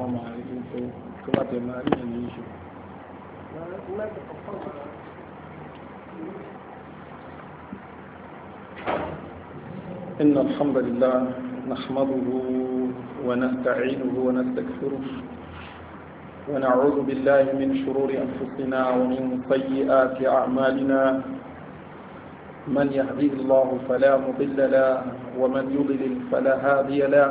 ọmọ màá rí tó tó إن الحمد لله نحمده ونستعينه ونستكثره ونعوذ بالله من شرور أنفسنا ومن سيئات أعمالنا من يهدي الله فلا مضل له ومن يضلل فلا هادي له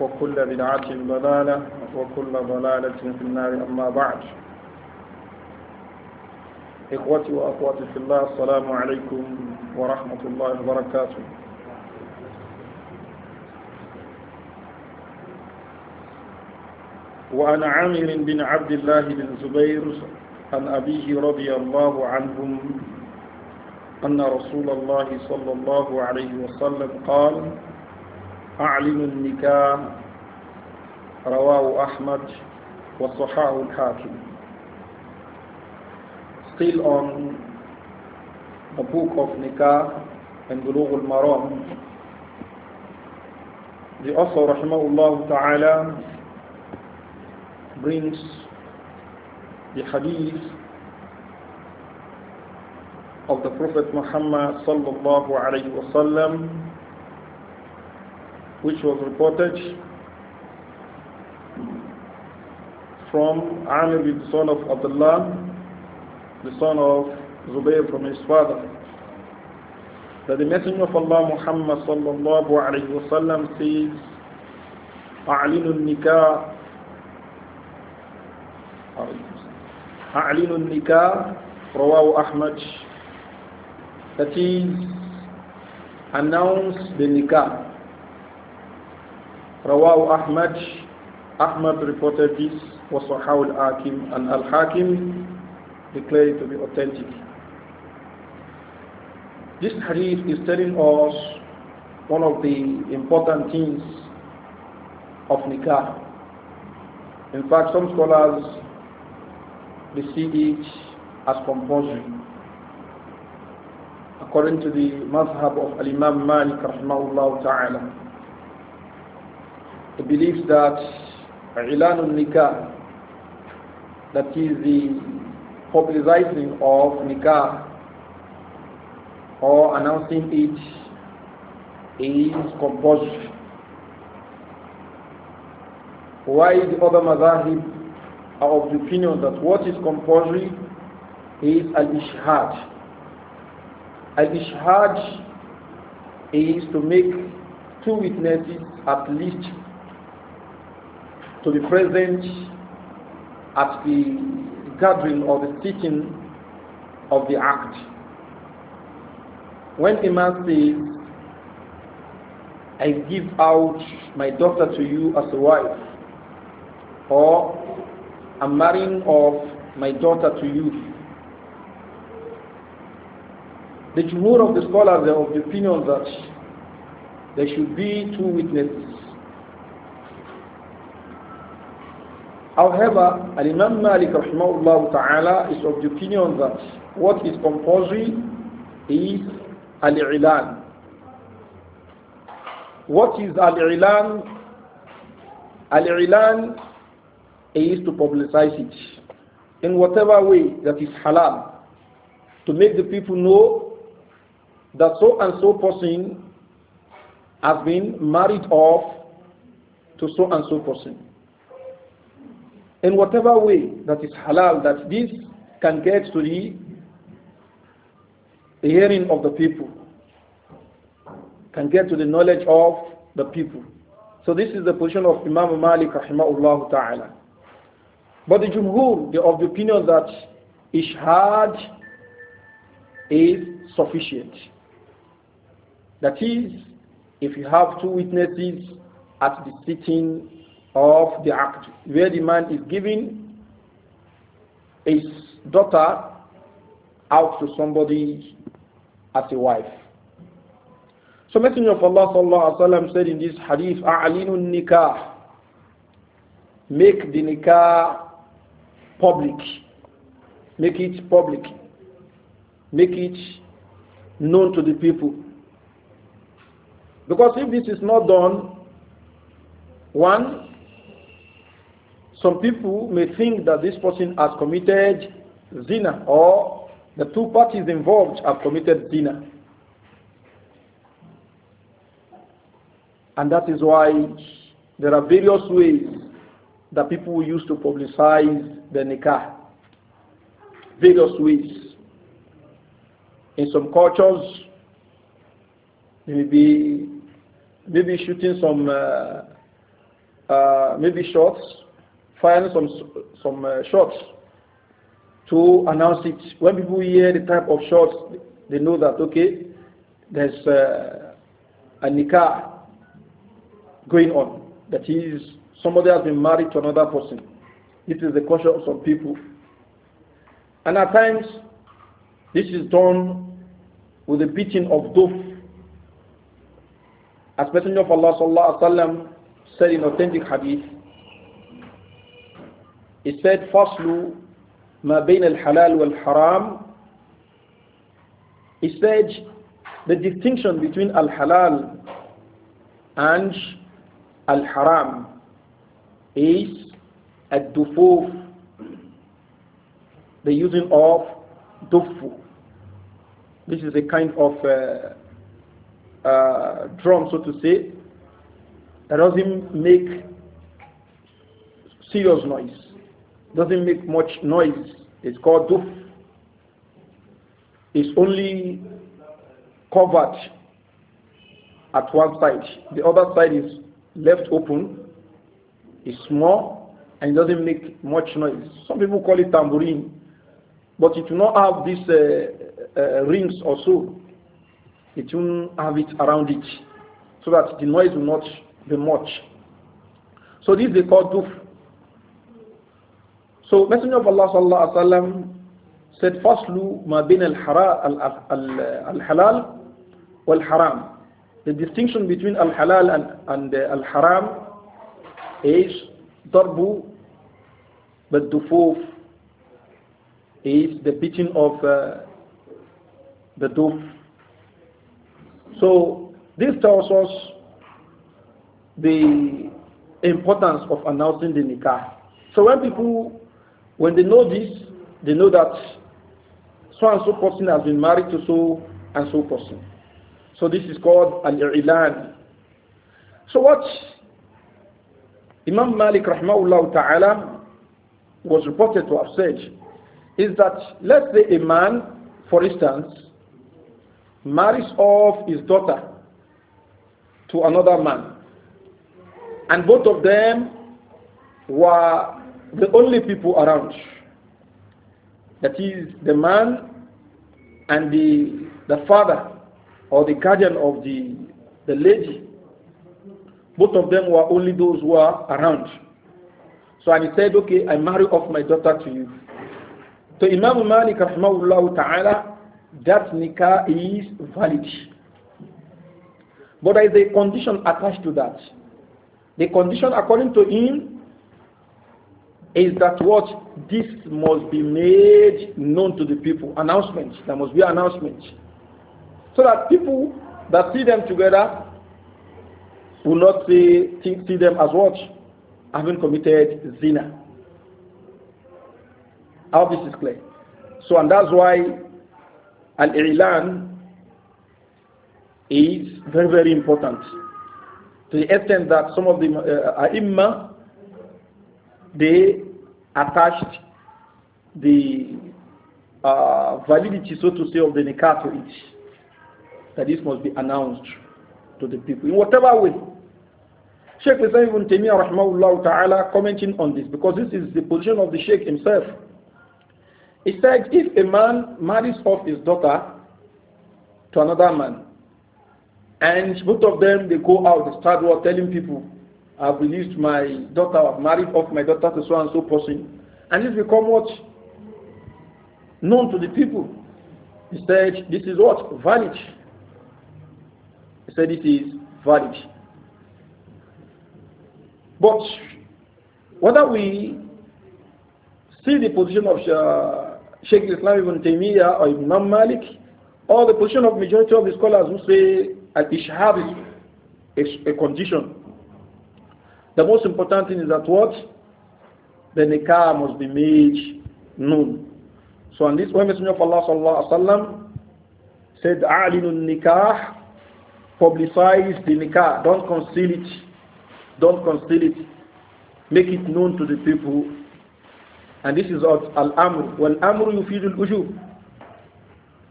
وكل بدعة ضلالة وكل ضلالة في النار أما بعد إخوتي وأخواتي في الله السلام عليكم ورحمة الله وبركاته وعن عامر بن عبد الله بن زبير عن أبيه رضي الله عنهم أن رسول الله صلى الله عليه وسلم قال أعلنوا النكاح رواه أحمد وصححه الحاكم Still on the book of Nikah and Bulugh al the author رحمه الله تعالى brings the hadith of the Prophet Muhammad صلى الله عليه وسلم which was reported from Amir the son of Abdullah, the son of Zubayr from his father, that the Messenger of Allah Muhammad sallallahu alayhi wa sallam says, أعلنوا النكاح أعلنوا النكاح رواه أحمد that is announce the nikah Rawahu Ahmad. Ahmad reported this was Al Hakim and Al Hakim declared to be authentic. This hadith is telling us one of the important things of nikah. In fact, some scholars they see it as compulsory. According to the madhab of Al Imam Malik rahimahullah ta'ala believes that ilanun nikah, that is the publicizing of nikah or announcing it is compulsory. Why the other mazahib are of the opinion that what is compulsory is al-ishhad. Al-ishhad is to make two witnesses at least to be present at the gathering or the sitting of the act. When Imam says, I give out my daughter to you as a wife, or I'm marrying off my daughter to you. The jumhur of the scholars are of the opinion that there should be two witnesses However, Al-Imam Malik rahimahullah ta'ala is of the opinion that what is compulsory is al-ilan. What is al-ilan? Al-ilan is to publicize it in whatever way that is halal to make the people know that so and so person has been married off to so and so person in whatever way that is halal, that this can get to the hearing of the people, can get to the knowledge of the people. So this is the position of Imam Malik rahimahullah ta'ala. But the Jumhur, they of the opinion that Ishhad is sufficient. That is, if you have two witnesses at the sitting of the act, where the man is giving his daughter out to somebody as a wife. So Messenger of Allah sallallahu alaihi wasallam said in this hadith, "A'linun nikah," make the nikah public, make it public, make it known to the people. Because if this is not done, one, some people may think that this person has committed zina or the two parties involved have committed zina. And that is why there are various ways that people use to publicize the nikah. Various ways. In some cultures, maybe maybe shooting some uh, uh, maybe shots firing some, some uh, shots to announce it. When people hear the type of shots, they know that, okay, there's uh, a nikah going on. That is, somebody has been married to another person. It is the culture of some people. And at times, this is done with the beating of doof. As Messenger of Allah sallallahu said in authentic hadith, he said, Faslu ma bain al-halal wal-haram. He said, the distinction between al-halal and al-haram is at dufuf the using of dufu. This is a kind of uh, uh, drum, so to say, that doesn't make serious noise doesn't make much noise. It's called doof. It's only covered at one side. The other side is left open, it's small, and it doesn't make much noise. Some people call it tambourine, but it will not have these uh, uh, uh rings or so. It will have it around it, so that the noise will not be much. So this they call doof. So Messenger of Allah sallallahu alaihi wasallam said, "Faslu ma bin al halal wal haram." The distinction between al halal and, and uh, al haram is darbu but dufuf is the beating of uh, the doof. So this tells us the importance of announcing the nikah. So when people when they know this, they know that so and so person has been married to so and so person. So this is called al-ilan. So what Imam Malik rahmahullah ta'ala was reported to have said is that let's say a man, for instance, marries off his daughter to another man and both of them were the only people around. That is the man and the, the father or the guardian of the, the lady. Both of them were only those who were around. So and he said, okay, I marry off my daughter to you. So Imam Malik rahmahullah ta'ala, that nikah is valid. But there is a condition attached to that. The condition according to him is that what this must be made known to the people. Announcements. There must be announcements. So that people that see them together will not see, see them as what? Having committed zina. How this is clear. So, and that's why Al-Ilan is very, very important. To the extent that some of the uh, they attached the uh, validity, so to say, of the nikah to it. That this must be announced to the people in whatever way. Sheikh Islam ibn Taymiyyah rahmahullah ta'ala commenting on this because this is the position of the Sheikh himself. He said if a man marries off his daughter to another man and both of them they go out, they start telling people I've released my daughter, I've married off my daughter to so and so person. And this become what? Known to the people. He said, this is what? Vanity. He said, this is vanity. But whether we see the position of uh, Sheikh Islam ibn Taymiyyah or Imam Malik, or the position of majority of the scholars who say al is a condition the most important thing is that what? The nikah must be made known. So on this, when Messenger of Allah sallallahu alaihi wasallam said, "Alinun nikah," publicize the nikah. Don't conceal it. Don't conceal it. Make it known to the people. And this is what al-amr. Wal feel yufidul ujub.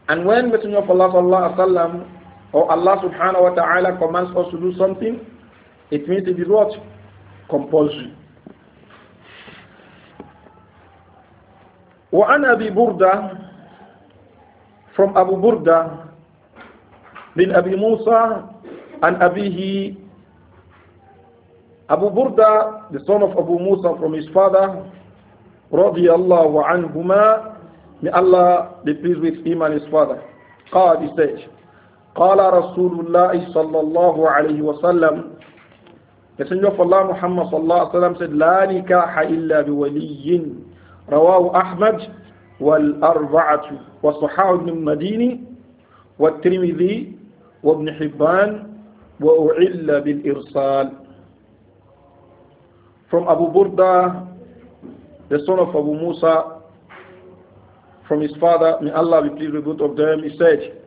And when Messenger of Allah sallallahu or Allah subhanahu wa taala commands us to do something, it means it is what compulsory. وعن أبي Burda from Abu Burda bin Abi Musa and Abihi Abu Burda the son of Abu Musa from his father radiyallahu anhuma may Allah be pleased with him and his father قال he said قال رسول الله صلى الله عليه وسلم Messenger of Allah Muhammad sallallahu alaihi wasallam said, "La nikaha illa biwaliyin." Rawahu Ahmad wal arba'atu wa sahahu ibn Madini wa Tirmidhi wa Ibn Hibban wa u'illa bil irsal. From Abu Burda, the son of Abu Musa, from his father, may Allah be pleased with both of them, he said,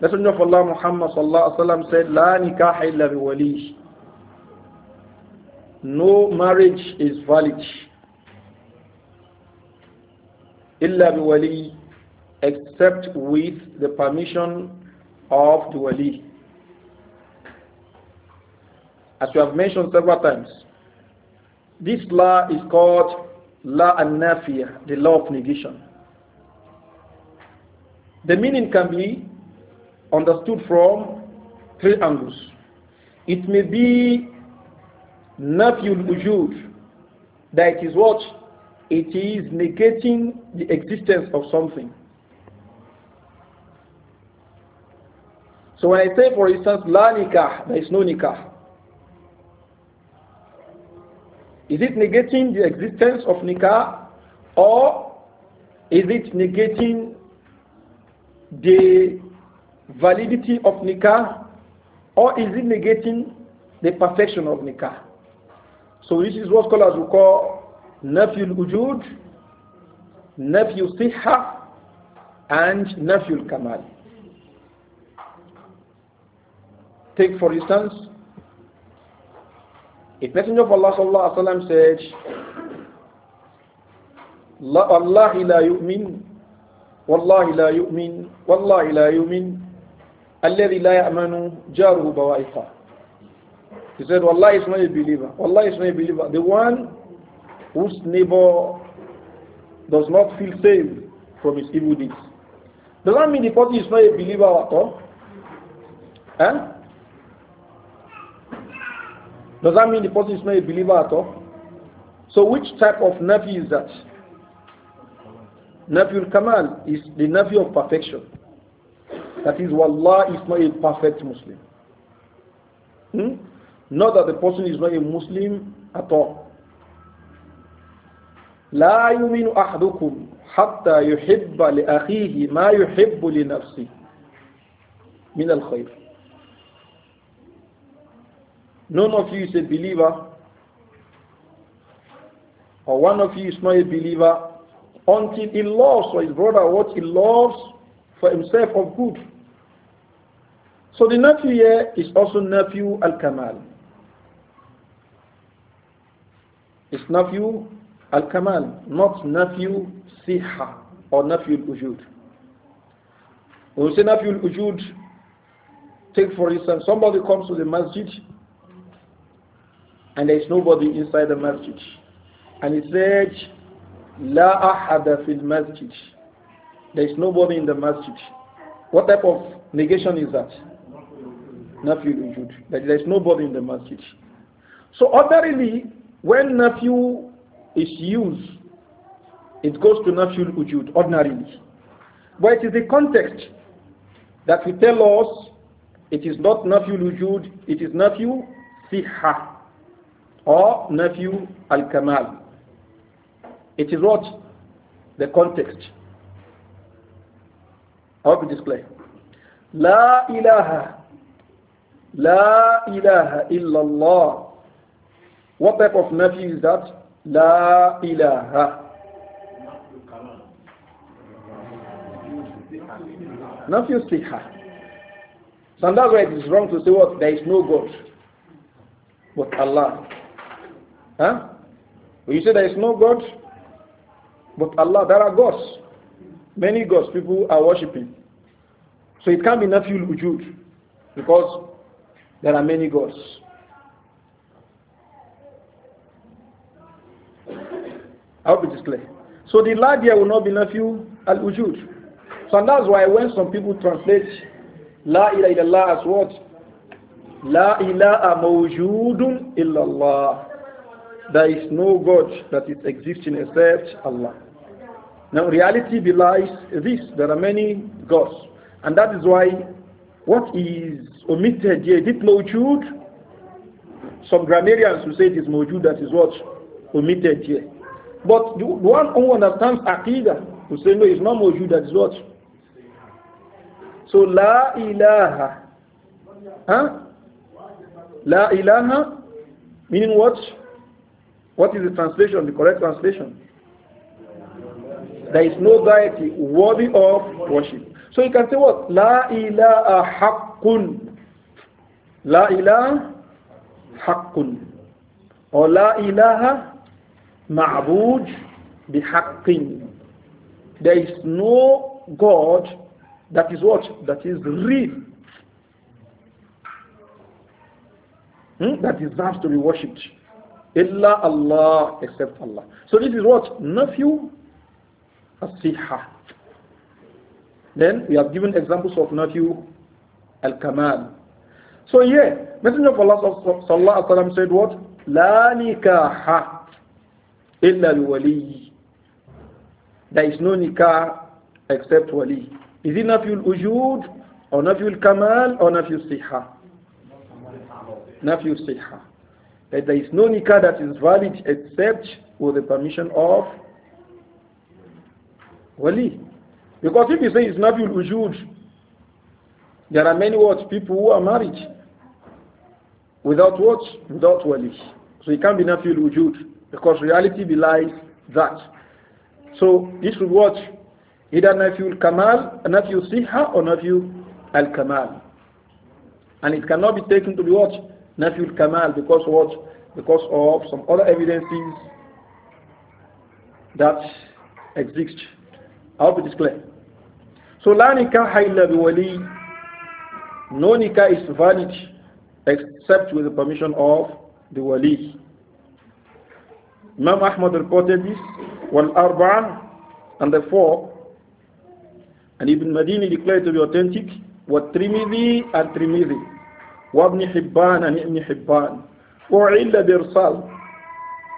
Messenger of Allah Muhammad sallallahu alaihi wasallam said, "La nikaha illa biwaliyin." no marriage is valid illa biwali except with the permission of the wali as we have mentioned several times this law is called la an the law of negation the meaning can be understood from three angles it may be nafyul wujud that it is what it is negating the existence of something so when i say for instance la nikah there is no nikah is it negating the existence of nikah or is it negating the validity of nikah or is it negating the perfection of nikah so this is what scholars will call nafyul ujud, nafyul siha, and nafyul kamal. Take for instance, if Messenger of Allah sallallahu alaihi wasallam said, "Allah la yu'min, wallahi la yu'min, wallahi la yu'min, alladhi la ya'manu jaruhu bawa'iqah." He said, Allah is not a believer. Allah is not a believer. The one whose neighbor does not feel safe from his evil deeds. Does that mean the person is not a believer at all? Eh? Does that mean the person is not a believer at all? So which type of nephew is that? Nephew Kamal is the nephew of perfection. That is, Wallah is not a perfect Muslim. Hmm? Not that the person is not a Muslim at all. لا يؤمن أحدكم حتى يحب لأخيه ما يحب لنفسه من الخير. None of you is a believer or one of you is not a believer until he loves for his brother what he loves for himself of good. So the nephew here is also nephew al-Kamal. It's nafyu al-kamal, not nafyu siha or nafyu al-ujud. When we say nafyu al-ujud, take for instance, somebody comes to the masjid and there is nobody inside the masjid. And he said, La ahada fil masjid. There is nobody in the masjid. What type of negation is that? Nafil ujud. That there is nobody in the masjid. So ordinarily, when nephew is used, it goes to nephew ujud ordinarily. But it is the context that will tell us it is not nephew ujud, it is nephew siha or nephew al-kamal. It is what? The context. I hope it is clear. La ilaha. La ilaha illallah. What type of nafi is that? La ilaha. Nafi siha. So that's why it is wrong to say what? There is no God but Allah. Huh? When you say there is no God but Allah, there are gods. Many gods people are worshipping. So it can't be nafiul wujud because there are many gods. I hope it is clear. So the la there will not be nephew al ujud. So and that's why when some people translate la ilaha illallah as what? La ilaha mawjudun illallah. There is no God that is existing except Allah. Now reality belies this. There are many gods. And that is why what is omitted here, is it mawjud? Some grammarians will say it is mawjud that is what? Omitted here. But the one who understands Aqidah will say, no, it's not Mawjud, that is what? So, La ilaha. Huh? La ilaha, meaning what? What is the translation, the correct translation? There is no deity worthy of worship. So you can say what? La ilaha haqqun. La ilaha haqqun. Or La ilaha ma'bud bihaqqin. There is no God that is what? That is real. Hmm? That deserves to be worshipped. Illa Allah except Allah. So this is what? Nafiu as-sihha. Then we have given examples of nafiu al-kamal. So here, Messenger of Allah sallallahu alaihi wasallam said what? La nikaha illa wali. There is no nikah except wali. Is it nafyul ujud or nafyul kamal or nafyul siha? Nafyul siha. That there is no nikah that is valid except with the permission of wali. Because if you say it's nafyul ujud, there are many what people who are married without what without wali. So it can't be nafyul ujud. Because reality belies that. So this should watch either Nafiul Kamal, see Siha or Nafiu Al Kamal. And it cannot be taken to be watch Nafiul Kamal because what? Because of some other evidences that exist. I hope it is clear. So la nikaha illa wali, No nikah is valid except with the permission of the wali. Imam Ahmad reported this, one arba'a, and the four, and Ibn Madini declared to be authentic, What Trimidi and Trimidi, wa Ibn Hibban and Ibn Hibban, wa illa birsal.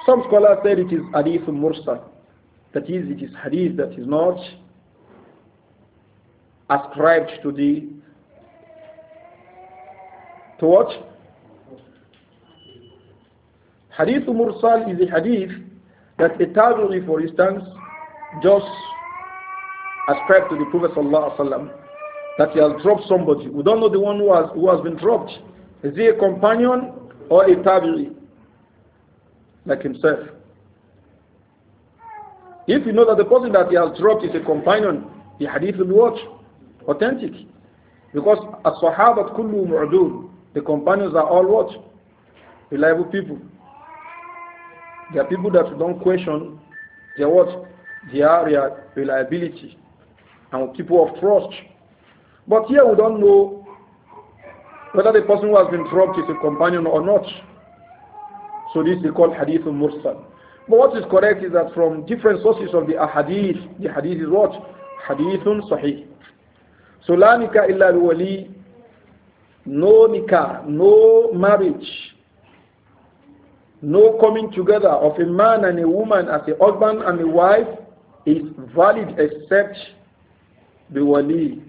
Some scholars said it is hadith mursal, that is, it is hadith that is not ascribed to the to what? Hadith Mursal is a hadith that a tabi'i, for instance, just ascribed to the Prophet that he has dropped somebody. We don't know the one who has who has been dropped. Is he a companion or a tabi'i like himself? If you know that the person that he has dropped is a companion, the hadith will be what? Authentic. Because as-sahabat kullu mu'dud, the companions are all what? Reliable people. There are people that don't question their what? Their reliability and people of trust. But here we don't know whether the person who has been dropped is a companion or not. So this is called hadith mursal. But what is correct is that from different sources of the ahadith, the hadith is what? Hadithun sahih. So la nikah illa wali, no nikah, no marriage no coming together of a man and a woman as a husband and a wife is valid except the wali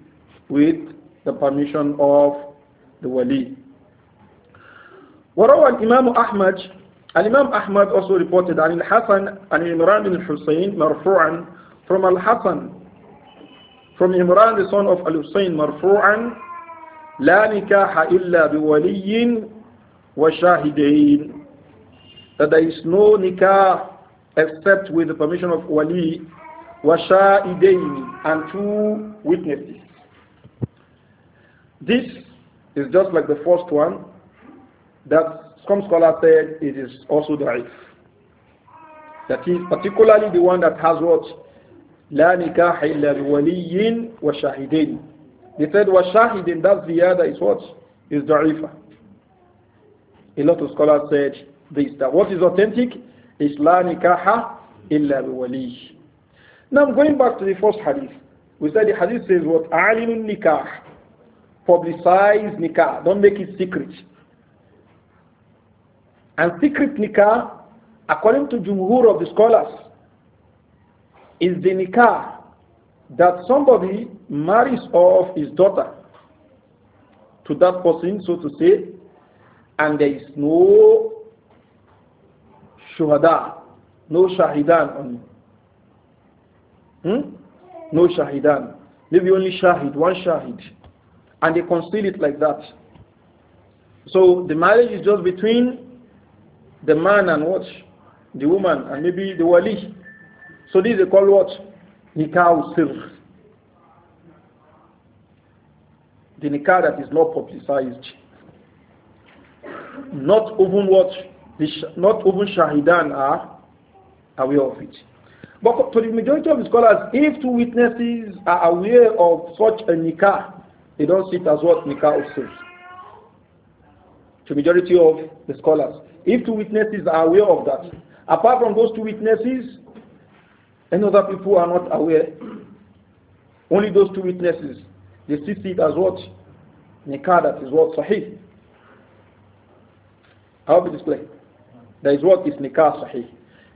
with the permission of the wali. وروى الإمام أحمد الإمام أحمد also reported عن الحسن عن عمران بن حسين مرفوعا from الحسن from Imran the son of Al-Husayn مرفوعا لا نكاح إلا بولي وشاهدين that there is no nikah except with the permission of wali washa'idain and two witnesses. This is just like the first one that some scholars said it is also da'if. That is particularly the one that has what? nikah نكاح إلا بولي وشاهدين. They said that's the other is what? Is da'ifah. A lot of scholars said this, that what is authentic is la nikaha illa biwali. Now going back to the first hadith, we said the hadith says what? Alinun nikah. Publicize nikah. Don't make it secret. And secret nikah, according to Jumhur of the scholars, is the nikah that somebody marries off his daughter to that person, so to say, and there is no shuhada, no shahidan on you. Hmm? No shahidan. Maybe only shahid, one shahid. And they conceal it like that. So the marriage is just between the man and what? The woman and maybe the wali. So this they call what? Nikah sir. The nikah that is not publicized. Not even what not even Shahidan are aware of it. But to the majority of the scholars, if two witnesses are aware of such a nikah, they don't see it as what nikah is. To majority of the scholars, if two witnesses are aware of that, apart from those two witnesses, any other people are not aware. Only those two witnesses, they see it as what nikah that is what sahih. How will be displayed. That is what is nikah sahih.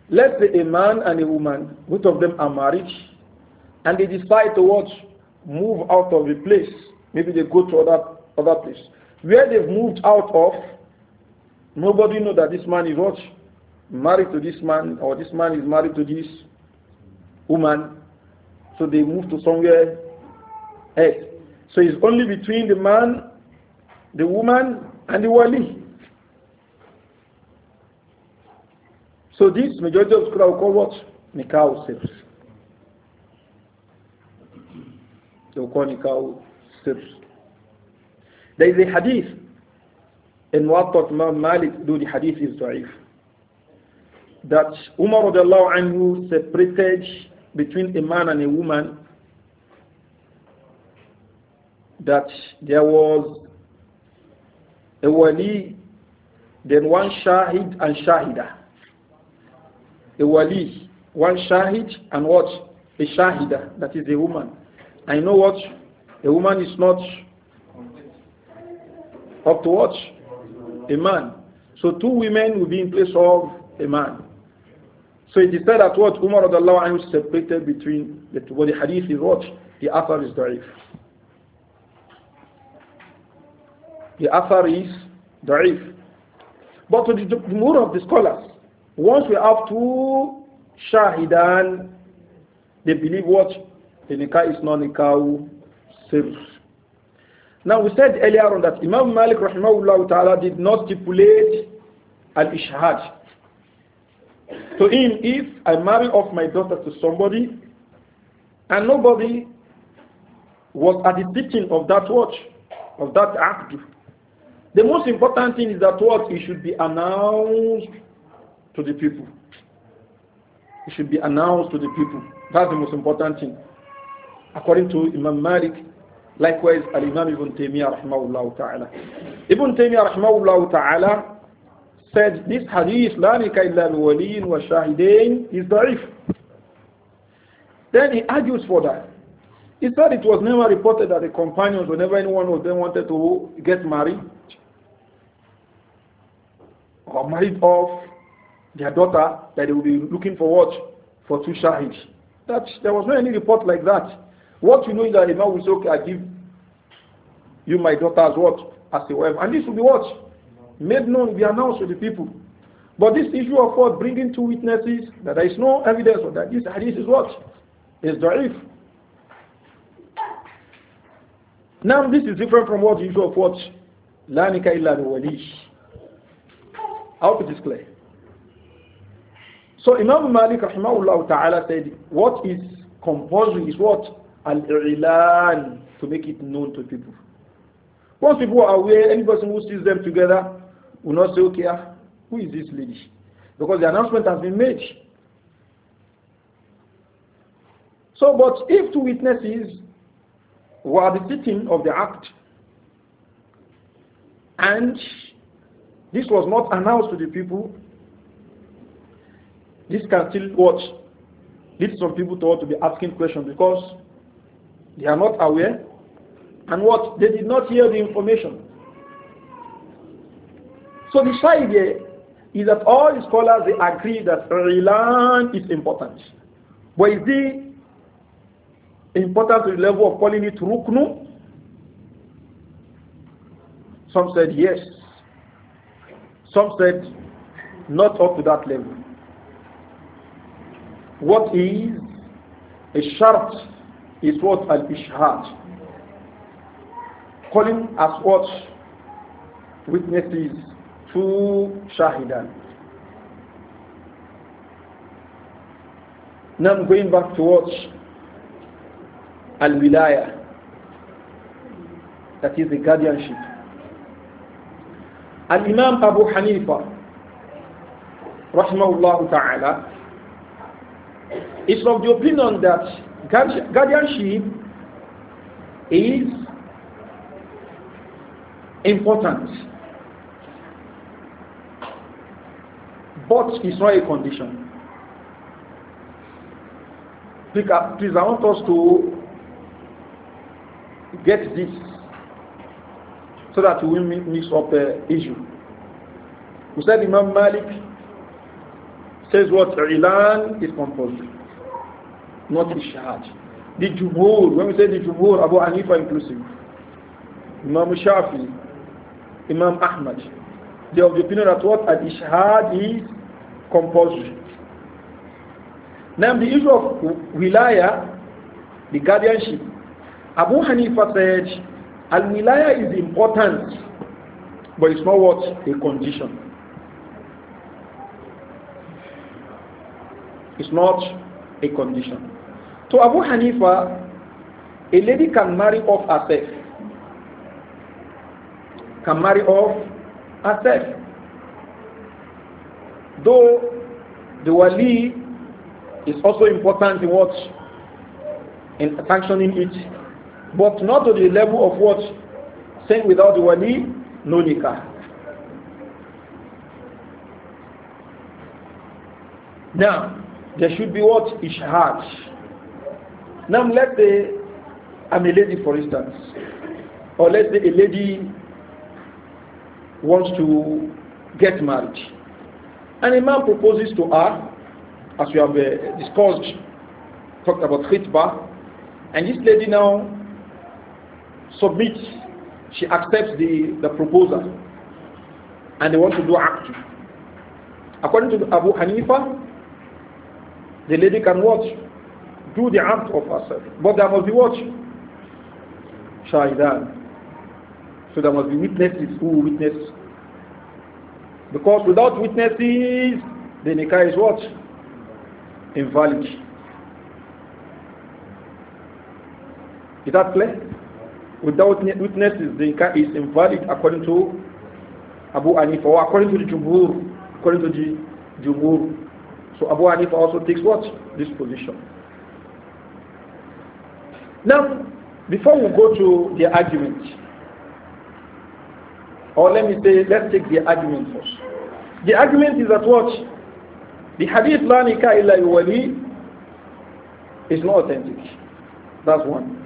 Let's say a man and a woman, both of them are married, and they decide to watch Move out of the place. Maybe they go to other, other place. Where they've moved out of, nobody know that this man is what? Married to this man, or this man is married to this woman. So they move to somewhere else. So it's only between the man, the woman, and the wali. So this majority of scholars call what? nikau sir. They call Nikah sir. There is a hadith in Muwatta Imam Malik, though the hadith is da'if, that Umar anhu separated between a man and a woman that there was a wali, then one shahid and shahida a wali, one shahid, and what? A shahida, that is a woman. I know what? A woman is not up to what? A man. So two women will be in place of a man. So it is said that what Umar anhu separated between the two. the hadith is what? The author is da'if. The author is da'if. But to the more of the scholars, once we have two shahidan, they believe what? The nikah is not nikah Now we said earlier on that Imam Malik rahimahullah ta'ala did not stipulate al-ishhad. To him, if I marry off my daughter to somebody and nobody was at the teaching of that watch, of that act, the most important thing is that what it should be announced to the people. It should be announced to the people. That's the most important thing. According to Imam Malik, likewise Al-Imam Ibn Taymiyyah rahimahullah ta'ala. Ibn Taymiyyah rahimahullah ta'ala said this hadith, لا نكا إلا wa وشاهدين is da'if. Then he argues for that. He said it was never reported that the companions, whenever anyone of them wanted to get married, or married off, their daughter that they will be looking for what? For two shahid. That there was no any report like that. What you know is that Imam will say, okay, I give you my daughter as what? As a wife. And this will be what? Made known, be announced to the people. But this issue of what? Bringing two witnesses, that there is no evidence of that. This hadith is what? Is da'if. Now this is different from what issue of what? La illa walish. I hope it is clear. So Imam Malik rahimahullah ta'ala said, what is compulsory is what? Al-i'lan, to make it known to people. Once people are aware, any person who sees them together will not say, okay, ah, who is this lady? Because the announcement has been made. So, but if two witnesses were the sitting of the act, and this was not announced to the people, this can still watch lead some people to want to be asking questions because they are not aware and what they did not hear the information. So the idea is that all the scholars they agree that relearn is important. But is it important to the level of calling it Ruknu? Some said yes. Some said not up to that level. What is a shart is what al ishhad. Calling as what witnesses to shahidan. Now I'm going back to al wilaya. That is the guardianship. Al Imam Abu Hanifa, rahimahullah ta'ala, is of the opinion that guardianship is important, but it's not a condition. Please, I want us to get this so that we will mix up the uh, issue. We said Imam Malik says what Ilan is compulsory not Ishihad. The Jumhur, when we say the Jumhur, Abu Hanifa inclusive, Imam Shafi, Imam Ahmad, they have the opinion that what an Ishihad is compulsory. Now the issue of wilaya, the guardianship, Abu Hanifa said, Al-wilaya is important, but it's not what? A condition. It's not a condition. To Abu Hanifa, a lady can marry off herself. Can marry off herself. Though the wali is also important in what? In sanctioning it. But not to the level of what? Saying without the wali, no nikah. Now, there should be what? Ishhad. Now let's say I'm a lady for instance, or let's say a lady wants to get married. And a man proposes to her, as we have uh, discussed, talked about khitbah, and this lady now submits, she accepts the, the proposal, and they want to do act. According to Abu Hanifa, the lady can watch do the act of ourselves, But there must be what? Shahidan. So there must be witnesses who witness. Because without witnesses, the nikah is what? Invalid. Is that clear? Without witnesses, the nikah is invalid according to Abu Anifa or according to the Jumhur. According to the Jumhur. So Abu Anifa also takes what? This position. Now, before we go to the argument, or let me say, let's take the argument first. The argument is that what? The hadith La Nikah illa yuwali is not authentic. That's one.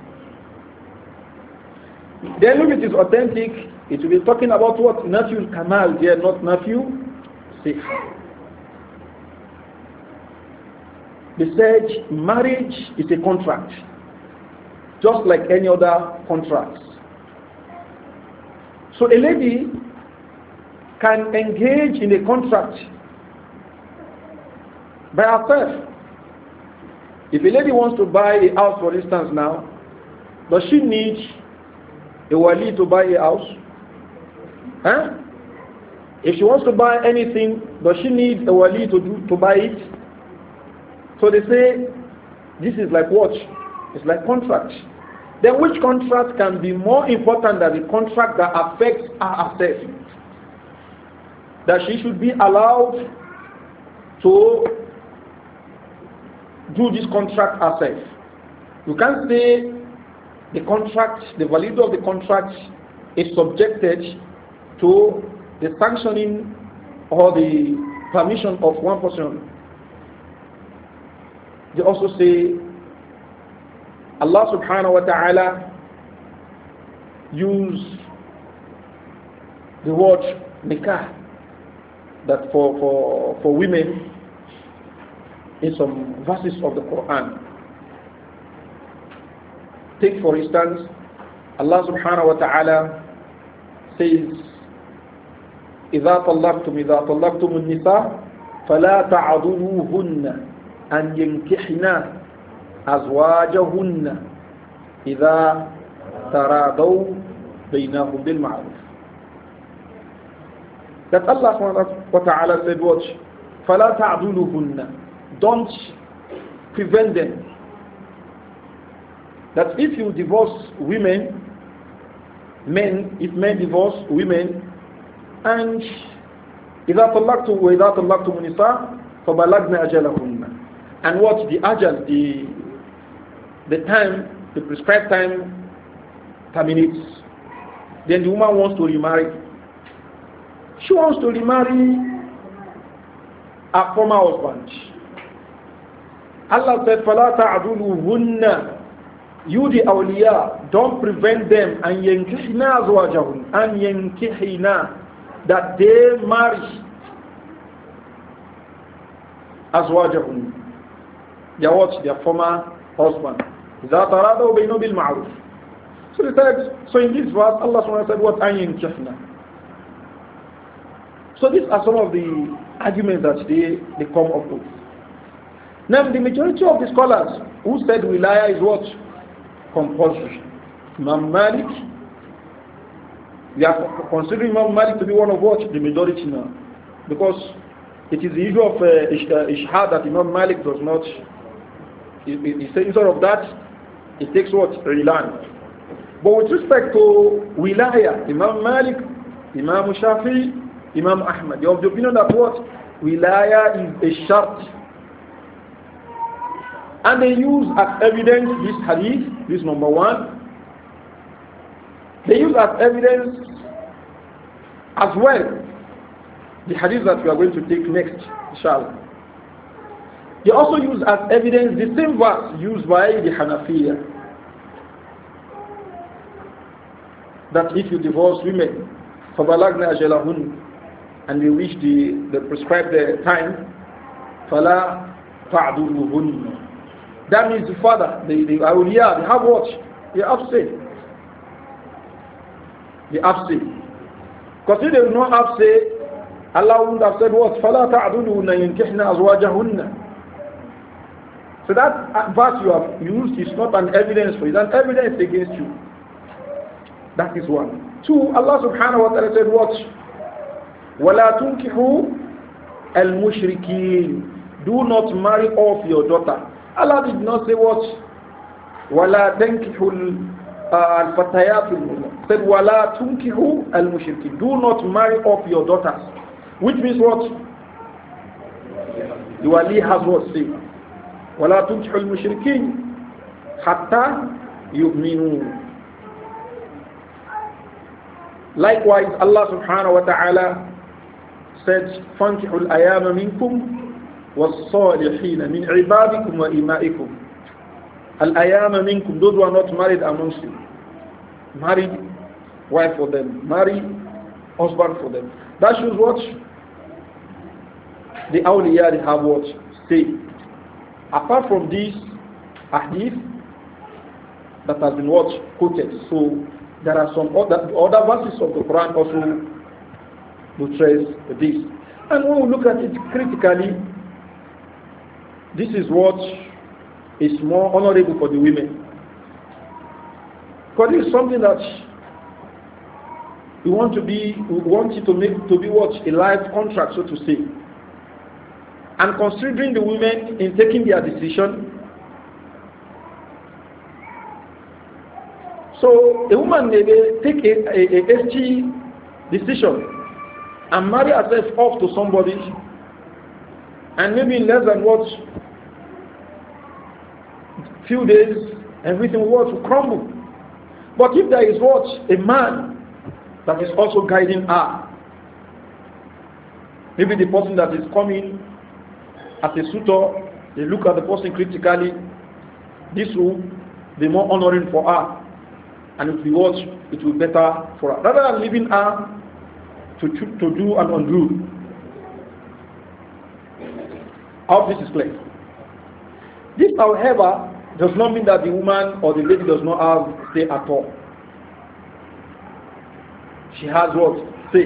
Then if it is authentic, it will be talking about what? Nafyu kamal there, not Nafyu See. They said marriage is a contract just like any other contract. So a lady can engage in a contract by herself. If a lady wants to buy a house, for instance, now, does she need a wali to buy a house? Huh? If she wants to buy anything, does she need a wali to, do, to buy it? So they say, this is like watch. It's like contract. Then which contract can be more important than the contract that affects our assessment? That she should be allowed to do this contract herself. You can't say the contract, the validity of the contract is subjected to the sanctioning or the permission of one person. They also say Allah subhanahu wa ta'ala use the word nikah that for, for, for women in some verses of the Quran. Take for instance, Allah subhanahu wa ta'ala says, إِذَا طَلَّقْتُمْ إِذَا طَلَّقْتُمُ النِّسَاءَ فَلَا تَعْضُلُوهُنَّ أَنْ يَنْكِحْنَا أزواجهن إذا تراضوا بينهم بالمعروف That Allah subhanahu wa ta'ala said what? فَلَا تَعْدُلُهُنَّ Don't prevent them. That if you divorce women, men, if men divorce women, and إِذَا طَلَّقْتُمْ وَإِذَا طَلَّقْتُمُ النِّسَاءَ فَبَلَغْنَ أَجَلَهُنَّ And what? The ajal, the the time, the prescribed time terminates. Then the woman wants to remarry. She wants to remarry her former husband. Allah said, فَلَا تَعْدُلُهُنَّ you the awliya don't prevent them and yankihna azwajahum and yankihna that they marry azwajahum they watch their former husband إذا ترادوا بينه بالمعروف so the text so in this verse Allah subhanahu wa said what in kihna so these are some of the arguments that they, they come up with now the majority of the scholars who said wilaya is what compulsory Imam Malik they are considering Imam Malik to be one of what the majority now because it is the issue of uh, uh ishhad that Imam Malik does not. He, he, he said instead of that, it takes what? Reliance. But with respect to wilaya, Imam Malik, Imam Shafi, Imam Ahmad, you have the opinion that what? Wilaya is a shart. And they use as evidence this hadith, this number one. They use as evidence as well the hadith that we are going to take next, inshallah. They also use as evidence the same verse used by the Hanafiya. That if you divorce women, فَبَلَغْنَا أَجَلَهُنَّ and you reach the, the prescribed time, فَلَا تَعْدُلُهُنَّ That means the father, the, the awliya, they have what? They have say. They have say. Because if they do not have say, Allah would have said what? فَلَا تَعْدُلُهُنَّ يُنْكِحْنَ أَزْوَاجَهُنَّ so that verse you have used is not an evidence for you, it's an evidence against you. That is one. Two, Allah subhanahu wa ta'ala said, watch. وَلَا تُنْكِحُوا الْمُشْرِكِينَ Do not marry off your daughter. Allah did not say "What? وَلَا تَنْكِحُوا الفتيات المؤمنات said ولا تنكحوا المشركين do not marry off your daughters which means what the wali has what say ولا تنكح المشركين حتى يؤمنوا Likewise, Allah subhanahu wa ta'ala said, فَانْكِحُوا الْأَيَامَ مِنْكُمْ وَالصَّالِحِينَ مِنْ عِبَادِكُمْ وَإِمَائِكُمْ الْأَيَامَ مِنْكُمْ Those who are not married amongst you. Marry wife for them. Marry husband for them. That shows what? The awliya, they have what? Say. Apart from this hadith that has been what quoted, so there are some other other verses of the Quran also trace this. And when we look at it critically, this is what is more honorable for the women. Because it's something that we want to be, we want it to make to be what a life contract, so to say and considering the women in taking their decision. So a woman may take a, a, a SG decision and marry herself off to somebody and maybe in less than what few days everything will to crumble. But if there is what a man that is also guiding her, maybe the person that is coming as a suitor, they look at the person critically. This will be more honoring for her, and if we watch, it will be better for her. Rather than leaving her to, to do and undo. All this is clear. This, however, does not mean that the woman or the lady does not have say at all. She has what? Say.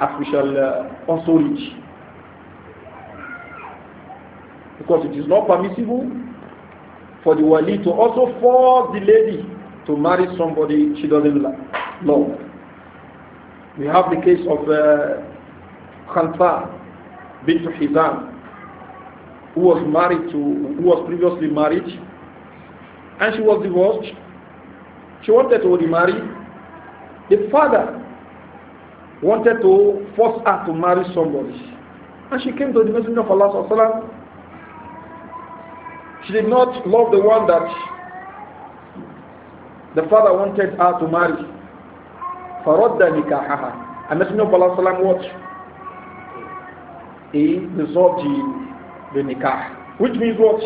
As we shall uh, also reach. Because it is not permissible for the wali to also force the lady to marry somebody she doesn't love. We have the case of uh, Khalfa bint who was married to, who was previously married, and she was divorced. She wanted to remarry. The father wanted to force her to marry somebody, and she came to the Messenger of Allah she did not love the one that the father wanted her to marry. فَرَدَّ نِكَاحَهَا And Messenger of Allah what? He dissolved the, nikah. Which means what?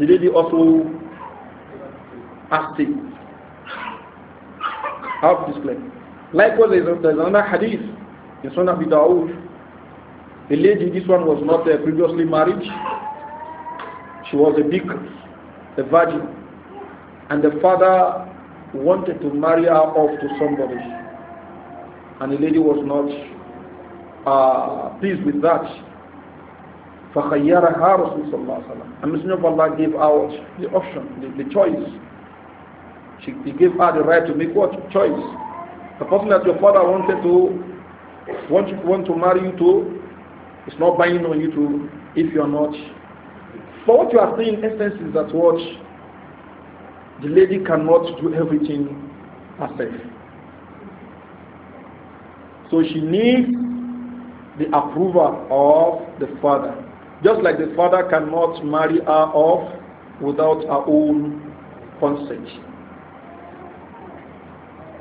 The lady also asked him. Half this claim. Likewise, there's another hadith in Sunnah Abi Dawud. The lady, this one was not uh, previously married. She was a bikr, a virgin. And the father wanted to marry her off to somebody. And the lady was not uh, pleased with that. فخيرها رسول صلى الله عليه وسلم. And Messenger of Allah gave out the option, the, the choice. She, he gave her the right to make what? Choice. The person that your father wanted to want, want to marry you to, it's not binding on you to if you're not but what you are saying essence is that what the lady cannot do everything herself. So she needs the approval of the father. Just like the father cannot marry her off without her own consent.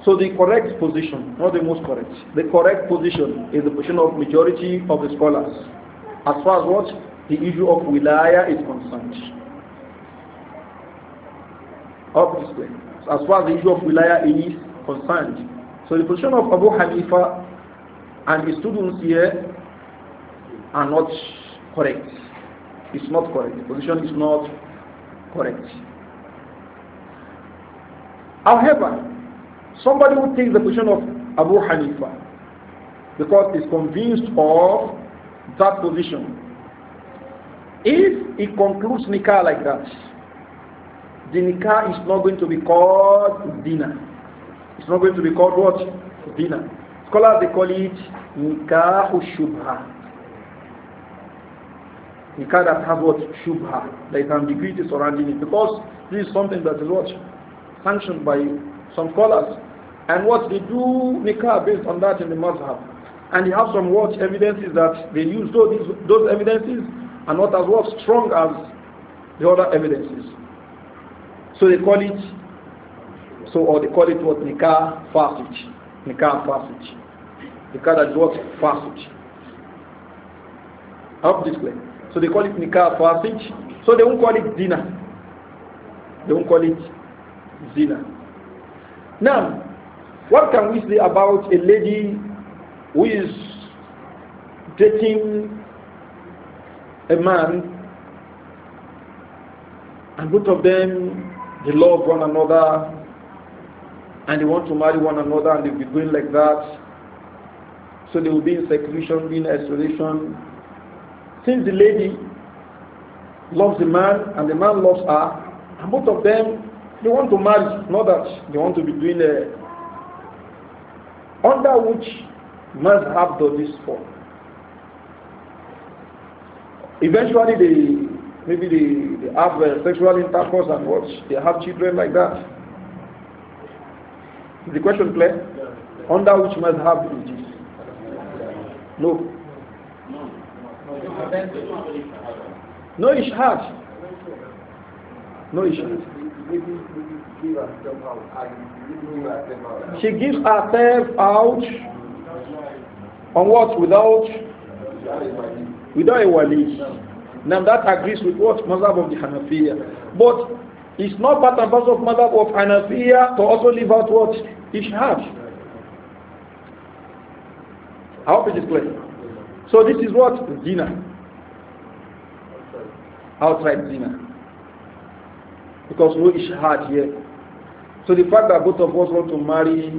So the correct position, not the most correct, the correct position is the position of majority of the scholars. As far as what? the issue of wilaya is concerned. Obviously, as far as the issue of wilaya is concerned. So the position of Abu Hanifa and his students here are not correct. It's not correct. The position is not correct. However, somebody who takes the position of Abu Hanifa because he's convinced of that position if he concludes nikah like that, the nikah is not going to be called dinner. It's not going to be called what? Dinner. Scholars they call it nikah shubha. Nikah that has what? Shubha. be ambiguity surrounding it because this is something that is what? Sanctioned by some scholars. And what they do nikah based on that in the mazhab. And they have some what evidences that they use. So these, those evidences and not as well strong as the other evidences. So they call it, so or they call it what nikah fasit, nikah fasit, nikah that what fasit. Up this way. So they call it nikah fasit. So they won't call it zina. They won't call it zina. Now, what can we say about a lady who is dating a man, and both of them, they love one another, and they want to marry one another, and they'll be going like that. So they will be in seclusion, be in isolation. Since the lady loves the man, and the man loves her, and both of them, they want to marry, not that they want to be doing a, uh, under which have does this fall. Eventually, they maybe they, they have uh, sexual intercourse and what they have children like that. Is the question clear? Yeah. Under which must have it is? No. No ishad. No ishad. She gives herself out on what? Without without a wali. Now that agrees with what Mazhab of the Hanafiya. But it's not part and parcel of Mazhab of Hanafiya to also leave out what? Ishhad. I hope it is clear. So this is what? Zina. Outright zina. Because no Ishhad here. So the fact that both of us want to marry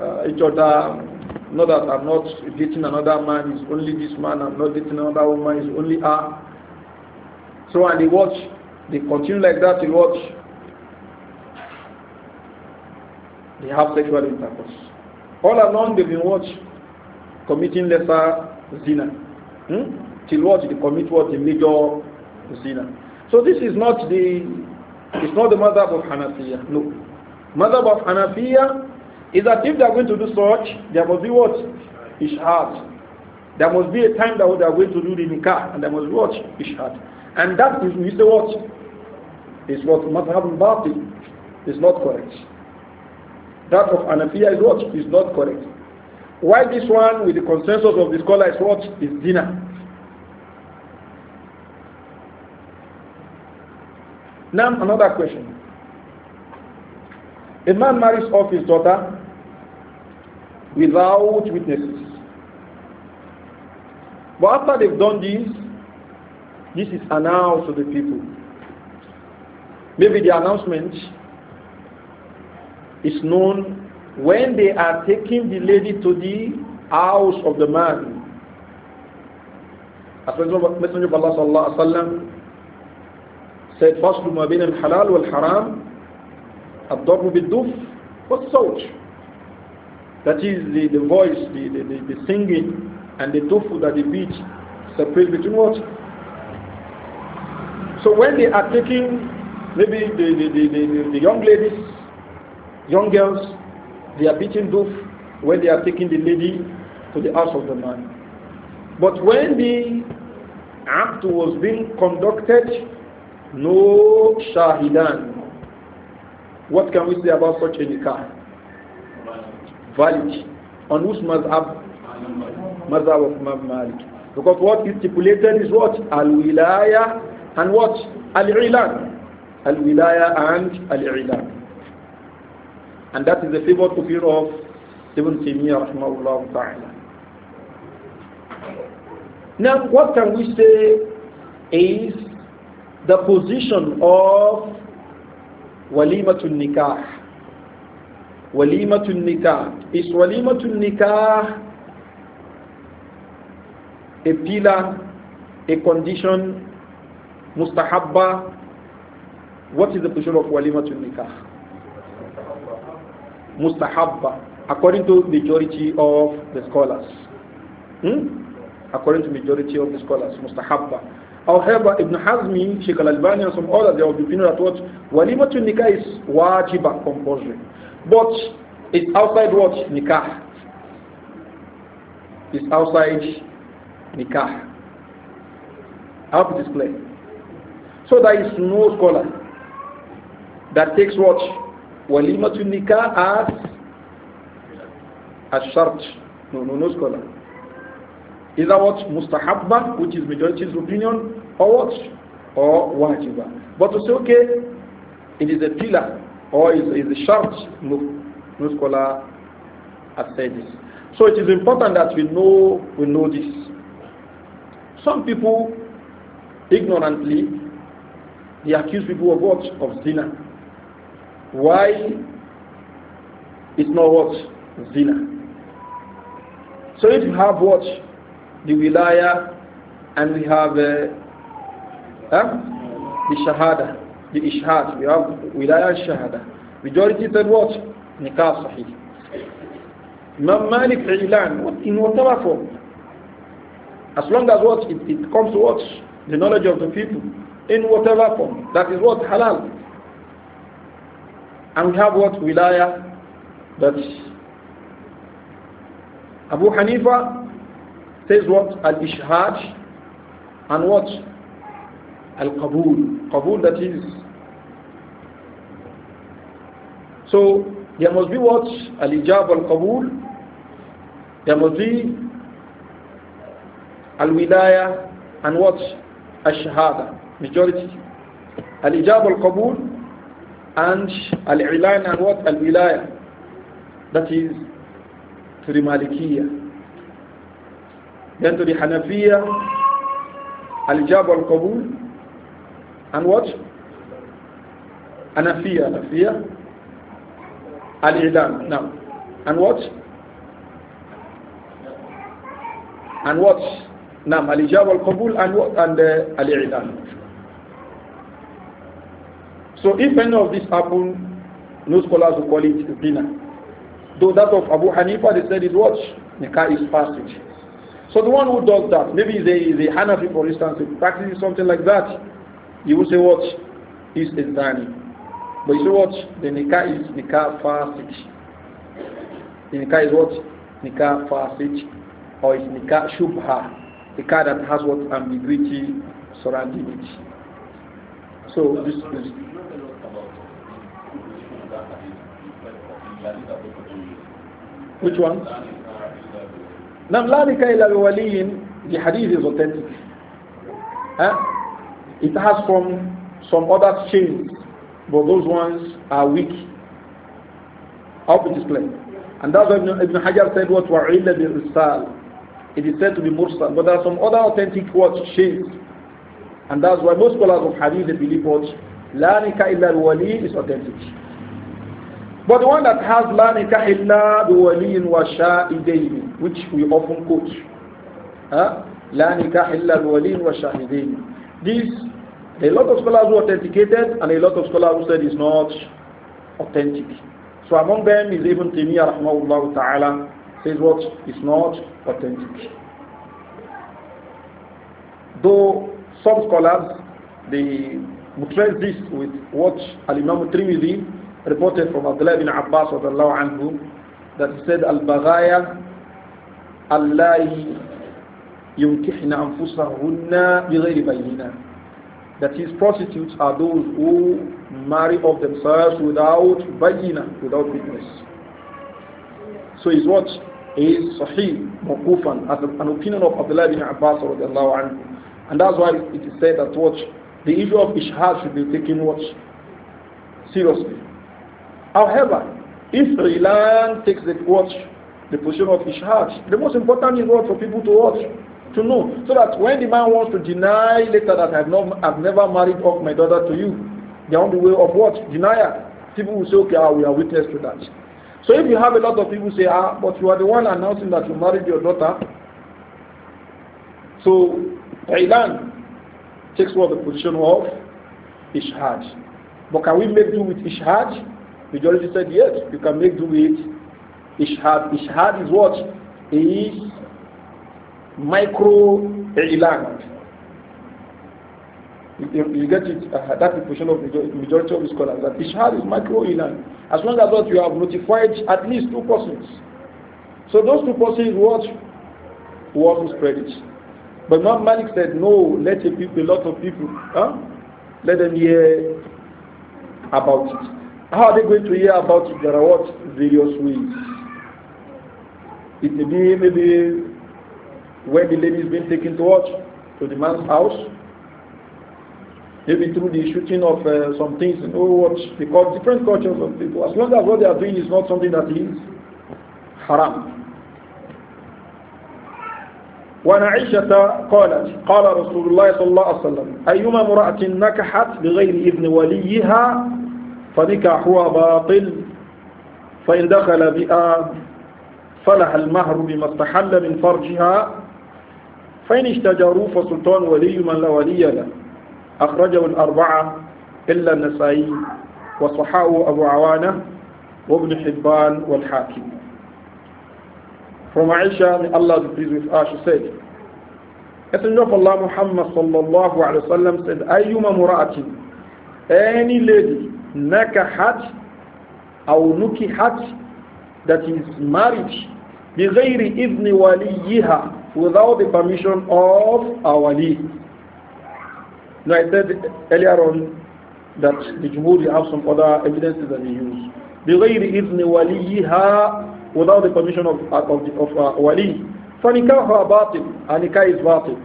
uh, each other not that I'm not dating another man, it's only this man, I'm not dating another woman, it's only her. So and they watch, they continue like that, they watch. They have sexual intercourse. All along they've been watch committing lesser zina. Hmm? Till what they commit what the major zina. So this is not the it's not the mother of Hanafiya. No. Mother of Hanafiya is that if they are going to do such, there must be what? Ishad. There must be a time that they are going to do the nikah, and there must be what? Ishad. And that is, the say what? Is what madhab batil is not correct. That of Anafiya is what? Is not correct. Why this one with the consensus of the scholar is what? Is dinner. Now another question. A man marries off his daughter without witnesses. But after they've done this, this is announced to the people. Maybe the announcement is known when they are taking the lady to the house of the man. As Messenger of Allah sallallahu alaihi wasallam said, "Faslu ma bin al-halal wal-haram, ad-darbu bid-duf was-sawj." That is the, the voice, the, the, the, the singing, and the tofu that they beat separate between what? So when they are taking maybe the, the, the, the, the young ladies, young girls, they are beating doof when they are taking the lady to the house of the man. But when the act was being conducted, no shahidan. What can we say about such a nikah? Validity On which mazhab? Mazhab of Malik. Because what is stipulated is what? Al-wilaya and what? Al-ilan. Al-wilaya and al-ilan. And that is the favorite opinion of Ibn Taymiyyah Now what can we say is the position of walimatul nikah walimatun nikah. Is walimatun nikah a pillar, a condition, mustahabba? What is the position of walimatun nikah? Mustahabba, according to majority of the scholars. Hmm? According to majority of the scholars, mustahabba. However, Ibn Hazmi, Sheikh Al-Albani and some others, they have be opinion that what walimatun nikah is wajiba compulsory. But it's outside what? Nikah. It's outside Nikah. I hope it is clear. So there is no scholar that takes what? Walimatu Nikah as as shart. No, no, no scholar. Either what? Mustahabba, which is majority's opinion, or what? Or wajiba. But to say, okay, it is a pillar or is, is it short? No, no scholar has this. So it is important that we know we know this. Some people ignorantly they accuse people of what? Of zina. Why it's not what? Zina. So if you have what? The wilaya and we have uh, the shahada the ishhad, we have wilaya shahada. Majority that what? Nikah sahih. Imam Malik ilan, what in whatever form. As long as what it, it comes to what the knowledge of the people in whatever form. That is what halal. And we have what wilaya that Abu Hanifa says what al-ishhad and what al-qabul. Qabul that is So there must be what? Al-Ijab al-Qabul. There must be Al-Wilaya and what? Al-Shahada. Majority. Al-Ijab al-Qabul and Al-Ilan and what? Al-Wilaya. That is to the Malikiyah. Then to the Hanafiya, Al-Ijab al-Qabul and what? anafiyah anafiyah. Al-Ilam. Now, and what? And what? Nam Al-Ijab al-Qabul and what? And uh, Al-Ilam. So if any of this happen, no scholars will call it bina. Though that of Abu Hanifa, they said it was Nikah is fasted. So the one who does that, maybe is a, Hanafi for instance, practicing something like that, he will say what? He's a zani. But you see what? The nikah is nikah fasid. The nikah is what? Nikah fasid or is nikah shubha. The car that has what ambiguity surrounding it. So this is. Which one? Now, la nikah illa waliyin, the hadith is authentic. Huh? It has from some other chains but those ones are weak. I it is And that's why Ibn, Hajar said what bi بِالْرِسَالِ It is said to be mursal. But there are some other authentic words, shades. And that's why most scholars of hadith they believe what La nikah illa wali is authentic. But the one that has La nikah illa wali wa sha'idayn, which we often quote. Huh? La nikah illa in wa sha'idayn. These a lot of scholars who authenticated and a lot of scholars who said it's not authentic. So among them is even Taymiyyah rahmahullah ta'ala says what is not authentic. Though some scholars, they buttress this with what Al-Imam Trimidi reported from Abdullah bin Abbas anhu, that he said, Al-Baghaya Allahi yunkihna anfusahunna bighayri bayina. That is, prostitutes are those who marry of themselves without bayina, without witness. So is what is sahih, mawqufan, as an opinion of Abdullah ibn Abbas anhu. And that's why it is said that watch the issue of ishhad should be taken watch seriously. However, if Ilan takes the watch, the position of ishhad, the most important is what for people to watch to know. So that when the man wants to deny later that I've, not, I've never married off my daughter to you, they are on the way of what? Denial. People will say, okay, ah, we are witness to that. So if you have a lot of people say, ah, but you are the one announcing that you married your daughter, so Thailand takes what the position of Ishhad. But can we make do with Ishhad? Majority said yes, you can make do with Ishhad. Ishhad is what? Is micro island. You, you, get it, uh, that's of the majority of the scholars, that Ishhad is micro island. As long as what you have notified at least two persons. So those two persons what who also spread it. But Imam Malik said, no, let a, a lot of people, huh? let them hear about it. How are they going to hear about it? There are what? Various ways. It may be maybe where the lady is being taken to watch to the man's house. Maybe through the shooting of uh, some things you know what they call different cultures of people. As long as what they are doing is not something that is haram. وعن عائشة قالت قال رسول الله صلى الله عليه وسلم أيما امرأة نكحت بغير ابن وليها فنكحها باطل فإن دخل بها فلها المهر بما استحل من فرجها فإن اشتجروا فسلطان ولي من لا ولي له أخرجه الأربعة إلا النسائي وصححه أبو عوانة وابن حبان والحاكم From Aisha, may Allah be pleased with her, she said, Messenger of Allah Muhammad sallallahu alayhi wa sallam said, Ayyuma mura'atin, any lady, nakahat, aw nukihat, that is married, بغير إذن وليها without the permission of our lead. Now I said earlier on that the Jumhuri have some other evidences that they use. The بغير is وليها without the permission of, of, of uh, wali. فنكاحها باطل and nikah is batil.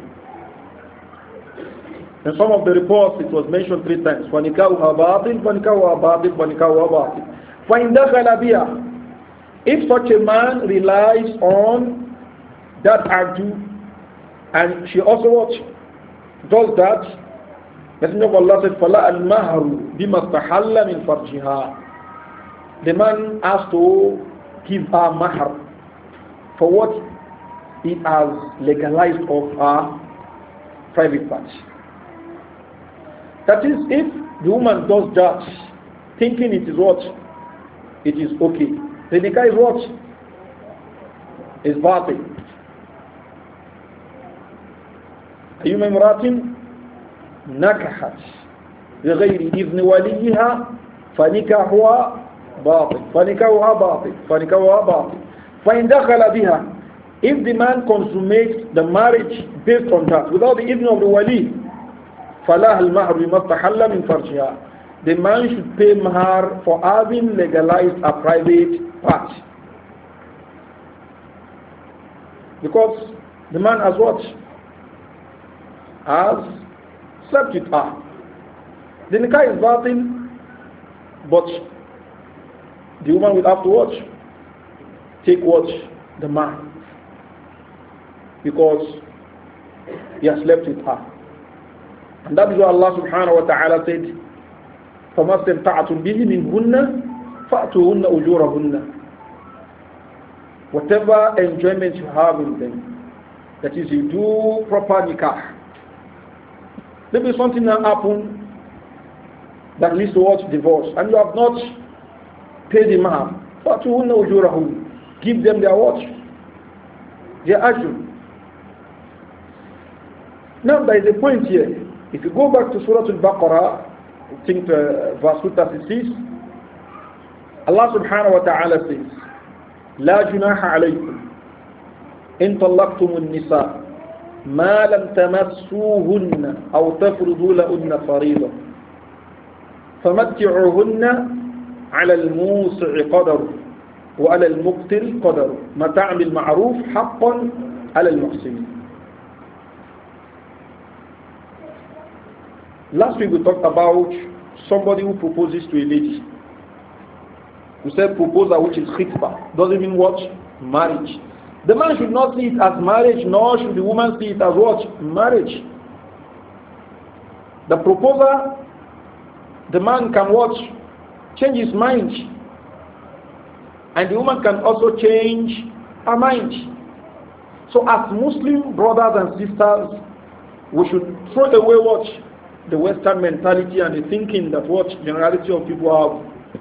In some of the reports it was mentioned three times. فنكاحها باطل فنكاحها باطل فنكاحها باطل. فإن دخل بها If such a man relies on that Abdu, and she also what? Does that. Messenger of Allah said, فَلَا الْمَهْرُ بِمَا اسْتَحَلَّ مِنْ فَرْجِهَا The man has to give her mahr for what he has legalized of her private parts. That is, if the woman does that, thinking it is what? It is okay. The nikah is what? Is batil. أيما امرأة نكحت بغير إذن وليها فنكاحها باطل فنكاحها باطل فنكاحها باطل فإن دخل بها if the man consummates the marriage based on that without the even of the wali فَلَهَا الْمَهْرُ مَسْتَحَلَّ مِنْ فَرْجِهَا the man should pay mahar for having legalized a private part because the man has what has slept with her. The nikah is batin, but the woman will have to watch, take watch the man because he has slept with her. And that is why Allah subhanahu wa ta'ala said, فَمَا اسْتَمْتَعَتُمْ بِهِ مِنْهُنَّ فَأْتُوهُنَّ أُجُورَهُنَّ Whatever enjoyment you have in them, that is, you do proper nikah, Maybe something that happened that leads towards divorce and you have not paid the mahar. you أُجُورَهُمْ Give them their watch, their you. Now there is a point here. If you go back to Surah Al-Baqarah, I think uh, verse 36. Allah subhanahu wa ta'ala says, لا جناح عليكم إن طلقتم النساء ما لم تمسوهن أو تفرضوا لهن فريضة فمتعوهن على الموسع قدر وعلى المقتل قدر تعمل معروف حقا على المحسنين Last week we talked about somebody who proposes to a lady. We said proposal which is khitbah. Doesn't mean what? Marriage. The man should not see it as marriage, nor should the woman see it as what? Marriage. The proposer, the man can watch, change his mind. And the woman can also change her mind. So as Muslim brothers and sisters, we should throw away what? The Western mentality and the thinking that what generality of people have.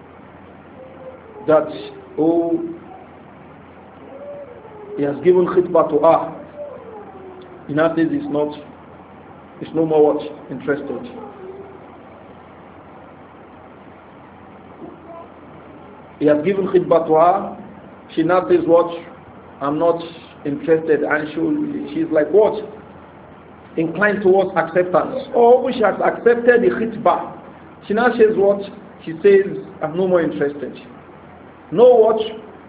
That, oh, he has given khitbah to her. In now says it's not, he's no more what? Interested. He has given khitbah to her. She now says what? I'm not interested. And she she's like what? Inclined towards acceptance. Or oh, she has accepted the khitbah. She now says what? She says, I'm no more interested. No watch,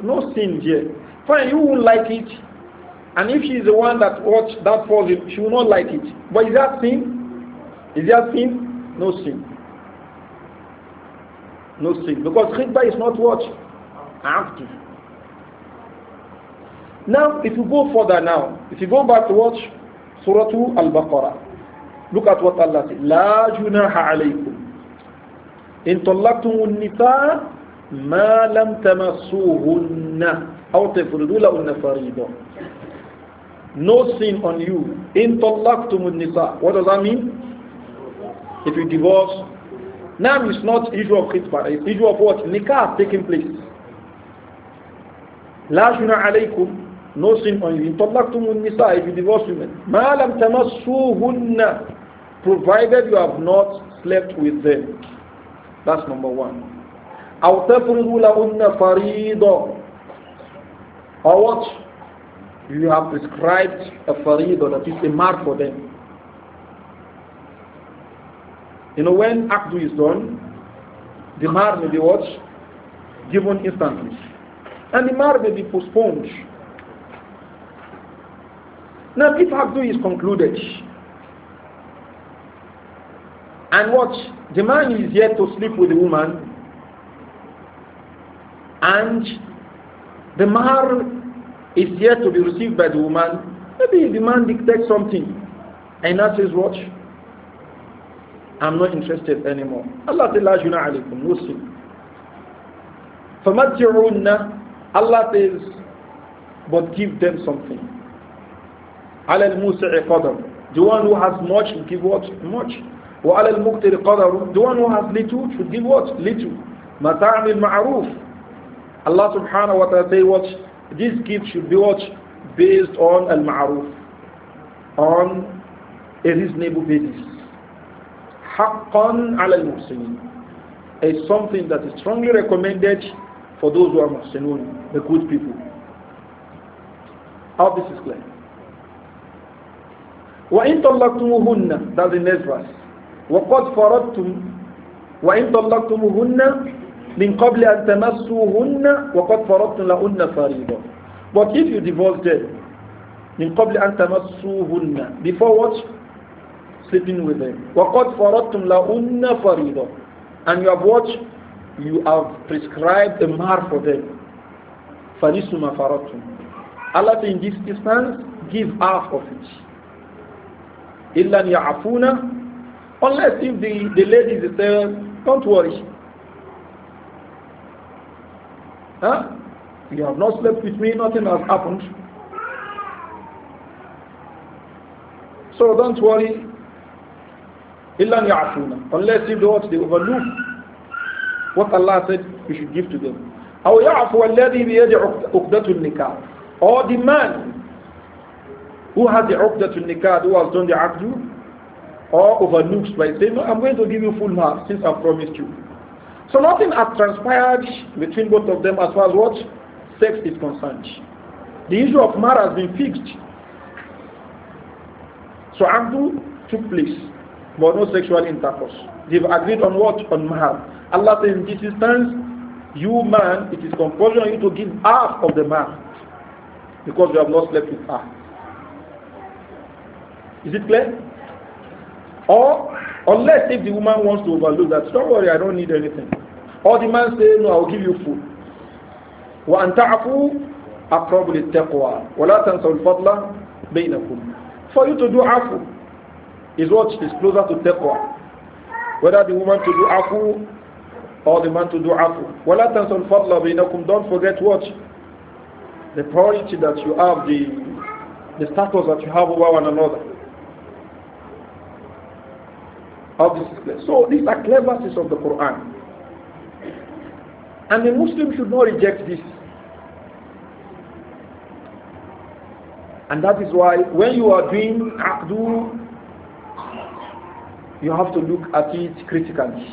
No sin here. fine, you won't like it. And if she is the one that watch that falls, she will not like it. But is that sin? Is that sin? No sin. No sin. Because khidbah is not what? Active. Now, if you go further now, if you go back to watch Surah Al-Baqarah, look at what Allah said. لا جناح عليكم إن طلقتم النساء ما لم تمسوهن no sin on you in talaqtum nisa what does that mean if you divorce now it's not issue of khitbah it's issue of what nikah taking place لا جناح عليكم no sin on you in talaqtum nisa if you divorce women ما لم تمسوهن provided you have not slept with them that's number one أو تفرضوا لهن or what? You have prescribed a or that is a mark for them. You know, when Akdu is done, the mar may be what? Given instantly. And the mar may be postponed. Now, if Akdu is concluded, and what? The man is yet to sleep with the woman, and the mar it's yet to be received by the woman. Maybe the man dictates something. And that says, watch, I'm not interested anymore. Allah Ta'ala Juna Alaikum, no sin. Allah says, but give them something. عَلَى الْمُوسِعِ The one who has much will give what? Much. وَعَلَى الْمُقْتِرِ قَدَرُ The one who has little should give what? Little. مَتَعْمِ الْمَعْرُوفِ Allah subhanahu wa ta'ala say what? this gift should be what? Based on al-ma'ruf, on a reasonable basis. Haqqan ala al-muhsinin is something that is strongly recommended for those who are muhsinun, the good people. How this is clear. وَإِن طَلَّقْتُمُهُنَّ That's the next verse. وَقَدْ فَرَضْتُمْ وَإِن طَلَّقْتُمُهُنَّ but if you divorce them من قبل أن تمسوهن before what? Sleeping with them وقد فرضتم لهن فريضة And you have what? You have prescribed a mar for them فنصف ما فرضتم Allah in this instance give half of it unless if the, the lady is don't worry Huh? You have not slept with me, nothing has happened. So don't worry. Unless ya'afuna. Unless what they overlook what Allah said you should give to them. أو يعفو الذي بيد عقدة النكاح. Or the man who has the عقدة who has done the عقد, or overlooks by saying, I'm going to give you full marks since I promised you. So nothing has transpired between both of them as far as what sex is concerned. The issue of marriage has been fixed. So Abdu took place, but no sexual intercourse. They've agreed on what? On mahar. Allah says in this instance, you man, it is compulsory on you to give half of the mahar because you have not slept with her. Is it clear? Or unless if the woman wants to overlook that, don't worry, I don't need anything. All the man say, no, I'll give you food. وَأَنْ تَعْفُوا أَقْرَبُ لِلتَّقْوَى وَلَا تَنْسَوْا الْفَضْلَ بَيْنَكُمْ For you to do afu is what is closer to taqwa. Whether the woman to do afu or the man to do afu. وَلَا تَنْسَوْا الْفَضْلَ بَيْنَكُمْ Don't forget what? The priority that you have, the, the status that you have over one another. How this is clear. So these are clever of the Quran. And the Muslim should not reject this. And that is why when you are doing Aqdu, you have to look at it critically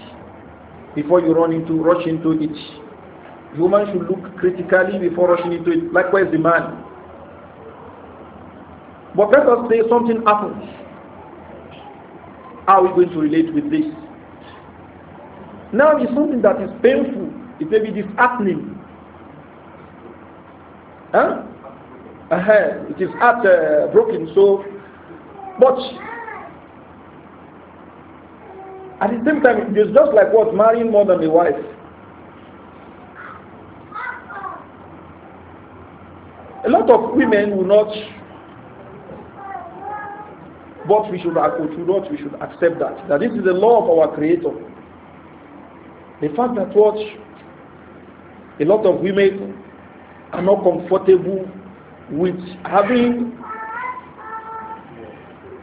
before you run into rush into it. woman should look critically before rushing into it. Likewise the man. But let us say something happens. How are we going to relate with this? Now it's something that is painful it may be disheartening. Huh? Uh-huh. It is heart uh, broken. So, but at the same time, it's just like what marrying more than a wife. A lot of women will not, but we should, we should not, we should accept that that this is the law of our Creator. The fact that what a lot of women are not comfortable with having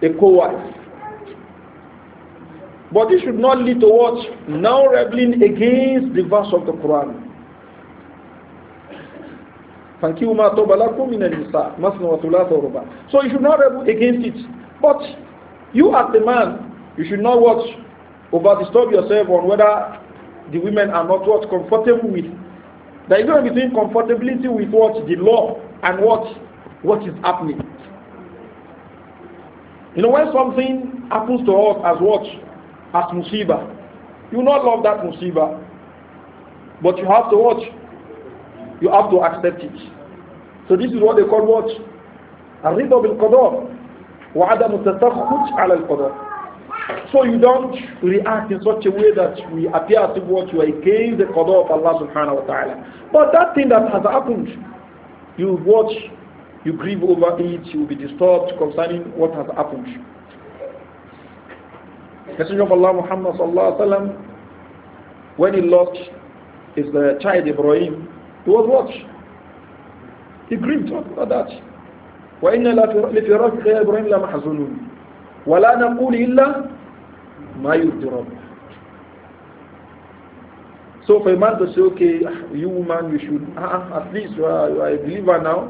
a co-wife. But this should not lead towards now rebelling against the verse of the Quran. So you should not rebel against it. But you as the man, you should not watch over disturb yourself on whether the women are not what comfortable with there is no between comfortability with what the law and what what is happening. You know, when something happens to us as what? As musiba, you will not love that musiba. But you have to watch. You have to accept it. So this is what they call watch. الرضا بالقضاء وعدم التسخط على القضاء so you don't react in such a way that we appear as if what you are against the qadr of Allah subhanahu wa ta'ala. But that thing that has happened, you watch, you grieve over it, you will be disturbed concerning what has happened. Messenger of Allah Muhammad sallallahu alaihi wasallam, when he lost his uh, child Ibrahim, he was what? He grieved about that. وإن لفراقك يا إبراهيم لمحزونون ولا نقول إلا ما يرضي ربك so for a man to say okay you woman you should uh, at least uh, you are, a believer now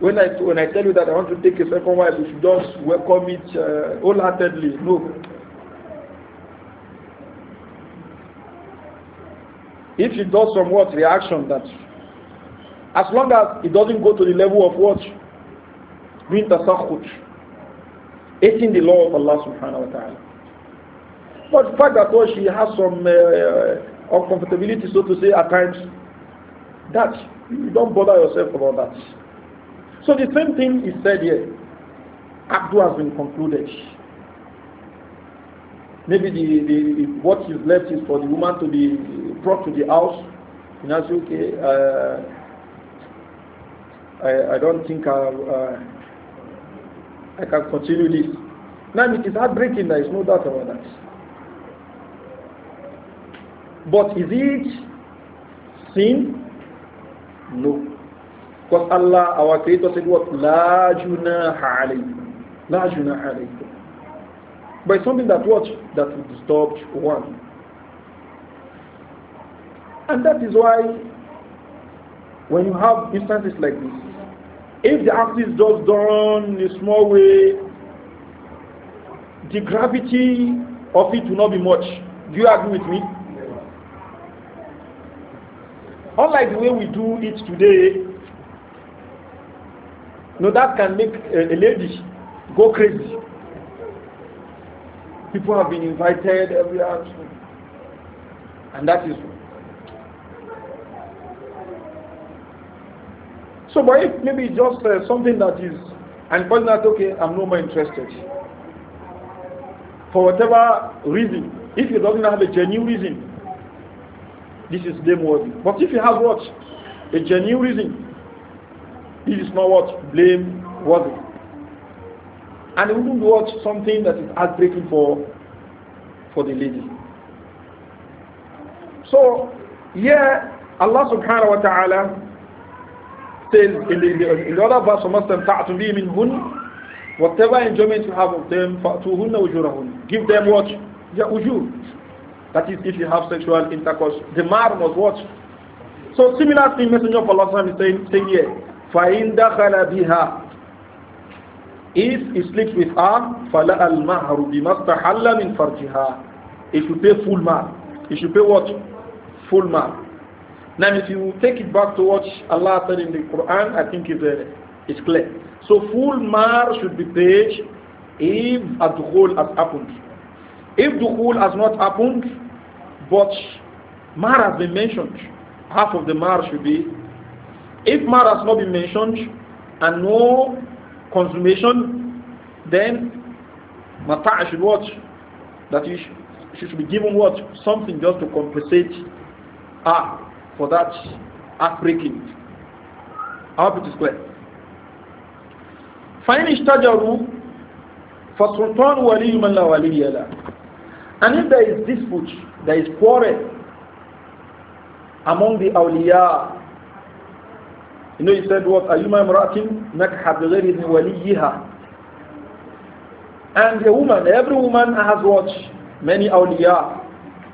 when I when I tell you that I want to take a second wife you should just welcome it uh, wholeheartedly no if it does some what reaction that as long as it doesn't go to the level of what being tasakhut in the law of Allah subhanahu wa ta'ala. But the fact that well, oh, she has some uh, uh, uncomfortability, so to say, at times, that you don't bother yourself about that. So the same thing is said here. Abdu has been concluded. Maybe the, the, what is left is for the woman to be brought to the house. and know, say, okay, uh, I, I don't think I, will uh, I can continue this. Now it is heartbreaking, there is no doubt about that. But is it sin? No. Because Allah, our Creator said what? La junaha alaykum. La junaha alaykum. But it's something that what? That will disturb one. And that is why when you have instances like this, If the act is just done in a small way, the gravity of it will not be much. Do you agree with me? Unlike the way we do it today, no, that can make a, a lady go crazy. People have been invited every afternoon. And that is So, but if maybe just uh, something that is, and person that, okay, I'm no more interested. For whatever reason, if he doesn't have a genuine reason, this is blame worthy. But if you have what? A genuine reason, this is not what? blame worthy, And he wouldn't watch something that is heartbreaking for, for the lady. So, yeah, Allah subhanahu wa ta'ala in the, in the, in the other verse of Muslim, ta'atun bi min hun, whatever enjoyment you have of them, fa'atuhunna ujurahun. Give them what? Ya ujur. That is if you have sexual intercourse. The man must watch. So similar thing Messenger of Allah is saying, saying here, فَإِنْ دَخَلَ بِهَا If he sleeps with her, فَلَأَ الْمَهْرُ بِمَا اسْتَحَلَّ مِنْ فَرْجِهَا He should pay full man. He should pay what? Full man. Now, if you take it back to what Allah said in the Quran, I think it's, uh, it's clear. So full mar should be paid if whole has happened. If whole has not happened, but mar has been mentioned, half of the mar should be. If mar has not been mentioned and no consummation, then mata' should watch. That you should, should be given what? Something just to compensate. Ah, for that heartbreaking. I hope it is clear. فإن اشتجروا فسلطان ولي من لا ولي له and if there is dispute, there is quarrel among the awliya, you know, he said, what? Ayuma imratin nakha bighayri waliyiha. And a woman, every woman has what? Many awliya.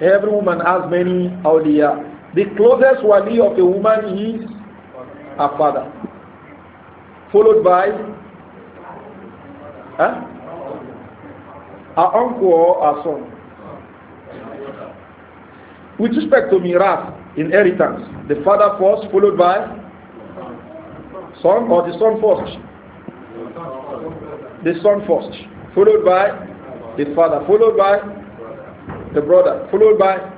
Every woman has many awliya. The closest wali of a woman is her father, followed by huh? her uncle or her son. With respect to miras, inheritance, the father first, followed by son or the son first? The son first, followed by the father, followed by the brother, followed by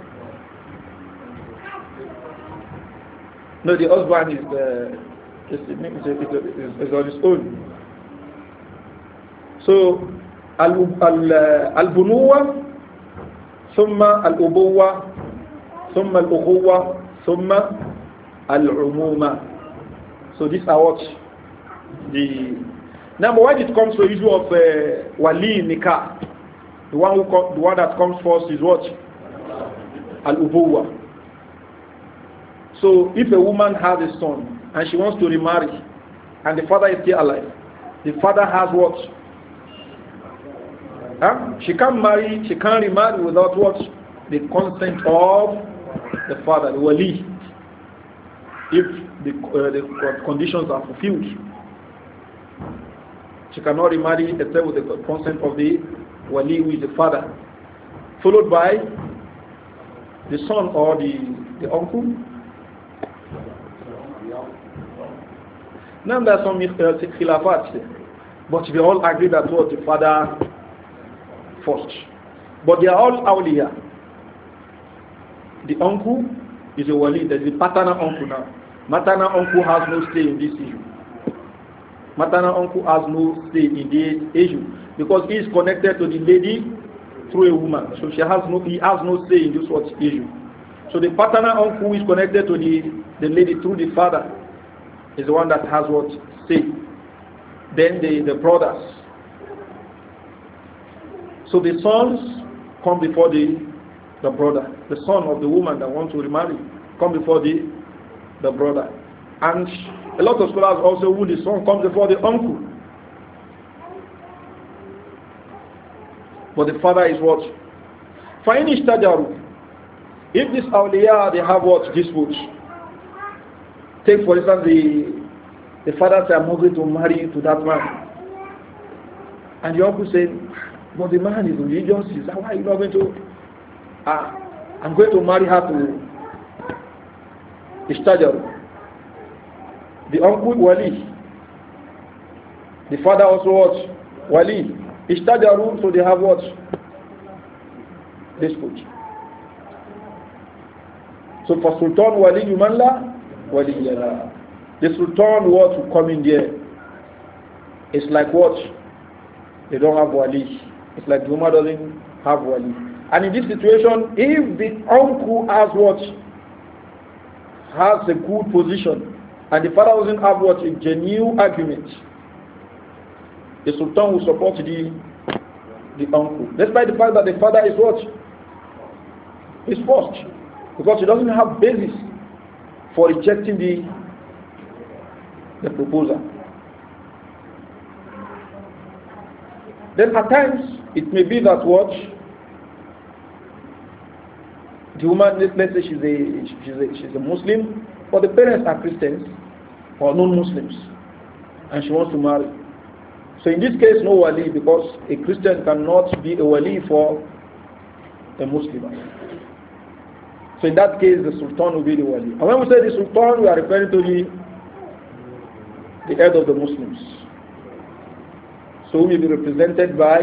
No, the husband is, the is, is, is on his own. So, uh, al-bunuwa, thumma al-ubuwa, thumma al-ukhuwa, thumma al-umuma. So these are what the number when it comes to the issue of uh, wali nikah, the one who the one that comes first is what al-ubuwa. So if a woman has a son and she wants to remarry and the father is still alive, the father has what? Huh? She can't marry, she can't remarry without what? The consent of the father, the wali, if the, uh, the conditions are fulfilled. She cannot remarry except with the consent of the wali, who is the father, followed by the son or the, the uncle, Now there are some uh, khilafat, but we all agree that was the father first. But they are all awliya. The uncle is a wali, there is a paternal uncle now. Maternal uncle has no say in this issue. Maternal uncle has no say in this issue because he is connected to the lady through a woman. So she has no, he has no say in this what issue. So the paternal uncle is connected to the, the lady through the father is the one that has what? seed, Then the, the brothers. So the sons come before the, the brother. The son of the woman that wants to remarry come before the, the brother. And a lot of scholars also who the son comes before the uncle. But the father is what? For any اشْتَجَرُوا If this awliya, they have what? Dispute Take for instance the the father said, I'm not going to marry you to that man. And the uncle said, But the man is religious, is that why you not going to ah, I'm going to marry her to the Ishtajar. The uncle Wali. The father also was Wali. room, so they have what? Dispute. So for Sultan Wali Yumanla, وليا The Sultan what to come in there. It's like what? They don't have wali. It's like the woman doesn't have wali. And in this situation, if the uncle has what? Has a good position. And the father doesn't have what? A genuine argument. The sultan will support the, the uncle. Despite the fact that the father is what? Is forced. Because he doesn't have basis for rejecting the, the proposal. Then at times, it may be that what the woman, let's say she's a, she's a, she's a Muslim, but the parents are Christians or non-Muslims, and she wants to marry. So in this case, no wali, because a Christian cannot be a wali for a Muslim. So in that case, the Sultan will be the Wali. And when we say the Sultan, we are referring to the, the head of the Muslims. So he will be represented by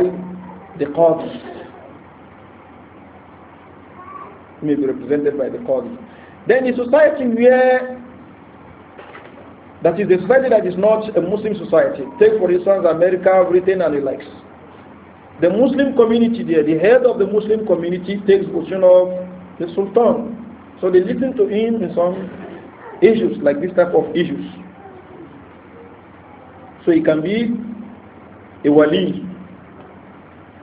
the Qadi. May be represented by the Qadi. Then in society where that is a society that is not a Muslim society. Take for instance America, Britain and the likes. The Muslim community there, the head of the Muslim community takes position of the Sultan. So they listen to him in some issues, like this type of issues. So he can be a wali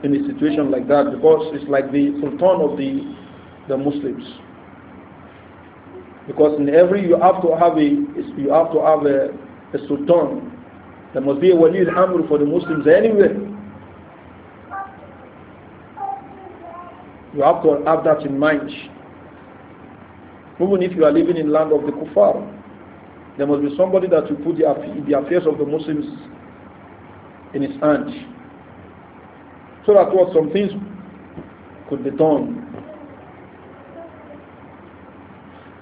in a situation like that because it's like the Sultan of the, the Muslims. Because in every you have to have a you have to have a, a sultan. There must be a wali al-amr for the Muslims anywhere. You have to have that in mind. Even if you are living in land of the kuffar, there must be somebody that will put the, affairs of the Muslims in his hands. So that what some things could be done.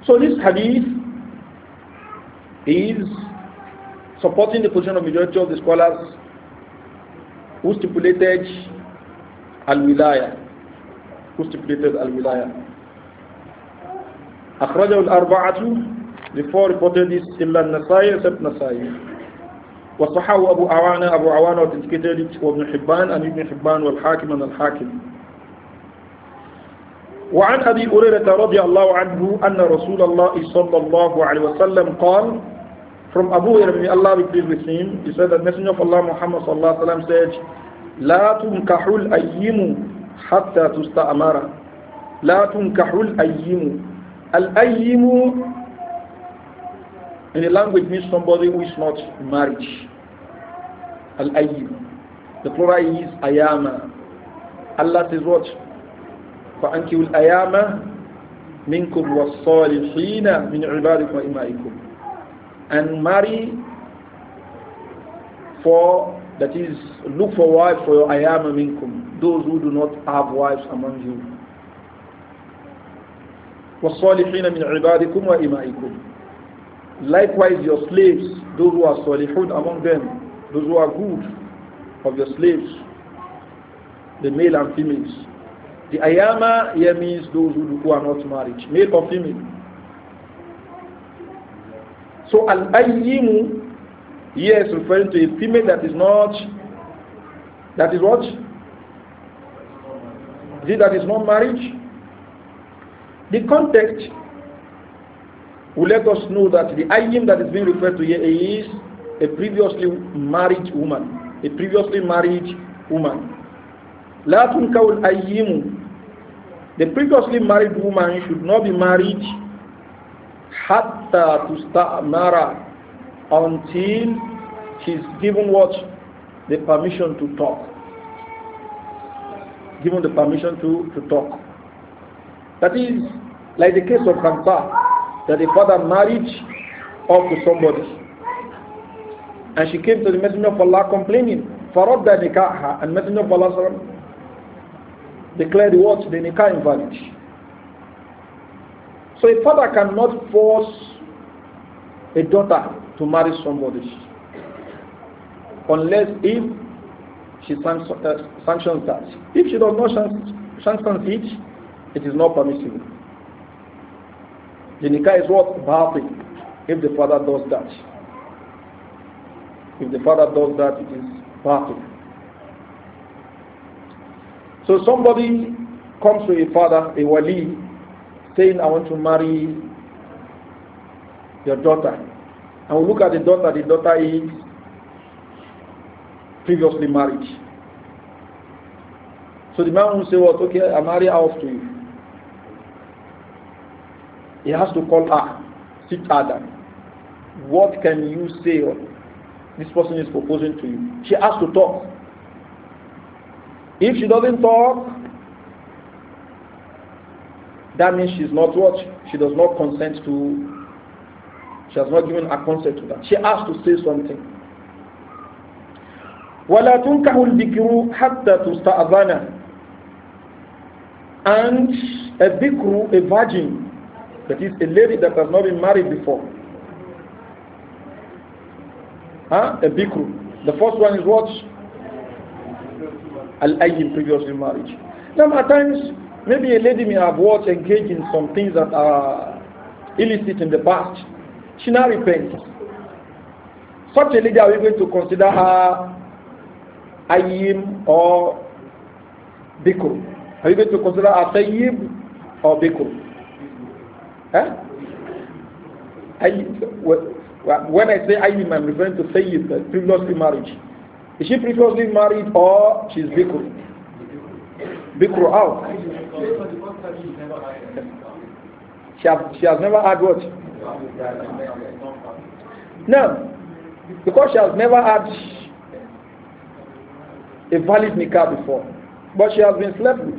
So this hadith is supporting the position of majority of the scholars who stipulated al-wilaya who al-wilaya. أخرجه الأربعة the four reported this إلا النسائي except نسائي وصححه أبو عوانة أبو عوانة authenticated it وابن حبان أن ابن حبان والحاكم أن الحاكم وعن أبي أريرة رضي الله عنه أن رسول الله صلى الله عليه وسلم قال from Abu Hurairah may Allah be pleased with him he said that messenger of Allah Muhammad صلى الله عليه وسلم said لا تنكحوا الأيم حتى تستأمر لا تنكح الأيم الأيم in the language means somebody who is not married الأيم the plural is أياما Allah says what فأنكوا الأيام منكم والصالحين من عبادكم وإمائكم and marry for that is look for wife for your أيام منكم those who do not have wives among you. وَالصَّالِحِينَ مِنْ عِبَادِكُمْ وَإِمَائِكُمْ Likewise your slaves, those who are salihun among them, those who are good of your slaves, the male and females. The ayama here means those who, who are not married, male or female. So al-ayyimu here is referring to a female that is not, that is what? Is it not marriage? The context will let us know that the ayim that is being referred to here is a previously married woman. A previously married woman. La tunkawul ayim. The previously married woman should not be married hatta mara, until she's given what? The permission to talk given the permission to, to talk. That is like the case of Hamza, that the father married off to somebody. And she came to the Messenger of Allah complaining. فَرَدَّ نِكَاحَ And Messenger of Allah declared what? The nikah invalid. So a father cannot force a daughter to marry somebody unless if she sanctions uh, that. If she does not sanction it, it is not permissible. The nikah is what? Batil. If the father does that. If the father does that, it is batil. So somebody comes to a father, a wali, saying, I want to marry your daughter. And we look at the daughter, the daughter is previously married. So the man will say, What? Okay, I marry her off to you. He has to call her, sit her down. What can you say? This person is proposing to you. She has to talk. If she doesn't talk, that means she's not what? She does not consent to, she has not given her consent to that. She has to say something. وَلَا تُنْكَحُ الْبِكْرُ حَتَّى تُسْتَأْذَنَ And a bikru, a virgin, that is a lady that has not been married before. Huh? A bikru. The first one is what? al previous previously marriage. Now at times, maybe a lady may have what engaged in some things that are illicit in the past. She now repents. Such a lady, are we going to consider her ayim or Bikur? Are you going to consider a Tayyib or Bikur? Huh? When I say ayim, I'm referring to Sayyid, previously married. Is she previously married or she's Bikur? Bikru out. She has, she has never had what? No. Because she has never had a valid nikah before, but she has been slept with.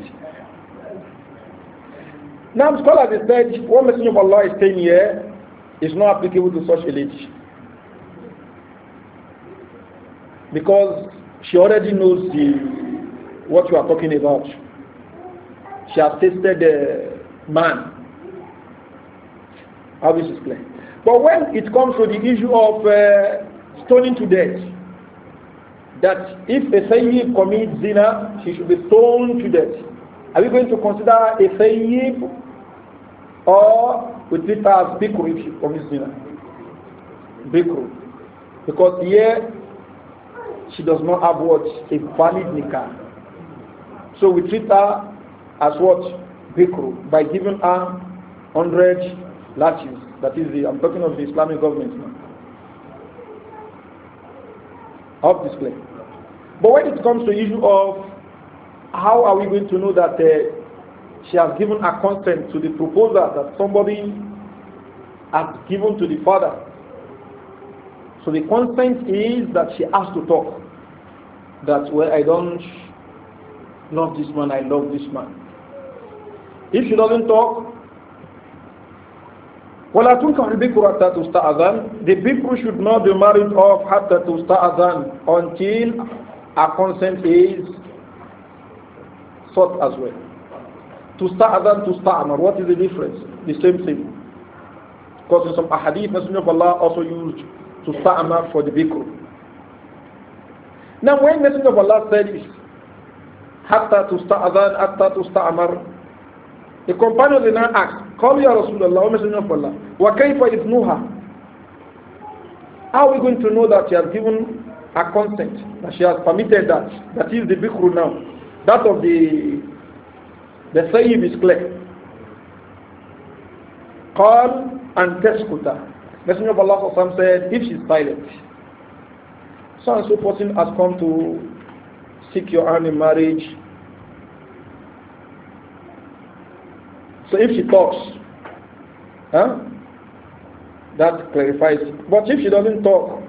Now, scholars have said what Messenger of Allah is saying here is not applicable to such a lady because she already knows the, what you are talking about. She has tasted the man. How this is But when it comes to the issue of uh, stoning to death, that if a sayyid commits zina, he should be stoned to death. Are we going to consider a sayyid or we treat her as bikru if she commits zina? Bikru. Because here she does not have what? A valid nikah. So we treat her as what? Bikru by giving her 100 lashes. That is the, I'm talking of the Islamic government now. this place. But when it comes to issue of how are we going to know that uh, she has given her consent to the proposal that somebody has given to the father? So the consent is that she has to talk. That well, I don't love this man, I love this man. If she doesn't talk, well, I think ولا تنكح البكر حتى تستأذن the bikru should not be married off حتى تستأذن until our consent is sought as well. To start adhan, to start amar, what is the difference? The same thing. Because in some ahadith, Messenger of Allah also used to start amar for the bikr. Now when Messenger of Allah said it, hatta to start, amar," The companions did not ask, call Ya Rasulullah, O Messenger of Allah, وكيف إذنها? How are we going to know that you have given her consent that she has permitted that that is the bikru now that of the the sayyid is clear قال and تسكت Messenger of Allah said if she's silent so and so person has come to seek your hand in marriage so if she talks huh, that clarifies but if she doesn't talk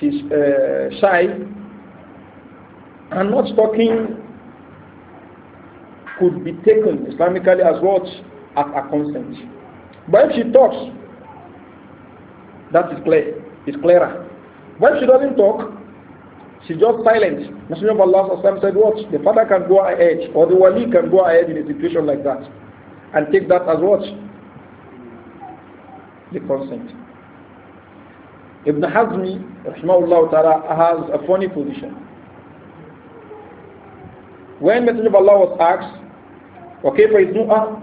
she's uh, shy, and not talking could be taken Islamically as what? As a consent. But if she talks, that is clear. It's clearer. But if she doesn't talk, she's just silent. Messenger of Allah said what? The father can go ahead or the wali can go ahead in a situation like that and take that as what? The consent. Ibn Hazmi, rahimahullah ta'ala, has a funny position. When Messenger of Allah was asked, okay, for Isnu'ah,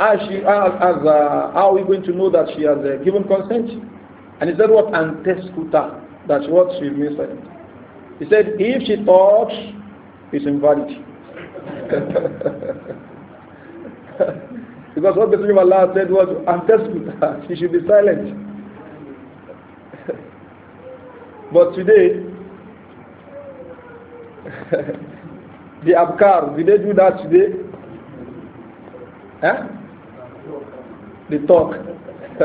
as she, as, as, uh, how are we going to know that she has uh, given consent? And he said, what? Antescuta. That's what she said. He said, if she talks, it's invalid. because what Messenger of Allah said was, Antescuta. She should be silent. But today, the Abkar, did they do that today? Huh? they talk.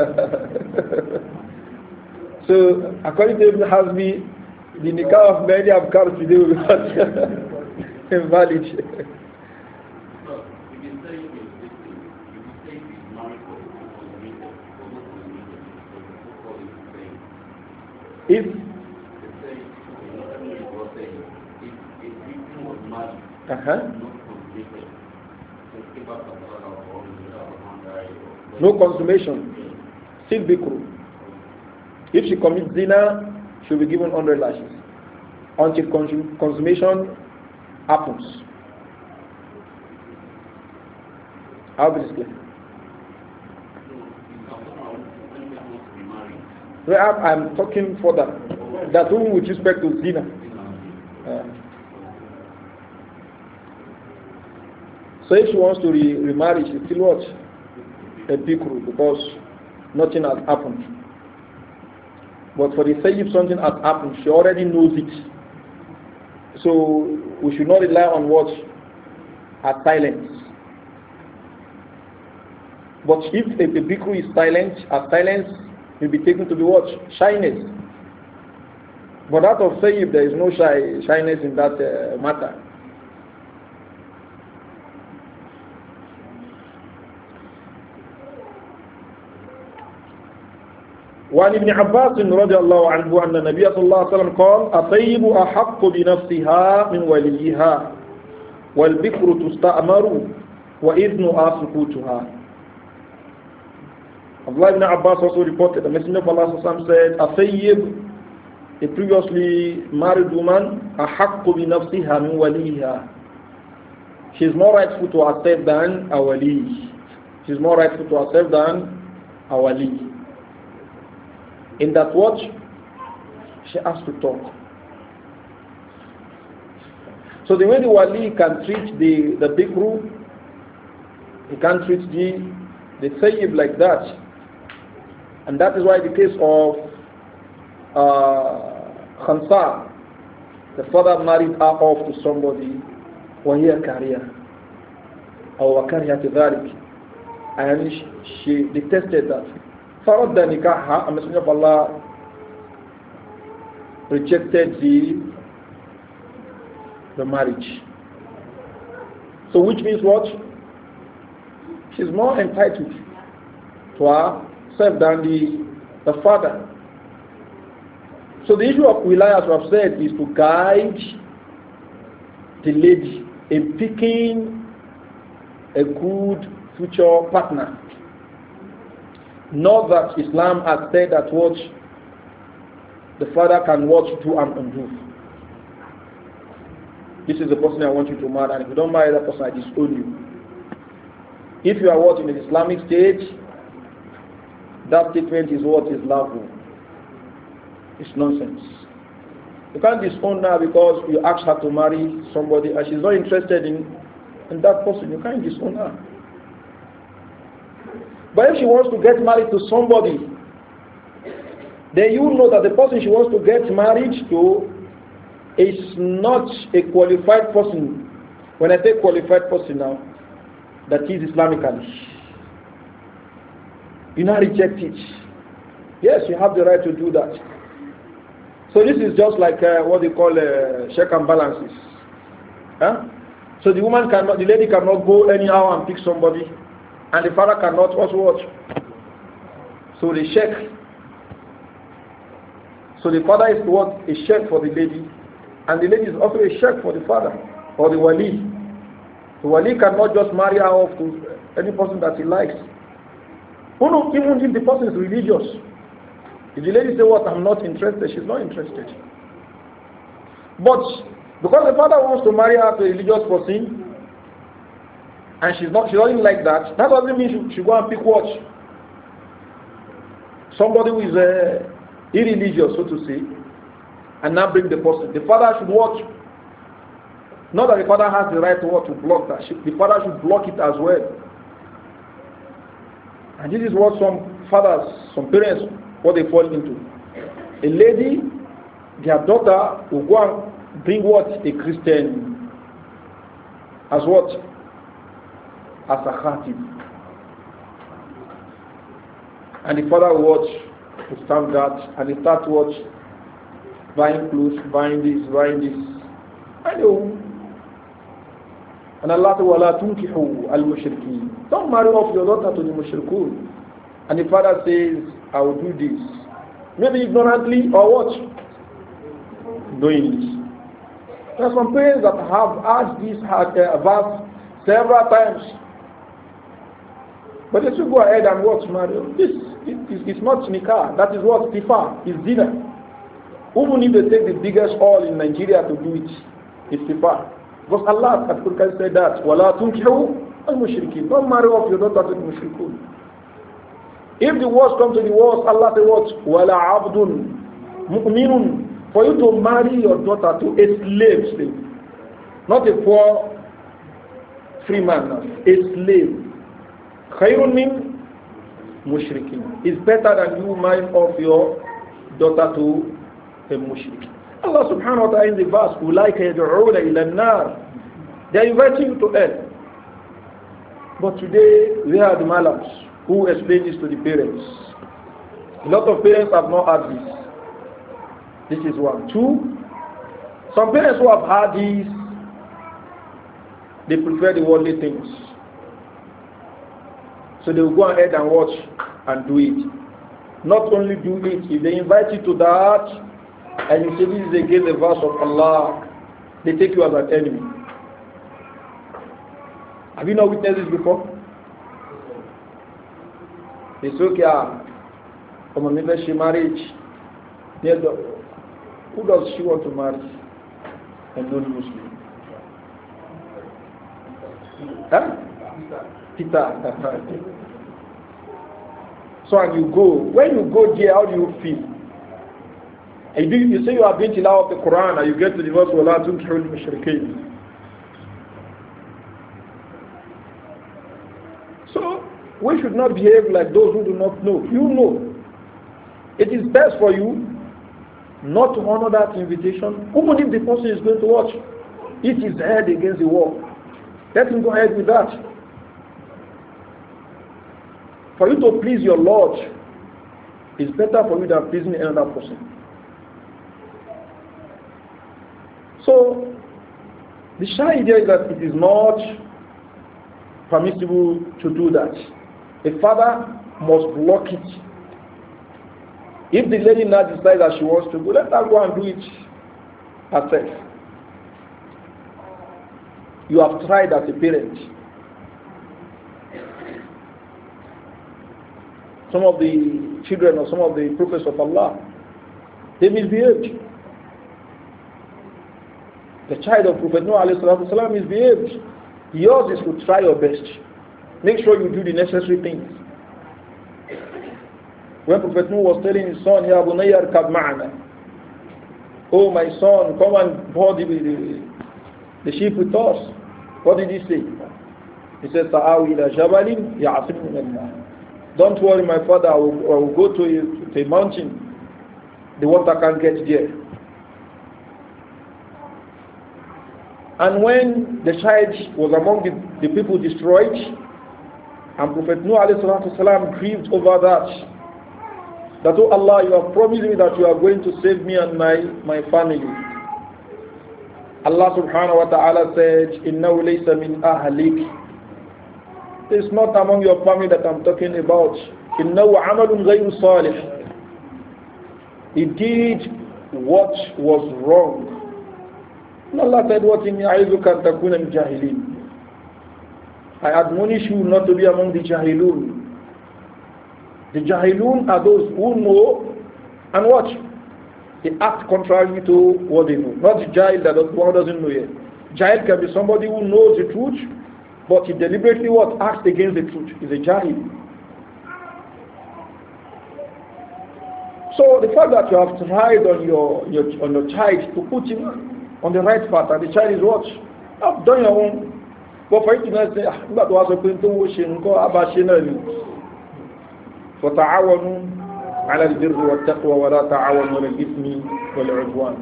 so, according to Ibn Hazmi, the nikah of many Abkar today will not invalid. If Uh-huh. No consummation. Still be cruel. If she commits zina, she'll be given 100 lashes until consummation happens. Obviously. Well, I'm, I'm talking for that. That woman with respect to zina. Uh, So if she wants to re remarry, she still what? A bikru because nothing has happened. But for the sake if something has happened, she already knows it. So we should not rely on what? Her silence. But if a, a bikru is silent, her silence will be taken to be what? Shyness. But that of if there is no shy, shyness in that uh, matter. وعن ابن عباس رضي الله عنه أن النبي صلى الله عليه وسلم قال الطيب أحق بنفسها من وليها والبكر تستأمر وإذن أسكوتها Abdullah ibn Abbas also reported, the Messenger of Allah Sassam said, A sayyib, a previously married woman, a haqqu أَحَقُّ بِنَفْسِهَا min waliha. She is more rightful to herself than a wali. She is more rightful to herself than a wali. In that watch, she has to talk. So the way the wali can treat the, the group, he can treat the, the sayyib like that. And that is why the case of uh, Khansa, the father married her off to somebody, وهي كارية أو to ذلك and she detested that فَرَدَّ نِكَاحَ A messenger of Allah rejected the, the marriage. So which means what? She's more entitled to herself than the, the father. So the issue of wilaya, as we have said, is to guide the lady in picking a good future partner. Not that Islam has said that what the father can watch, do and undo. This is the person I want you to marry, and if you don't marry that person, I disown you. If you are watching an Islamic state, that statement is what is lawful. It's nonsense. You can't disown her because you asked her to marry somebody and she's not interested in, in that person. You can't disown her. But if she wants to get married to somebody, then you know that the person she wants to get married to is not a qualified person. When I say qualified person now, that is Islamically. You now reject it. Yes, you have the right to do that. So this is just like uh, what they call uh, check and balances. Huh? So the woman cannot, the lady cannot go anyhow and pick somebody and the father cannot also watch. So the sheikh, so the father is what a sheikh for the lady, and the lady is also a sheikh for the father or the wali. The wali cannot just marry her off to any person that he likes. Who knows, even if the person is religious. If the lady say what I'm not interested, she's not interested. But because the father wants to marry her to a religious person, and she's not, she doesn't like that, that doesn't mean she, should go and pick watch. Somebody who is uh, irreligious, so to say, and now bring the person. The father should watch. Not that the father has the right to watch to block that. the father should block it as well. And this is what some fathers, some parents, what they fall into. A lady, their daughter will go and bring what? A Christian as what? as a khatib. And the father watch to stamp that and the start watch buying clothes, buying this, buying this. I know. And Allah said, وَلَا تُنْكِحُوا الْمُشْرِكِينَ Don't marry off your daughter to the mushrikun. And the father says, I will do this. Maybe ignorantly or what? Doing this. There are some parents that have asked this uh, verse several times. But if you go ahead and watch Mario. This is it, not nikah. That is what tifa is dinner. Even if they take the biggest oil in Nigeria to do it, it's tifa. Because Allah has said that. Wala tunkihu al mushrikeen. Don't marry off your daughter to the mushrikun. If the worst comes to the worst, Allah says what? Wala abdun mu'minun. For you to marry your daughter to a slave, slave. Not a poor free man, a slave. Khairun min mushrikin. It's better than you marry off your daughter to a mushrik. Allah subhanahu wa ta'ala in the verse, like يَدْعُونَ إِلَى النَّارِ They are inviting you to hell. But today, we are the malams who explain this to the parents. A lot of parents have not heard this. This is one. Two, some parents who have heard this, they prefer the worldly things. So they will go ahead and watch and do it. Not only do it, if they invite you to that and you say this is against the verse of Allah, they take you as an enemy. Have you not witnessed this before? They say, okay, ọmọ mi fẹ́ ṣe marriage. Who does she want to marry? A non-Muslim. Huh? Peter. so and you go. When you go there, how do you feel? And you, you say you have been to of the Quran and you get to the verse where Allah tuntrul mushrikeen. So we should not behave like those who do not know. You know. It is best for you not to honor that invitation, even if the person is going to watch. It is head against the wall. Let him go ahead with that. For you to please your Lord, it's better for you than pleasing another person. So, the shy idea is that it is not permissible to do that. A father must block it. If the lady now decides that she wants to go, let her go and do it herself. You have tried as a parent. some of the children or some of the prophets of Allah, they misbehaved. The child of Prophet Noah والسلام, misbehaved. Yours is to try your best. Make sure you do the necessary things. When Prophet Noah was telling his son, Ya Bunayar Oh my son, come and board the, the, the sheep with us. What did he say? He said, Ta'awi ila jabalin ya'asim min don't worry, my father, I will, I will go to the mountain. The water can't get there. And when the child was among the, the people destroyed, and Prophet Noah salam grieved over that, that, oh Allah, you have promised me that you are going to save me and my, my family. Allah subhanahu wa ta'ala said, إِنَّهُ لَيْسَ مِنْ أَهْلِكِ it's not among your family that I'm talking about. He did what was wrong. Allah said, what in I admonish you not to be among the jahilun. The jahilun are those who know and watch. They act contrary to what they know. Not the jahil that one doesn't know yet. Jahil can be somebody who knows the truth But he deliberately what acts against the truth is a jahil. So the fact that you have tried on your, your on your child to put him on the right path and the child is what? have done your own. But for you to not say, ah, nígbà tó wá sọ pé tó wó ṣe nǹkan á bá ṣe náà ni. Fọ̀tàáwọnú alàdìdìrò wàtàkùwà wàdà tààwọnú rẹ̀ ìfìmí pẹ̀lú ẹ̀dùn.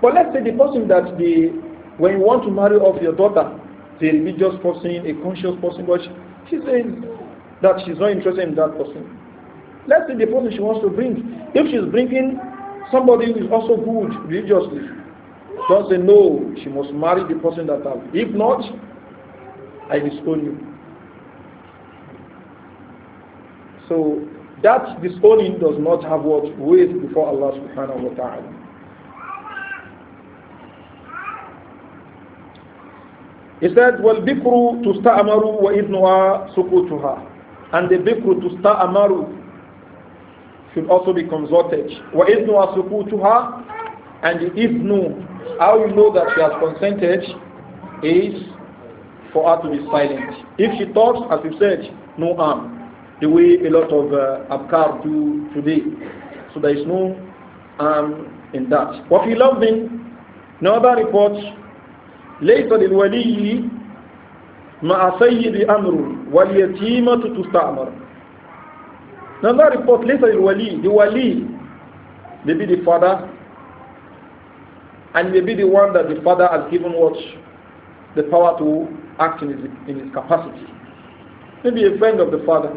But let's say the person that the when you want to marry off your daughter, the religious person, a conscious person, but she, she's saying that she's not interested in that person. Let's say the person she wants to bring. If she's bringing somebody who is also good religiously, don't say no, she must marry the person that I. If not, I disown you. So that disowning does not have what weight before Allah subhanahu wa ta'ala. He said, "Well, وَالْبِكْرُ تُسْتَأْمَرُ وَإِذْنُهَا سُكُوتُهَا And the bikru تُسْتَأْمَرُ should also be consulted. to her? And the no, how you know that she has consented is for her to be silent. If she talks, as we said, no harm. The way a lot of uh, abkar do today. So there is no harm in that. What we love in, no other reports, ليس للولي مع سيد أمر واليتيمة تستعمر Now that report later the wali, the wali may be the father and may be the one that the father has given what the power to act in his, in his capacity. Maybe a friend of the father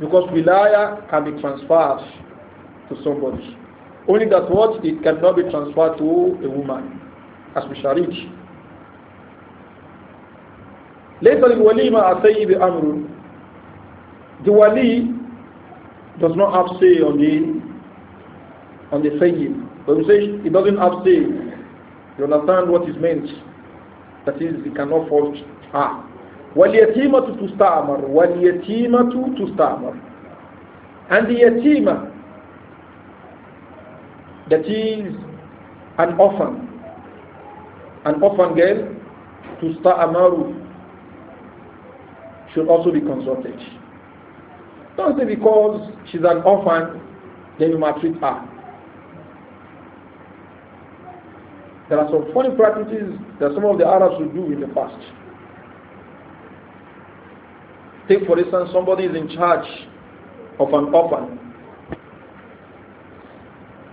because wilaya can be transferred to somebody. Only that what it cannot be transferred to a woman as we shall reach. ليس للوليمة السيد أمر The wali does not have say on the on the sayyid. When we say he doesn't have say, you understand what is meant. That is, he cannot fault her. وَالْيَتِيمَةُ تُسْتَعْمَرُ to tustamar And the yatima, that is an orphan, an orphan girl, تُسْتَعْمَرُ should also be consulted. Don't say because she's an orphan, then you maltreat her. There are some funny practices that some of the Arabs will do in the past. Take for instance, somebody is in charge of an orphan.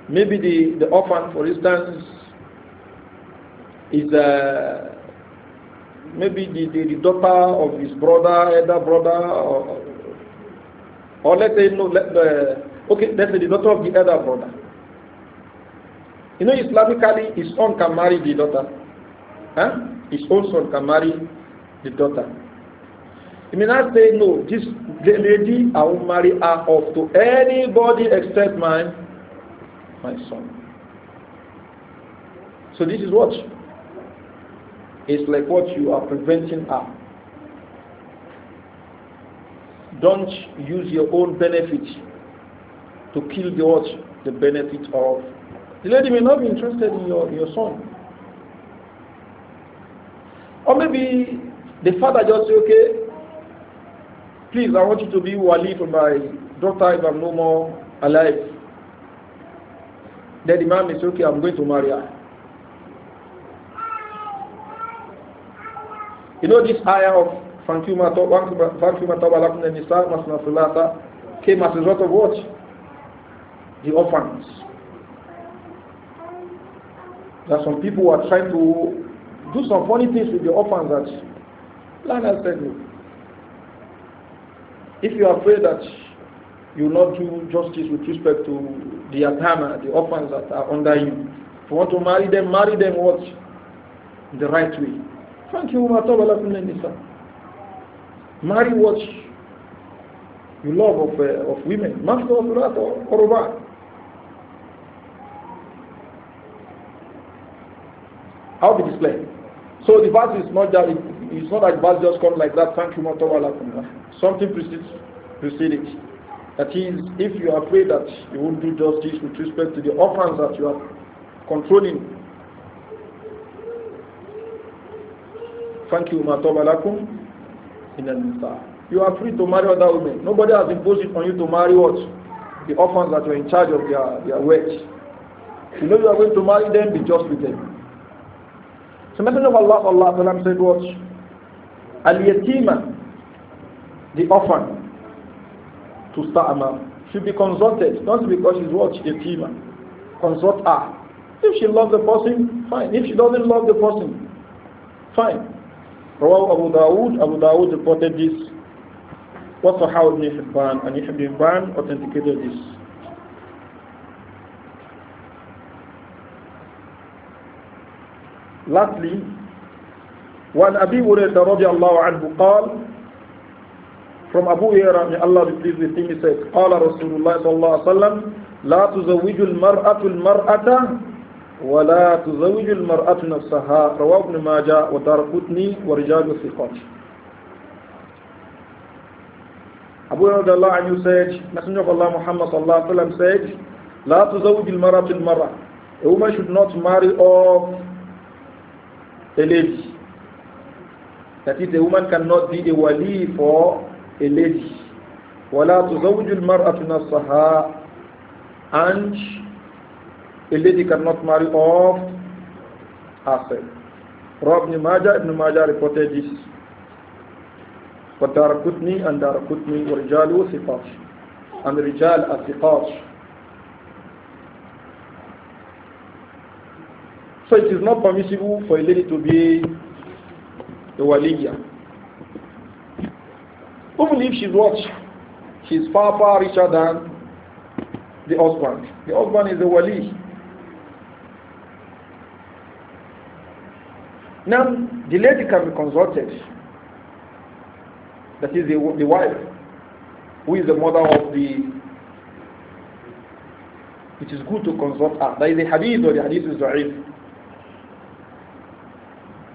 Maybe the, the orphan, for instance, is uh, maybe the, the, the, daughter of his brother, elder brother, or, or let's say, no, let, uh, okay, let's say the daughter of the elder brother. You know, Islamically, his son can marry the daughter. Huh? His own son can marry the daughter. He may not say, no, this lady, I will marry her off to anybody except my, my son. So this is what it's like what you are preventing are. Don't use your own benefit to kill the what? The benefit of. The lady may not be interested in your, your son. Or maybe the father just say, okay, please, I want you to be wali for my daughter if I'm no more alive. Then the man is okay, I'm going to marry her. You know this ayah of Fankuma and Nisa Masnasulata came as a result of what? The orphans. That some people were trying to do some funny things with the orphans that Lana said If you are afraid that you will not do justice with respect to the Atama, the orphans that are under you, if you want to marry them, marry them what? The right way. فانكحوا ما طاب La من النساء marry what you love of, uh, of women مثنى وثلاث ورباع how be display? so the verse is not that it, it's not that verse just come like that thank you ما La لكم something precedes precedes. it that is if you are afraid that you won't do justice with respect to the orphans that you are controlling you, مَا طَوْبَ In إِنَ النِّسَاءِ You are free to marry other women. Nobody has imposed it on you to marry what? The orphans that were in charge of their, their wedge. You know you are going to marry them, be just with them. So Messenger of Allah Allah, said what? Al-yatima, the orphan, to man should be consulted, not because she's what? Yatima. Consult her. If she loves the person, fine. If she doesn't love the person, fine. رواه أبو داود أبو داود البوتديس وصححه ابن حبان أن ابن حبان أوتنتيكيتد ديس Lastly, وعن أبي هريرة رضي الله عنه قال From Abu Hira, may Allah be pleased with him, he says, قال رسول الله صلى الله عليه وسلم لا تزوج المرأة المرأة ولا تزوج المرأة نفسها رواه ابن ماجه ودار قطني ورجال الثقات Abu Radallah and you said, Messenger of Allah Muhammad صلى الله عليه وسلم said, لا tuzawj المرأة marat A woman should not marry off a lady. That is, a woman cannot be a wali for a lady. ولا تزوج المرأة نفسها and a lady cannot marry off herself. Rob Majah, Ibn Majah reported this. وَتَارَكُتْنِي أَنْ تَارَكُتْنِي وَرِجَالُ ثِقَاتِ And Rijal are So it is not permissible for a lady to be a waliya. Even if she's what? She's far, far richer than the husband. The husband is a wali. Now, the lady can be consulted. That is the, the wife, who is the mother of the. It is good to consult her. That is the hadith, or the hadith is da'if.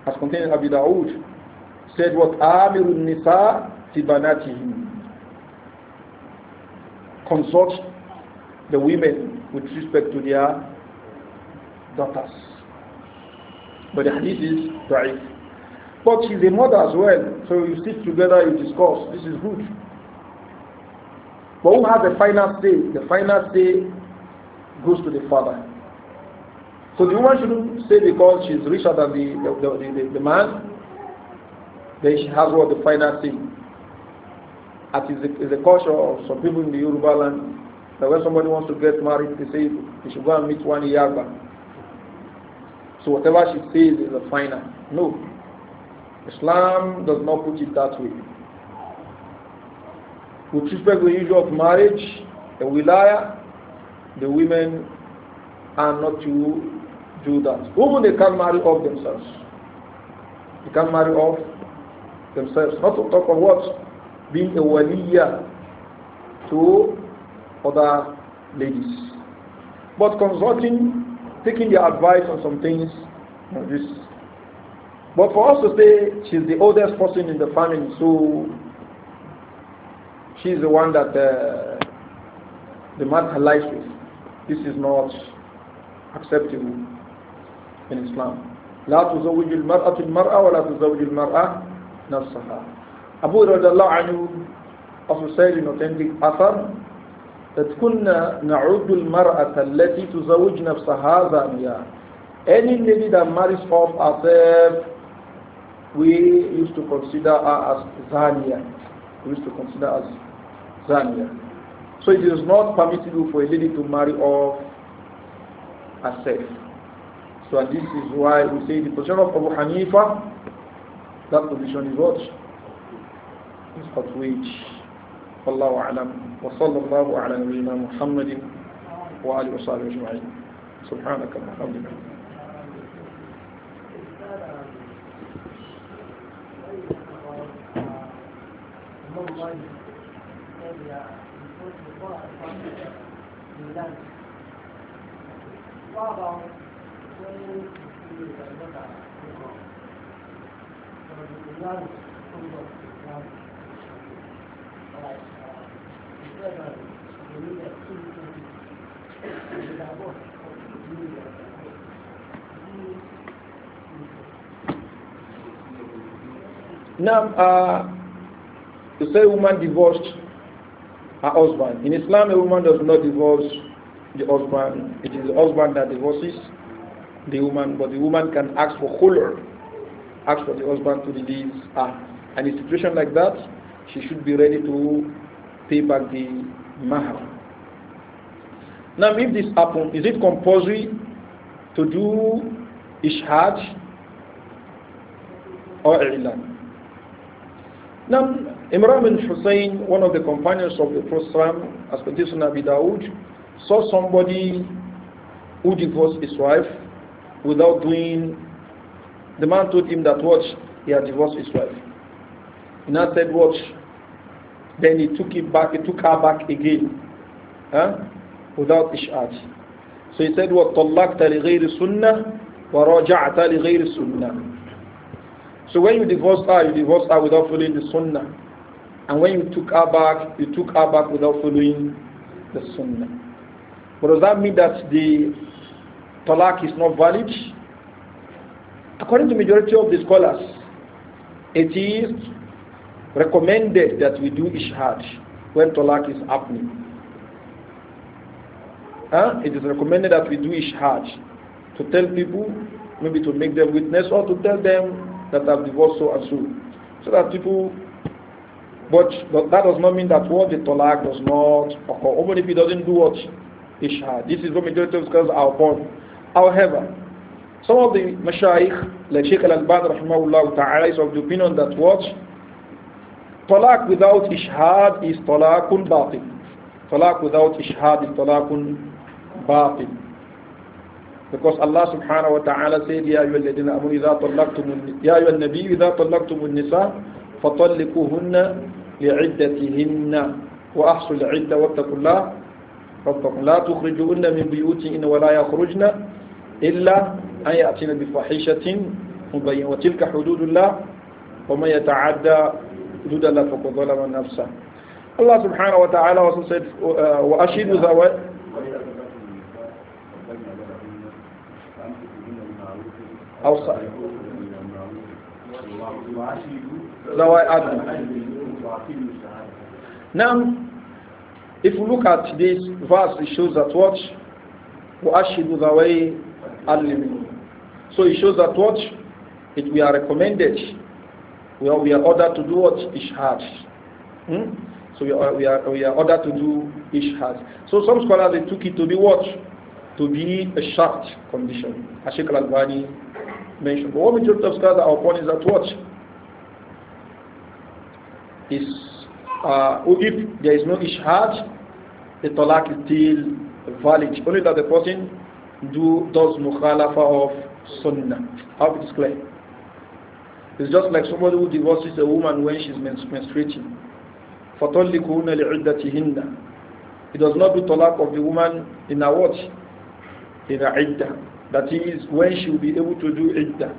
As contained in Abu Dawood, said what? Amirun Nisa Tibanatihim. Consult the women with respect to their daughters. But the hadith is right. But she's a mother as well, so you sit together, you discuss. This is good. But who has the final say? The final say goes to the father. So the woman shouldn't say because she's richer than the, the, the, the, the man, then she has what the final say. That is the, is the culture of some people in the Yoruba land that when somebody wants to get married, they say they should go and meet one Yarba. So whatever she says is the final. No. Islam does not put it that way. With respect to the issue of marriage, the wilaya, the women are not to do that. Women, they can marry off themselves. They can marry off themselves. Not to talk of what? Being a waliya to other ladies. But consulting taking their advice on some things like this. But for us to say she's the oldest person in the family, so she's the one that uh, the man lies with. This is not acceptable in Islam. لا تزوج المرأة المرأة ولا تزوج المرأة نفسها. Abu radiallahu anhu also said in authentic that kunna na'uddu al-mar'ata allati tuzawwij any lady that marries off herself we used to consider her as zaniya we used to consider as zaniya so it is not permissible for a lady to marry off herself so and this is why we say the position of Abu Hanifa that position is what is what which والله أعلم وصلى الله على نبينا محمد وآله وصحبه أجمعين سبحانك اللهم وبحمدك Thank you. Now, uh, to say a woman divorced her husband. In Islam, a woman does not divorce the husband. It is the husband that divorces the woman, but the woman can ask for khulur, ask for the husband to release her. And in a situation like that, she should be ready to pay back the mahar. Now, if this happens, is it compulsory to do ishaj or ilan? Now, Imran bin Hussein, one of the companions of the Prophet, as per in Abi Dawud, saw somebody who divorced his wife without doing. The man told him that what he had divorced his wife. He now said, "What then he took it back, he took her back again. Huh? Without ish'aj. So he said, وَطَلَّقْتَ لِغَيْرِ سُنَّةِ وَرَجَعْتَ لِغَيْرِ سُنَّةِ So when you divorced her, you divorced her without following the sunnah. And when you took her back, you took her back without following the sunnah. But does that mean that the talaq is not valid? According to majority of the scholars, it is recommended that we do ishhad when talaq is happening. Huh? It is recommended that we do ishhad to tell people, maybe to make them witness or to tell them that I've divorced so and so. So that people, but that does not mean that what the talaq does not occur. Even if he doesn't do what? Ishhad. This is what majority of scholars are upon. However, some of the mashayikh, like Sheikh Al-Albad, rahimahullah ta'ala, is of the opinion that what? طلاق without إشهاد is طلاق باطل طلاق without إشهاد is طلاق باطل Because Allah سبحانه وتعالى said, يَا أَيُّهَا الَّذِينَ أمون إِذَا طَلَّقْتُمُ يَا أَيُّهَا النَّبِيُّ إِذَا طَلَّقْتُمُ النِّسَاءَ فَطَلِّقُوهُنَّ لِعِدَّتِهِنَّ وَأَحْصُوا الْعِدَّةَ وَاتَّقُوا اللَّهَ رَبَّكُمْ لَا تُخْرِجُوهُنَّ مِنْ بُيُوتِهِنَّ وَلَا يَخْرُجْنَ إِلَّا أَنْ يَأْتِينَ بفحيشة مُبَيِّنَةٍ وَتِلْكَ حُدُودُ اللَّهِ وَمَنْ يَتَعَدَّى do that for Qadolama Nafsa. Allah subhanahu wa ta'ala also said, وَأَشِدُ ذَوَيْ أوصى Now, if we look at this verse, it shows that what? "وأشيد ذَوَيْ أَلِّمِنُ So it shows that what? It we are recommended we are, we are ordered to do what? Ishhad. Hmm? So we are, we, are, we are ordered to do Ishhad. So some scholars they took it to be what? To be a shart condition, as Sheikh Al-Albani mentioned. But what majority of scholars are upon is that what? Is, uh, if there is no Ishhad, the talaq is still valid. Only that the person do, does mukhalafa of sunnah. How it is clear. It's just like somebody who divorces a woman when she's menstruating. فَطَلِّكُهُنَّ لِعِدَّتِهِنَّ It does not do talaq of the woman in a what? In a iddah. That is when she will be able to do iddah.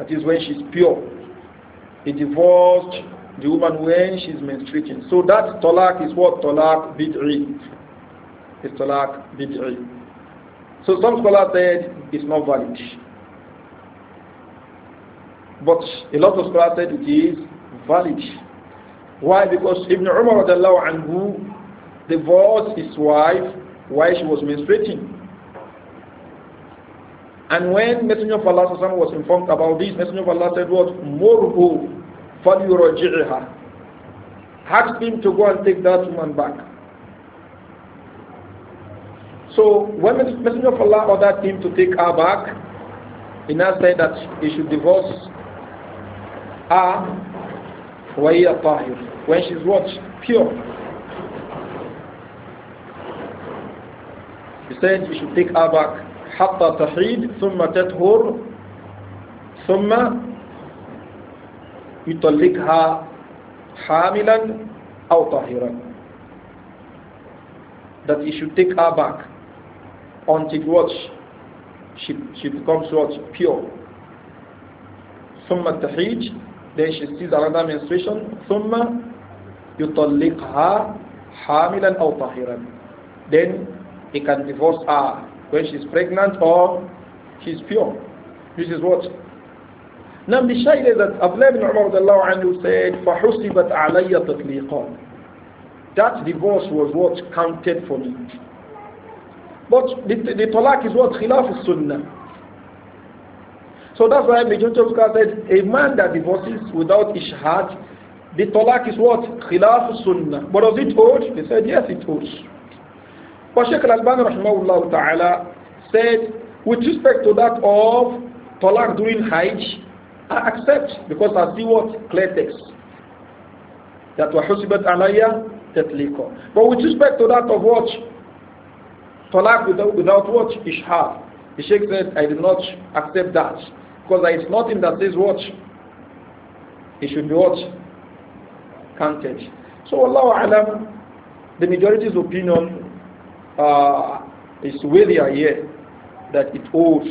That is when she's pure. He divorced the woman when she's menstruating. So that talaq is what? Talaq bid'i. It's talaq bid'i. So some scholars said it's not valid. But a lot of scholars said it is valid. Why? Because Ibn Umar anhu divorced his wife while she was menstruating. And when Messenger of Allah was informed about this, Messenger of Allah said what? Morbu falyuraji'iha. Asked him to go and take that woman back. So when Messenger of Allah ordered him to take her back, he now said that he should divorce way وَهِيَ طَاهِرٌ When she's watched Pure. He said you should take abak hatta tahid, تَحِيدْ ثُمَّ تَتْهُرْ ثُمَّ hamilan aw tahiran. that you should take her back until watch she, she becomes watch pure ثم التحيج then she sees another menstruation ثم يطلقها حاملا أو طاهرا then he can divorce her when she's pregnant or she's pure this is what now the shahid is that Abdullah ibn Umar anhu said فحسبت علي تطليقا that divorce was what counted for me but the, the talaq is what khilaf sunnah so that's why majority of said a man that divorces without ishhad, the talak is what? Khilaf sunnah. But does it hold? He said yes, it holds. But Sheikh Al-Albani rahimahullah ta'ala said with respect to that of talak during Hajj, I accept because I see what? Clear text. That wa husibat alaya tatliqa. But with respect to that of what? Talak without, without what? Ishhad. The Sheikh said, I did not accept that. Because there is nothing that says watch. It should be watched, counted. So Allah Alam, the majority's opinion uh, is worthier here that it owes.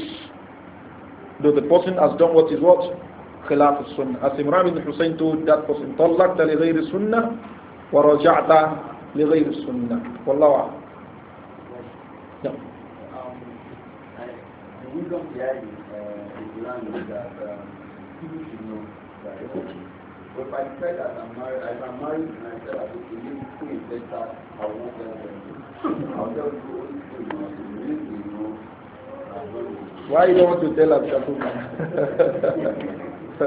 Though the person has done what is what? خلاف السنة as Imran ibn Hussein told that person طلقت لغير السنة ورجعت لغير السنة والله أعلم no. um, I, the wisdom behind it um, should know that but if I that I'm married, if I'm married and I that you school in Texas, I won't tell them. I'll tell only school know. Why you don't want to tell us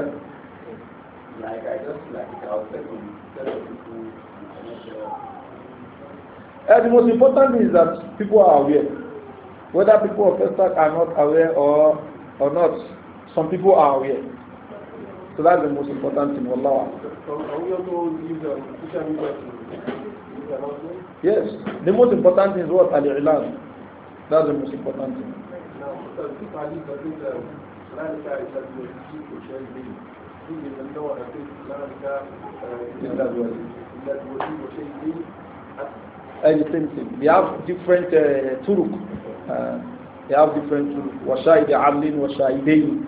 like I just like I'll tell them, tell eh, the most important is that people are aware. Whether people of FESTAC are not aware or or not, some people are aware. So that's the most important thing. Allah. Yes. The most important thing is what? Al-Ilan. That's the most important thing. Anything. They have different uh, turuk. Uh, they have different turuk. Washaid alin, washaidin.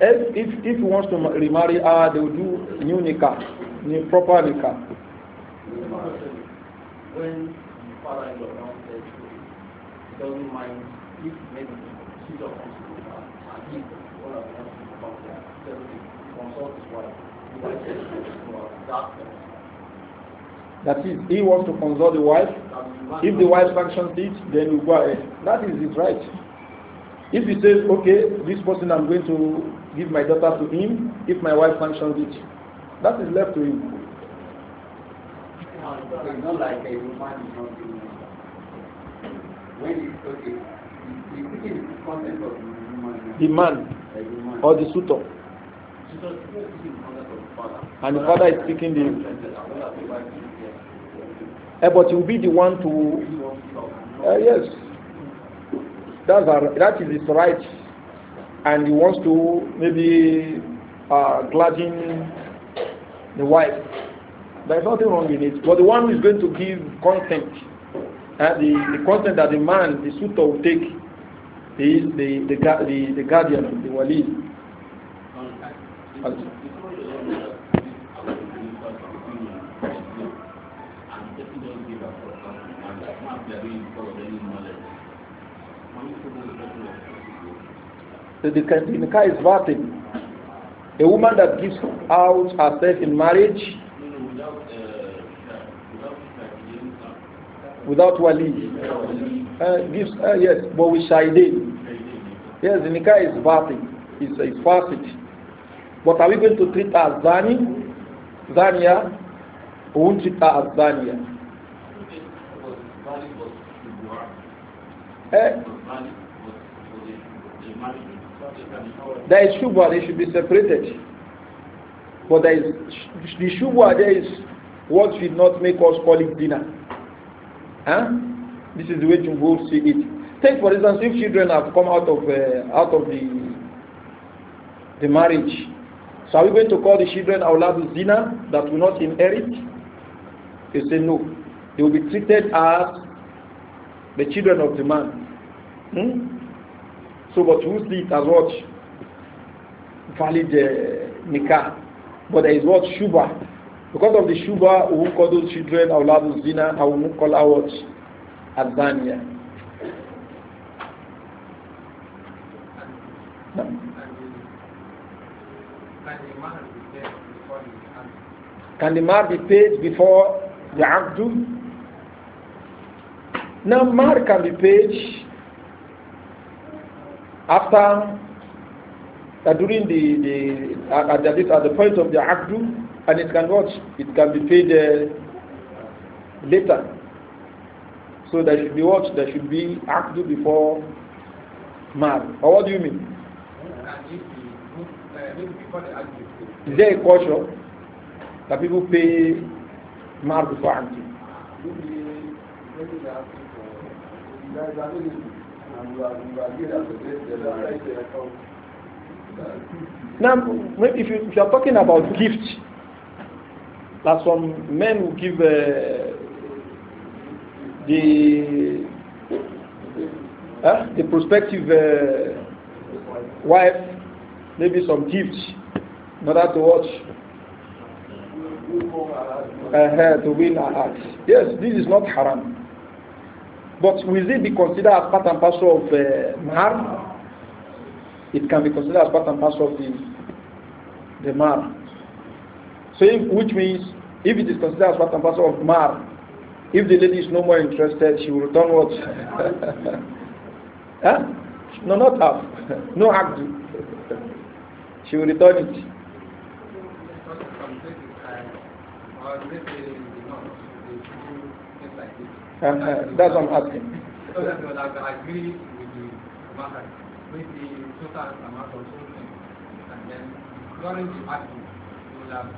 If, if, if he wants to remarry her, they will do new nikah, new proper nikah. When father-in-law he doesn't mind if about uh, that, wife. That is, he wants to consult the wife. If the wife sanctions it, then you go ahead. That is his right. If he says, okay, this person I'm going to give my daughter to him, if my wife sanctions it, that is left to him. When the content of the man or the suitor. And the father is speaking the. Eh, but he will be the one to. Uh, yes. That's that is his right. And he wants to maybe uh, gladden the wife. There's nothing wrong in it. But the one who is going to give consent, uh, the, the consent that the man, the suitor will take, is the, the, the, the guardian, the wali. Um, okay. So the, the is valid. A woman that gives out herself in marriage without wali uh, gives uh, yes, but with shaidin. Yes, the nikah is valid. It's, it's facet. But are we going to treat her as zani, zania? We won't treat her as zania. Eh? There is shubha, they should be separated. But there is, the shubha there is what should not make us call it dinner. Huh? This is the way go see it. Take for instance, if children have come out of uh, out of the the marriage, so are we going to call the children awladu zina that will not inherit? They say no. They will be treated as the children of the man. Hmm? So, but who see it as what? Valid uh, nikah. But there is what? shuba. Because of the shuba, we will call those children Awladu Zina and we will call her what? Azania. Can the mar be paid before the abdul? Now, mar can be paid after uh, during the uh, the at, the at the point of the akdu and it can what it can be paid uh, later so there should be what there should be akdu before marriage or what do you mean is there a culture that people pay marriage before akdu Now, if you, if you are talking about gift, that some men will give uh, the uh, the prospective uh, wife maybe some gifts in order to watch uh, to win her heart. Yes, this is not haram. But will it be considered as part and parcel of uh, mar? It can be considered as part and parcel of the, the mar. So which means if it is considered as part and parcel of mar, if the lady is no more interested, she will return what? huh? No, not half. no act. she will return it. Uh, that's what I'm asking. So that I agree with the total amount of children, and then the you have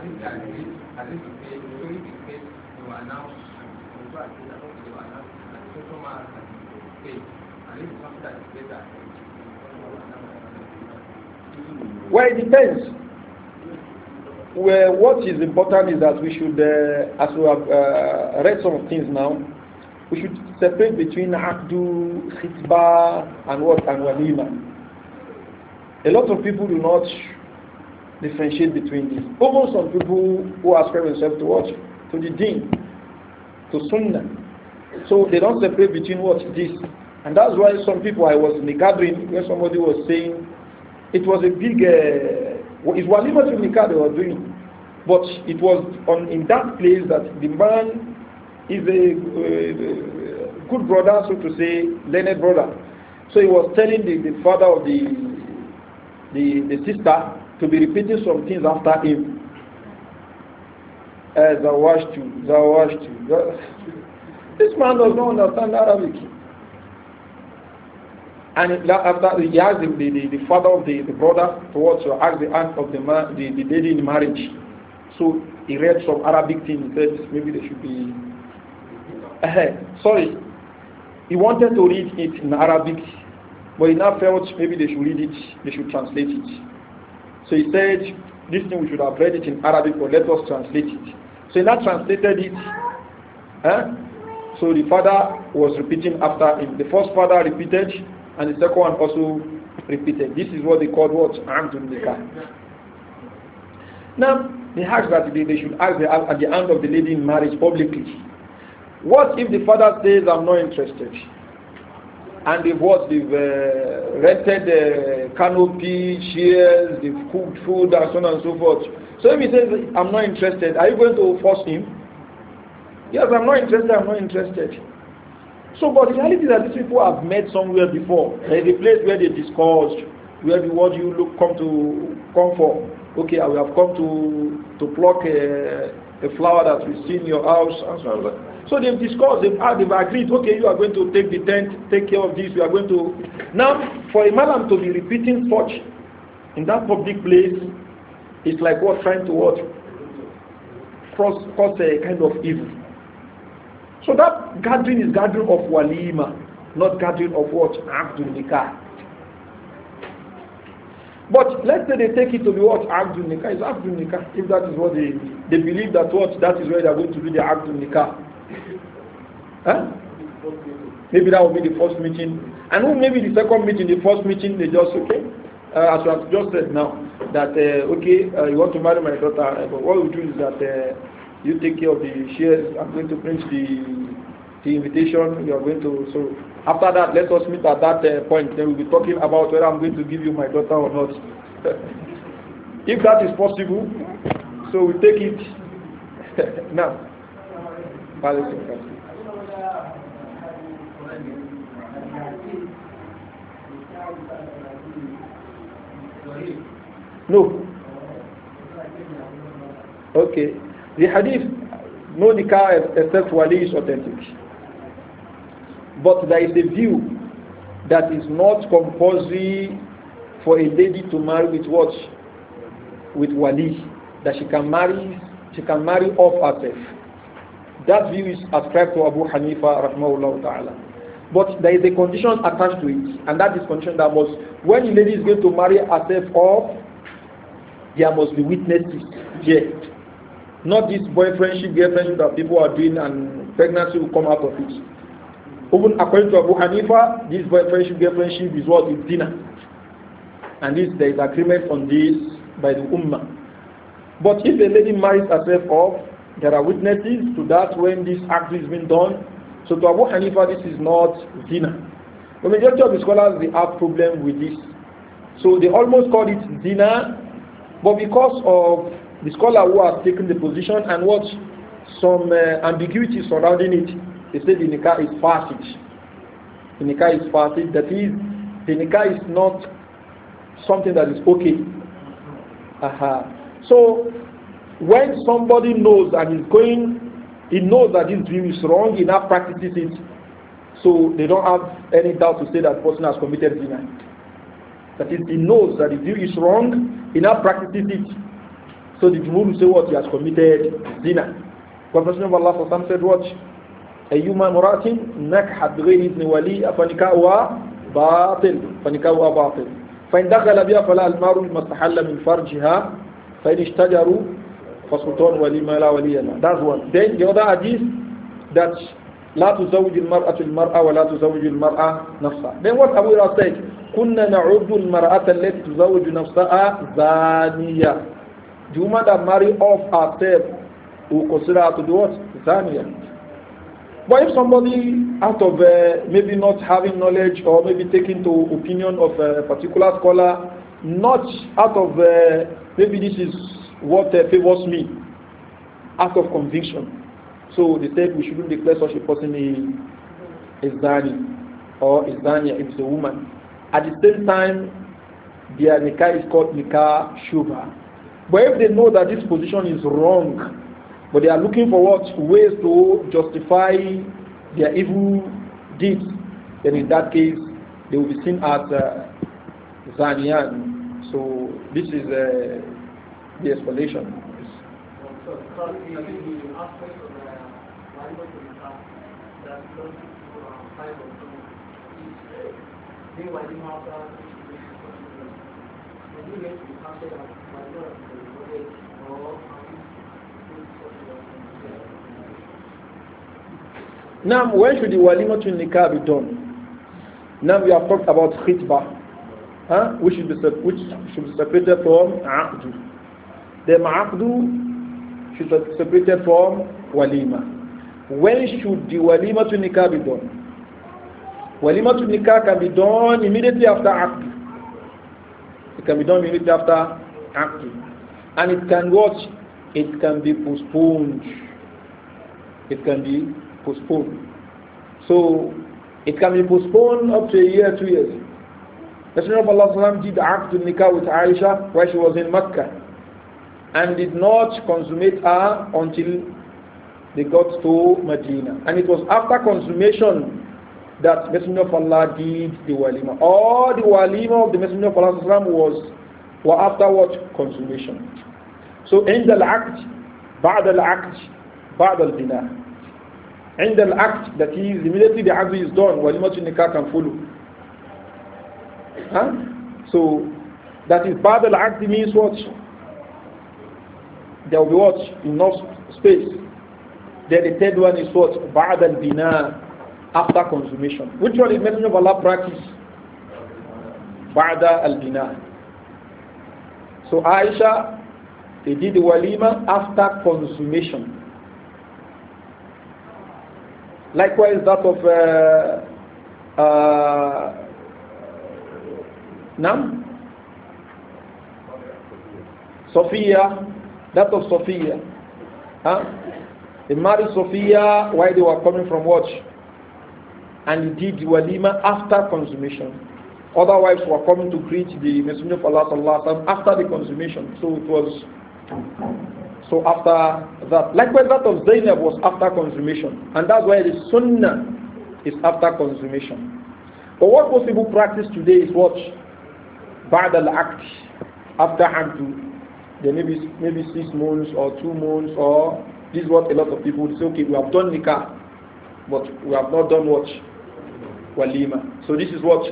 they agree, pay, you announce, and that you something that is better. it depends well, what is important is that we should, uh, as we have uh, read some things now, we should separate between Akdu, Khitba, and what, and Walima. A lot of people do not differentiate between these. Almost some people who ascribe themselves to what? To the deen, to Sunnah. So they don't separate between what this. And that's why some people, I was in the gathering where somebody was saying, it was a big. Uh, it's Walima to car they were doing. But it was on, in that place that the man is a uh, good brother, so to say, learned brother. So he was telling the, the father of the, the, the sister to be repeating some things after him. As I I watched you, watched you, This man does not understand Arabic. And after he asked the, the, the father of the, the brother towards to uh, ask the aunt of the, the, the lady in marriage. So he read some Arabic thing. He said maybe they should be. Uh, sorry, he wanted to read it in Arabic, but he now felt maybe they should read it, they should translate it. So he said, this thing we should have read it in Arabic, but let us translate it. So he now translated it. Huh? Eh? So the father was repeating after him. The first father repeated and the second one also repeated. This is what they called what? Amdul Nikah. Now, they ask that they, they should ask the, at the hand of the lady in marriage publicly. What if the father says, I'm not interested? And they've what? They've uh, rented the uh, canopy, chairs, they've cooked food, and so on and so forth. So if he says, I'm not interested, are you going to force him? Yes, I'm not interested, I'm not interested. So, but the reality that these people have met somewhere before. There is a place where they discussed, where the word you look come to come for. Okay, I will have come to to pluck a, a flower that we see in your house, and so So they've discussed, they've, they've agreed. Okay, you are going to take the tent, take care of this. We are going to now for a malam to be repeating such in that public place. It's like what trying to what cross cause a kind of evil. So that gathering is gathering of walima, not gathering of what? Abdul Nikah. But let's say they take it to be what? Abdul Nikah. It's Abdul Nikah. If that is what they, they believe that what, that is where they are going to do the Abdul Nikah. Huh? Maybe that will be the first meeting. And who maybe the second meeting, the first meeting, they just, okay, uh, as you have just said now, that, uh, okay, uh, you want to marry my daughter, uh, but what we do is that uh, you take care of the shares, I'm going to print the the invitation, you are going to so after that let us meet at that uh, point, then we'll be talking about whether I'm going to give you my daughter or not. if that is possible, so we take it now. No. Okay. The hadith, no nikah except wali is authentic. But there is a view that is not compulsory for a lady to marry with what? With wali. That she can marry, she can marry off herself. That view is ascribed to Abu Hanifa rahmahullah ta'ala. But there is a condition attached to it, and that is condition that must, when a lady is going to marry herself off, there must be witnesses Yeah. Not this boyfriendship, girlfriendship that people are doing and pregnancy will come out of it. Even according to Abu Hanifa, this boyfriendship, girlfriendship is what is dinner. And this, there is agreement on this by the Ummah. But if a lady marries herself off, there are witnesses to that when this act is being done. So to Abu Hanifa, this is not dinner. The majority of the scholars, they have problem with this. So they almost call it dinner, but because of the scholar who has taken the position and what some uh, ambiguity surrounding it. he said, the nikah is fasid. The nikah is fasid. That is, the nikah is not something that is okay. Uh -huh. So when somebody knows and is going, he knows that this view is wrong. He now practices it. So they don't have any doubt to say that person has committed zina. That is, he knows that the view is wrong. He now practices it. So the Jumhur say what? He has committed zina. Prophet of Allah Sultan said what? أيما امرأة نكحت بغير إذن ولي فنكاؤها باطل فنكاؤها باطل فإن دخل بها فلا المار ما استحل من فرجها فإن اشتجروا فسلطان ولي ما لا ولي له That's one. Then the other hadith that لا تزوج المرأة المرأة ولا تزوج المرأة نفسها. Then what Abu Ira said? كنا نعد المرأة التي تزوج نفسها زانية. The woman that marry off herself will consider her to be what? Zania. But if somebody out of uh, maybe not having knowledge or maybe taking to opinion of a particular scholar, not out of uh, maybe this is what uh, favors me, out of conviction. So they said we shouldn't declare such a person a, a or a Zania if it's a woman. At the same time, their nikah is called nikah shuba. But if they know that this position is wrong, but they are looking for what ways to justify their evil deeds, then in that case they will be seen as uh, Zanian. So this is uh, the explanation. the now, when should the walima to nikah be done? Now we have talked about khitbah, huh? which, should be, which should be separated from aqdu. The aqdu should be separated from walima. When should the walima to nikah be done? Walima to nikah can be done immediately after aqdu can be done immediately after acting. And it can watch, it can be postponed. It can be postponed. So it can be postponed up to a year, two years. The Messenger of Allah did act nikah with Aisha while she was in Mecca and did not consummate her until they got to Medina. And it was after consummation that Messenger of Allah did the walima. All the walima of the Messenger of Allah was were what consummation. So عند act, بعد act, بعد البناء عند act that is immediately the act is done walima to nikah can follow. Huh? So that is بعد act means what? There will be what? Enough space. Then the third one is what? بعد البناء after consummation. Which one is Messenger of Allah practice? Ba'da al-Bina. So Aisha, they did the walima after consummation. Likewise, that of uh, uh, Nam? Sophia, that of Sophia. Huh? They married Sophia while they were coming from watch and you did walima after consummation. Other wives were coming to greet the Messenger of Allah after the consummation. So it was so after that. Likewise that of Zainab was after consummation. And that's why the sunnah is after consummation. But what most people practice today is what? Ba'd al-aqd, after abdu. Then maybe, maybe six months or two months or this is what a lot of people say, okay, we have done nikah, but we have not done what? walima. So this is what.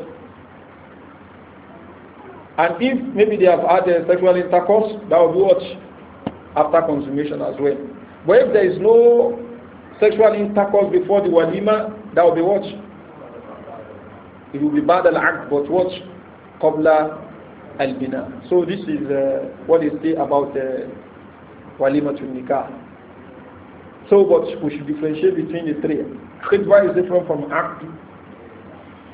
And if maybe they have had a sexual intercourse, that will be what after consummation as well. But if there is no sexual intercourse before the walima, that will be what? It will be bad al act, but what? Qabla al bina. So this is uh, what they say about uh, walima to nikah. So, but we should differentiate between the three. Khidwa is different from act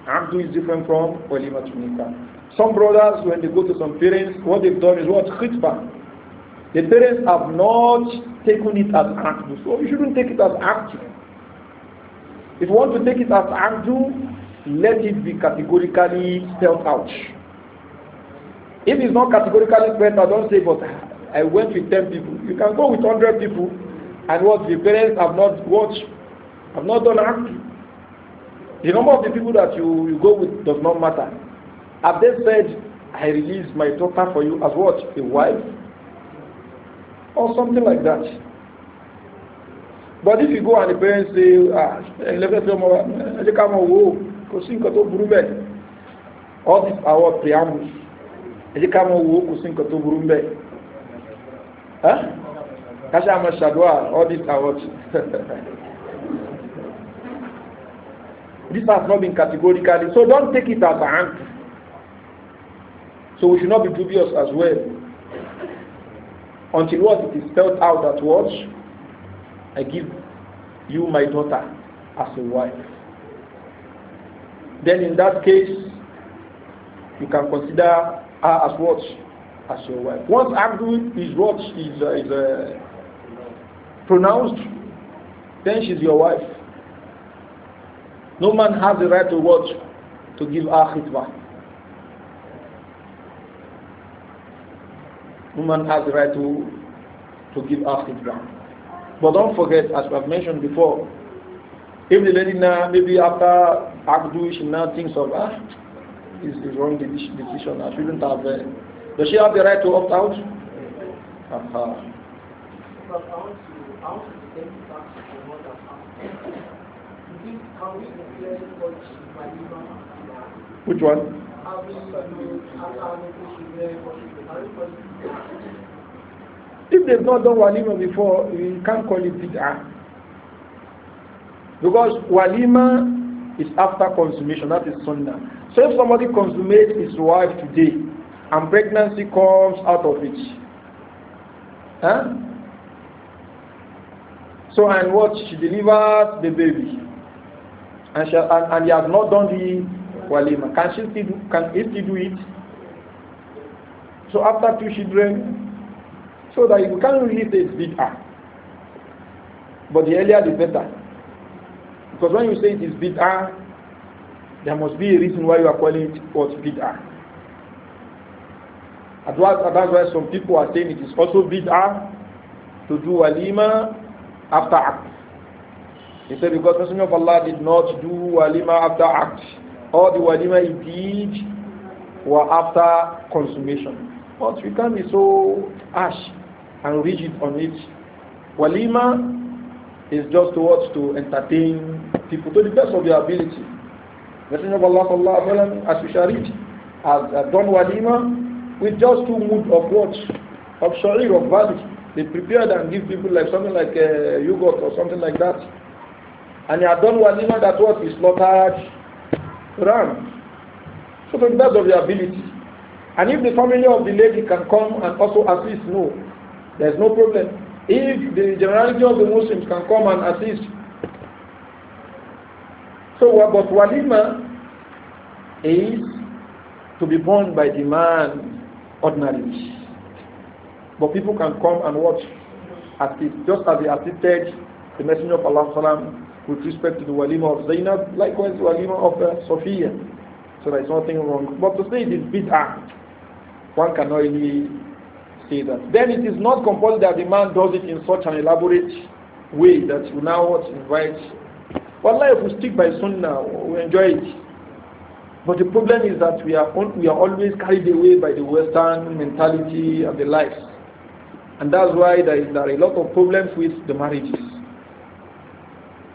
Abdu is different from Walimat Nikah. Some brothers, when they go to some parents, what they've done is what? Khitbah. The parents have not taken it as Abdu. So you shouldn't take it as Abdu. If you want to take it as Abdu, let it be categorically spelled out. If it's not categorically spelled out, don't say, but I went with 10 people. You can go with 100 people, and what the parents have not watched, have not done Abdu. The number of the people that you, you go with does not matter. Have they said, I release my daughter for you as what? A wife? Or something like that. But if you go and the parents say, ah, eh, eh, kò sí nǹkan tó burú bẹ́ẹ̀ all these our preambles ẹ̀jẹ̀ ká mọ̀ wo kò sí nǹkan tó burú bẹ́ẹ̀ ẹ́ káṣá mọ̀ all this our this has not been categorically. So don't take it as an So we should not be dubious as well. Until what it is spelled out that watch, I give you my daughter as a wife. Then in that case, you can consider her as watch As your wife. Once Abdul is watch uh, is uh, pronounced, then she's your wife. No man has the right to watch, to give a khitbah. No man has the right to, to give a khitbah. But don't forget, as I've mentioned before, if the lady now, maybe after Abdu, she now thinks of, ah, is the wrong decision, I shouldn't have, uh, does she have the right to opt out? Uh -huh. Which one? If they've not done walima before, you can't call it bid'ah. Because walima is after consummation, that is sunnah. So if somebody consummates his wife today, and pregnancy comes out of it, huh? So and what? She delivers the baby and, she, and, and he has not done the walima. Can she still do, can he still do it? So after two children, so that you can't really say it's bid'ah. But the earlier the better. Because when you say it is bid'ah, there must be a reason why you are calling it what bid'ah. That's why some people are saying it is also bid'ah to do walima after act. He said, because Messenger of Allah did not do walima after act. All the walima he did were after consummation. But we can be so harsh and rigid on it. Walima is just towards to entertain people to the best of their ability. Messenger of Allah sallallahu as we shall read, has uh, done walima with just two mood of what? Of shari, of value. They prepared and give people like something like uh, yogurt or something like that. And he had done walima that what he slaughtered ram. So to the best of your ability. And if the family of the lady can come and also assist, no. There's no problem. If the generality of the Muslims can come and assist. So what walima is to be borne by the man ordinarily. But people can come and watch assist, just as they assisted the Messenger of Allah with respect to the walima of Zainab, likewise the walima of uh, Sophia. So there is nothing wrong. But to say it is bid'ah, one cannot really say that. Then it is not compulsory that the man does it in such an elaborate way that you now invite. Well, life we stick by sunnah, we enjoy it. But the problem is that we are, on, we are always carried away by the Western mentality and the life, And that's why there, is, there are a lot of problems with the marriages.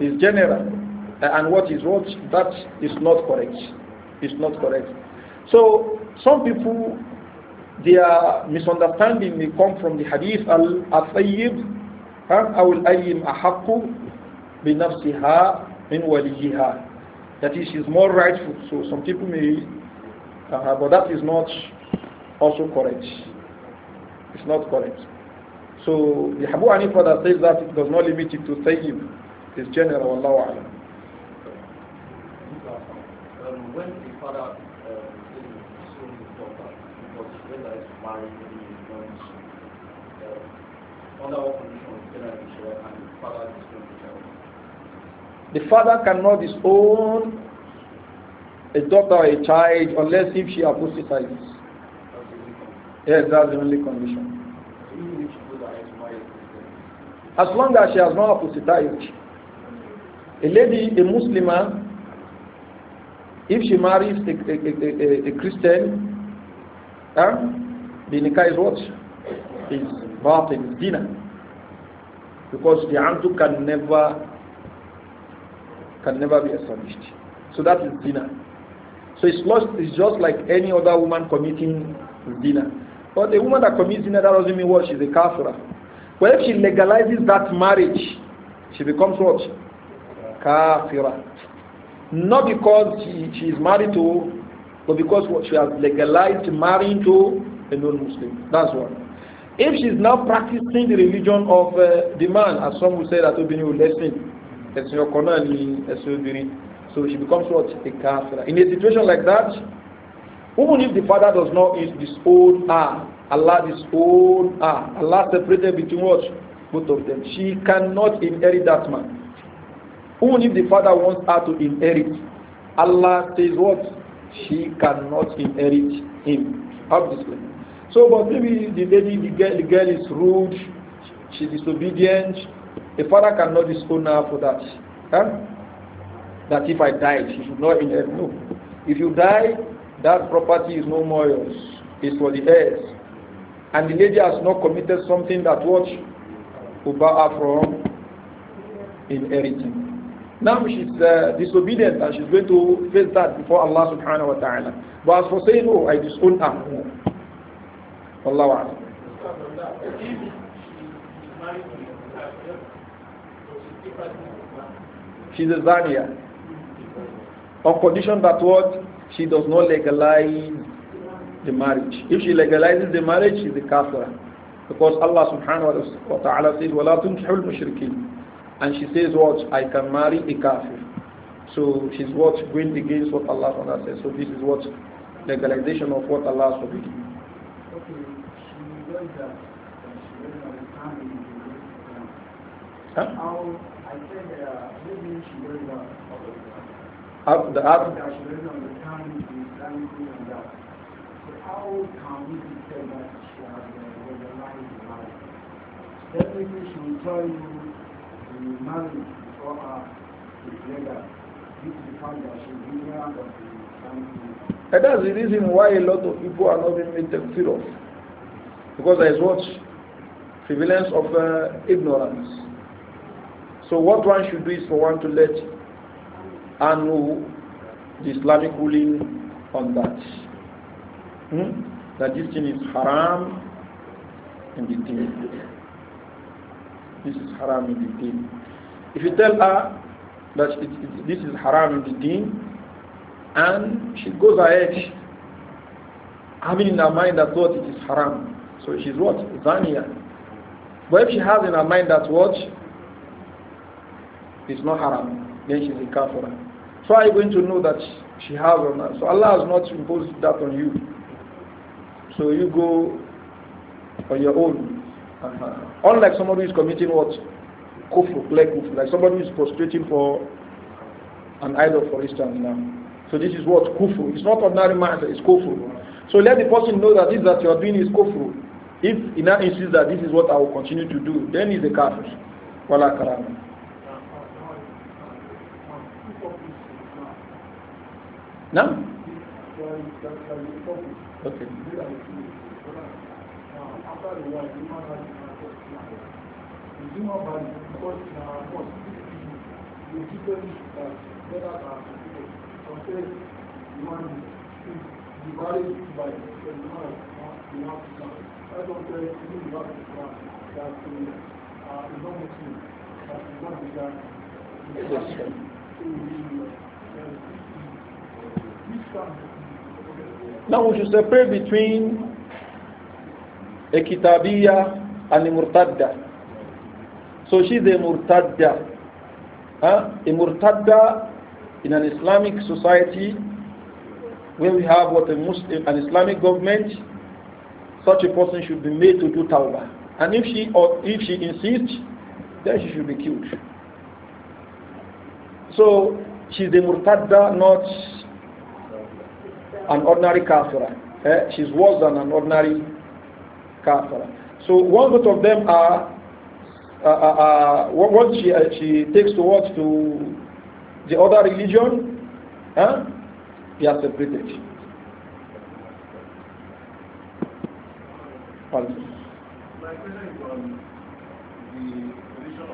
is general uh, and what is what that is not correct is not correct so some people their misunderstanding may come from the hadith al al ayyim الأيم أحق بنفسها min وليها that is she's more rightful so some people may uh, but that is not also correct it's not correct so the Abu Hanifa that says that it does not limit it to Tayyib general, A'lam. the father uh, uh, The father cannot disown a daughter or a child unless if she apostatizes. Yes, that's the only condition. As long as she has not apostatized, a lady, a Muslim, if she marries a, a, a, a Christian, huh, the nikah is what? Is bought in zina. Because the antu can never can never be established. So that is dinar. So it's, lost, it's just like any other woman committing dinar. But a woman that commits dinar that doesn't mean what? She's a kafirah. But if she legalizes that marriage, she becomes what? kafira. Not because she, she is married to, but because she has legalized marrying to a non-Muslim. That's one. If she's now practicing the religion of uh, the man, as some would say that would be listen, ẹ̀sìn ọkọ so she becomes what? A kafira. In a situation like that, even if the father does not disown her, Allah disown her, Allah separated between what? Both of them. She cannot inherit that man. Even if the father wants her to inherit, Allah says what? She cannot inherit him, obviously. So, but maybe the lady, the girl, the girl is rude, she's disobedient. The father cannot disown her for that. Huh? That if I die, she should not inherit. No. If you die, that property is no more yours. It's for the heirs. And the lady has not committed something that what will bar her from inheriting. Now she's uh, disobedient and she's going to face that before Allah subhanahu wa ta'ala. But as for saying, oh, I disown her, Allah wa She's a Zania. On condition that what? She does not legalize the marriage. If she legalizes the marriage, she's a kafir. Because Allah subhanahu wa ta'ala says, وَلَا تُنْكِحُ الْمُشْرِكِينَ and she says what I can marry a kafir. So she's what going against what Allah Subhanahu says. So this is what legalization of what Allah forbidden. Okay, she does that. She does that family. Huh? How I said uh, maybe she does that. Up the up. That she does on the time is something on that. So how can we say that she has uh, legalized marriage? Definitely she will tell you you marry before her is legal due to the fact that she is ignorant of the Islamic And that's the reason why a lot of people are not being made takfir of. Because there is what? Prevalence of uh, ignorance. So what one should do is for one to let annul the Islamic ruling on that. Hmm? That this thing is haram and the thing this is haram in the deen. If you tell her that it, it, this is haram in the deen, and she goes ahead having in her mind that what it is haram. So she's what? Zania. But if she has in her mind that what is not haram, then she's a kafir. So are you going to know that she has on her? So Allah has not imposed that on you. So you go on your own. Uh -huh. Unlike somebody who is committing what? Kufr, like, like somebody who is prostrating for an idol, for instance, now. So this is what? Kufr. It's not ordinary matter, it's kufr. So let the person know that this that you are doing is kufr. If in that instance that this is what I will continue to do, then it's a kafir. Wala karama. No? Okay is human because in our mosque, we keep that better than people. Compared to one the divided by the man we have to come. I don't if you the to uh, of that we are not Muslim, that we Now we should separate between a and a so she's a murtadda. Huh? A murtadda in an Islamic society when we have what a Muslim, an Islamic government, such a person should be made to do tawbah. And if she or if she insists, then she should be killed. So she's a murtadda, not an ordinary kafira. Eh? She's worse than an ordinary kafira. So one group of them are uh, uh, uh, what she, uh, she takes towards to the other religion, huh? has are separated. My question is on the of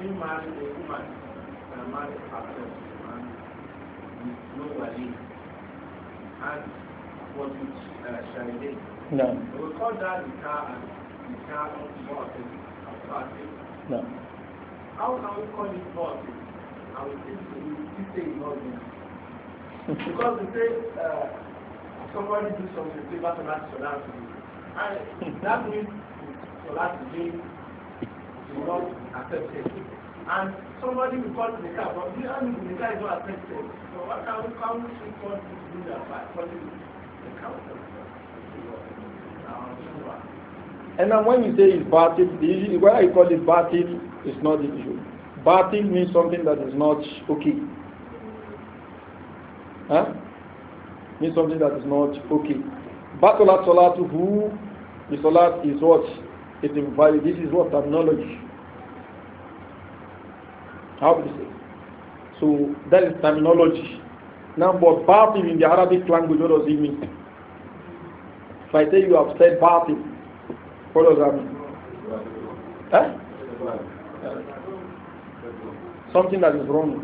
on a woman and a man and what with uh, no. We call that nikah and No. How can we call it more Because I will think we say it's Because we say somebody do something, say that's not And that means Salah uh, to me not And somebody will call the car, but the army the car is not accepted. So what can we come to call this leader by calling the counter? And then when you say it's batil, why I call it batil is not the issue. Batil means something that is not okay. Huh? Means something that is not okay. Batolat salatuhu, the salat is what? It's invalid. This is what terminology. How do you say? So that is terminology. Now, but batil in the Arabic language, what does it mean? If I say you have said Batil, what does that mean? Huh? Something that is wrong.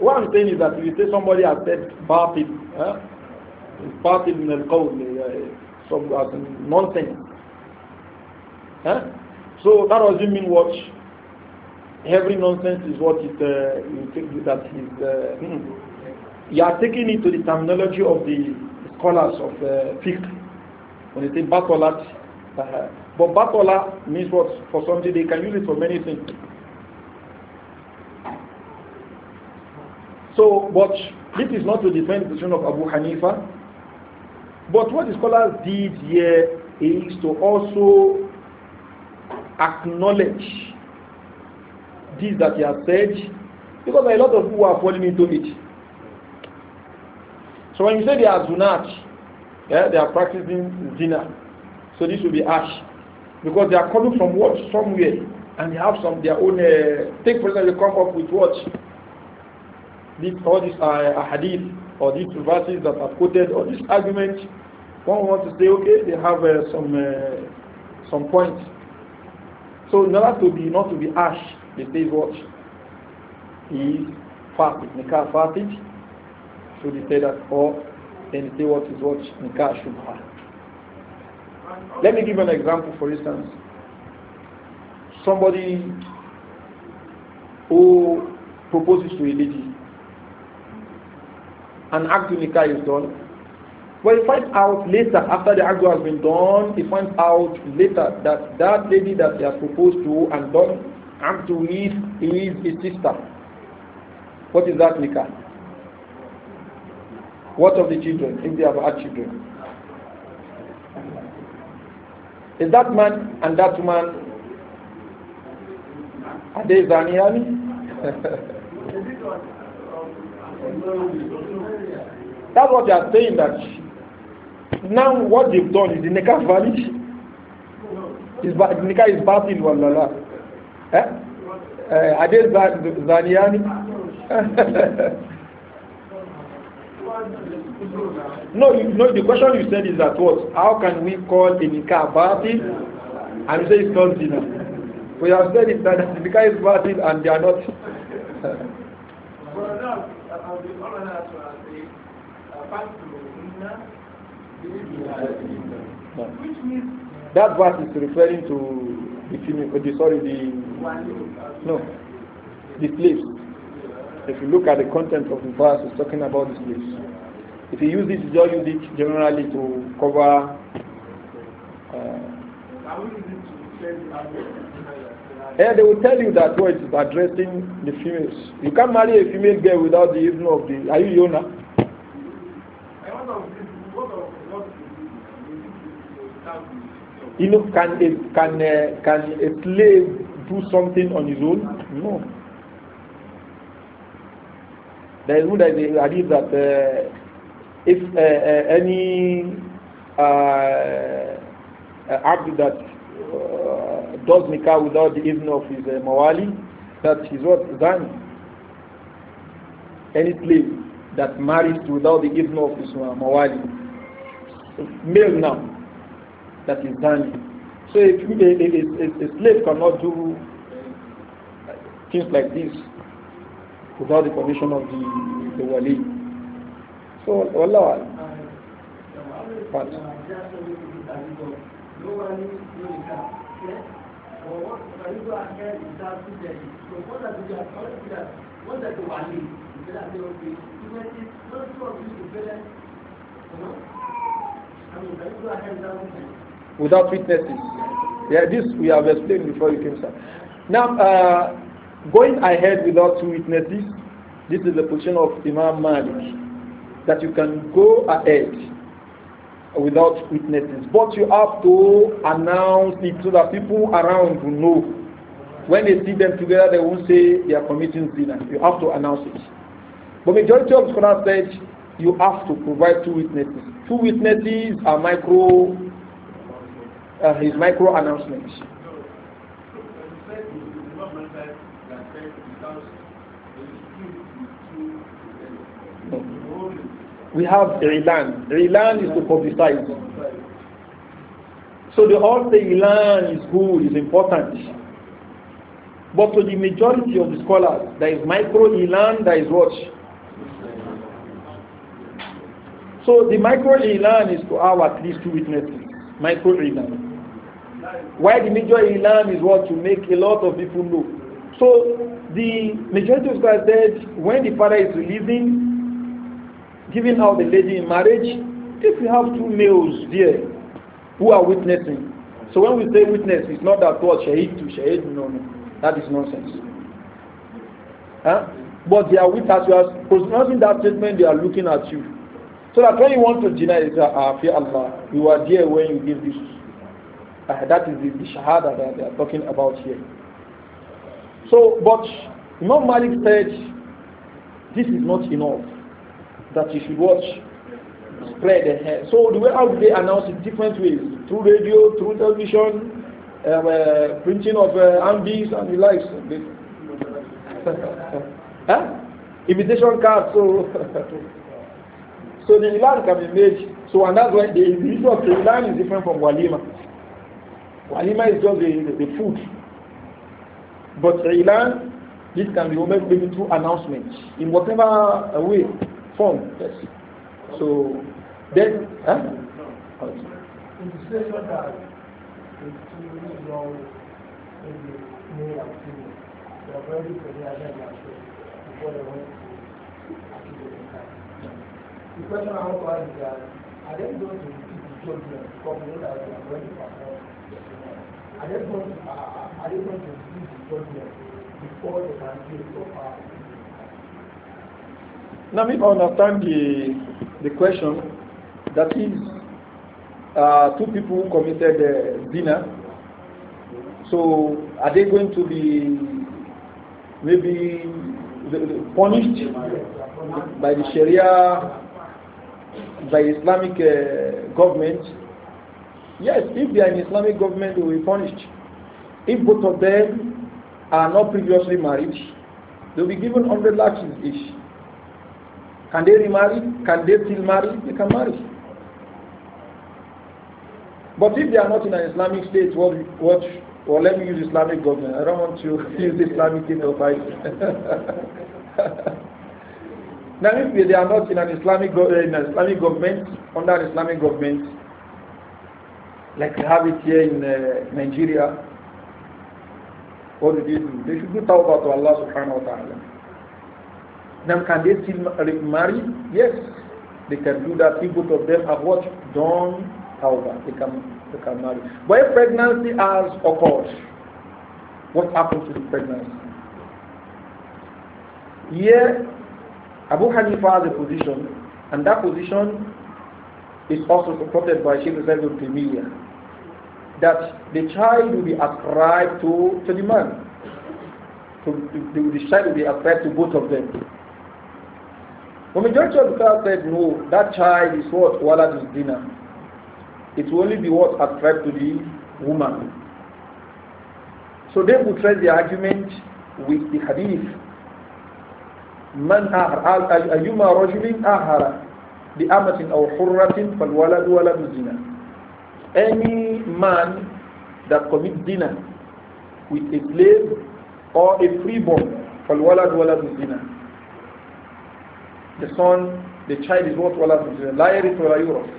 What I'm saying is that if you say somebody has said Batil, huh? Batil in the eh, eh, code, some nonsense. Huh? So that doesn't mean what every nonsense is what is the, uh, you think that is the, uh, hmm. you are taking it to the terminology of the scholars of the uh, fiqh. When they say batolat, uh, but batola means what for something, they can use it for many things. So, but this is not to defend the position of Abu Hanifa. But what the scholars did here is to also acknowledge this that he has said because a lot of people are falling into it. So when you say they are zunat, yeah, they are practicing zina. So this will be ash because they are coming from what somewhere and they have some their own. Uh, take for example, they come up with what these all these uh, hadith or these verses that are quoted or this argument. One wants to say, okay, they have uh, some uh, some points. So in order to be not to be ash, he says what? He is fasid. Nikah fasid. Should they say that or then say what is what? Nikah shubha. Let me give an example for instance. Somebody who proposes to a lady and akdu nikah is done. Well, he finds out later, after the act has been done, he finds out later that that lady that he has proposed to and done Abdu leaves, leaves his sister. What is that Nika? What of the children, if they have had children? Is that man and that woman, are they Zaniyani? That's what they are saying that now what they've done is the nikah valid. Is the nikah is batil wallah. Eh? Eh, adé zaniyani no you, no the question you said is that what how can we call the nikah batil and say it's not zina we have said it that the nikah is batil and they are not no. that verse is referring to the female, the, sorry, the, no, the slaves. If you look at the content of the verse, it's talking about the slaves. If you use this, you just use it generally to cover. Uh, yeah, they will tell you that is addressing the females. You can't marry a female girl without the even of the. Are you Yona? You know, can a, can a, can a slave do something on his own? No. There is one hadith that uh, if uh, uh, any uh, uh that uh, does nikah without the even of his uh, mawali, that is what then Any slave that marries without the even of his uh, mawali, male now, that is done. So if you, a, a, a, slave cannot do things like this without the permission of the, the wali. So Allah. But, I mean, without witnesses. Yeah, this we have explained before you came, sir. Now, uh, going ahead without witnesses, this is the position of Imam Malik, that you can go ahead without witnesses, but you have to announce it so that people around will know. When they see them together, they won't say they are committing sin. You have to announce it. But majority of scholars said you have to provide two witnesses. Two witnesses are micro uh, his micro announcements. We have Ilan. Ilan is to publicize. So the whole Ilan is good, is important. But to the majority of the scholars, there is micro Ilan, there is what? So the micro Ilan is to have at least two witnesses. Micro Ilan. Why the major alarm is what to make a lot of people know. So the majority of guys said when the father is releasing, giving out the lady in marriage, if you have two males there who are witnessing, so when we say witness, it's not that what oh, shahid to shahid, no, no, that is nonsense. Huh? But they are with us, you are pronouncing that statement, they are looking at you. So that when you want to deny, it's ah, uh, uh, fear Allah, you are there when you give this uh, that is the, the shahada that they are talking about here. So, but Imam Malik said, this is not enough that you should watch spread the hair. So the way how they announce it different ways through radio, through television, um, uh, printing of uh, and the likes. huh? Invitation cards. So so the ilan can be made. So and that's why the issue of the ilan is different from walima. Walima is just the, the, the food. But Ilan, this can be made maybe through announcements in whatever uh, way, form. Yes. So then, huh? In the two before to The question I want to ask is that are they going to teach the children from the that they are going to perform I just want, uh, I just want to see the problem before the mandate of our. Now, if I understand the, the question, that is, uh, two people who committed uh, dinner, so are they going to be maybe punished by the Sharia, by Islamic uh, government Yes, if they are in Islamic government, they will be punished. If both of them are not previously married, they will be given 100 lakhs each. Can they remarry? Can they still marry? They can marry. But if they are not in an Islamic state, what, what, or let me use Islamic government. I don't want to use Islamic in of Now, if they are not in an Islamic, in an Islamic government, under an Islamic government, like we have it here in uh, Nigeria. What do they do? They should do tawbah to Allah subhanahu wa ta'ala. Then can they still marry? Yes, they can do that if both of them have what? Done tawbah. They can, they can marry. But if pregnancy has occurred, what happens to the pregnancy? Here, Abu Hanifa has a position, and that position is also supported by Sheikh Zaid al that the child will be ascribed to, to the man. To, to, the child will be ascribed to both of them. The majority of the class said, no, that child is what? Walad is dinner. It will only be what ascribed to the woman. So they portray the argument with the hadith. من أهر أيما رجل أهر بأمة أو حرة فالولد ولد الزنا. Any man that commits zina with a slave or a freeborn, فالولد ولد zina. The son, the child is what ولد zina. لا يرث ولا يورث.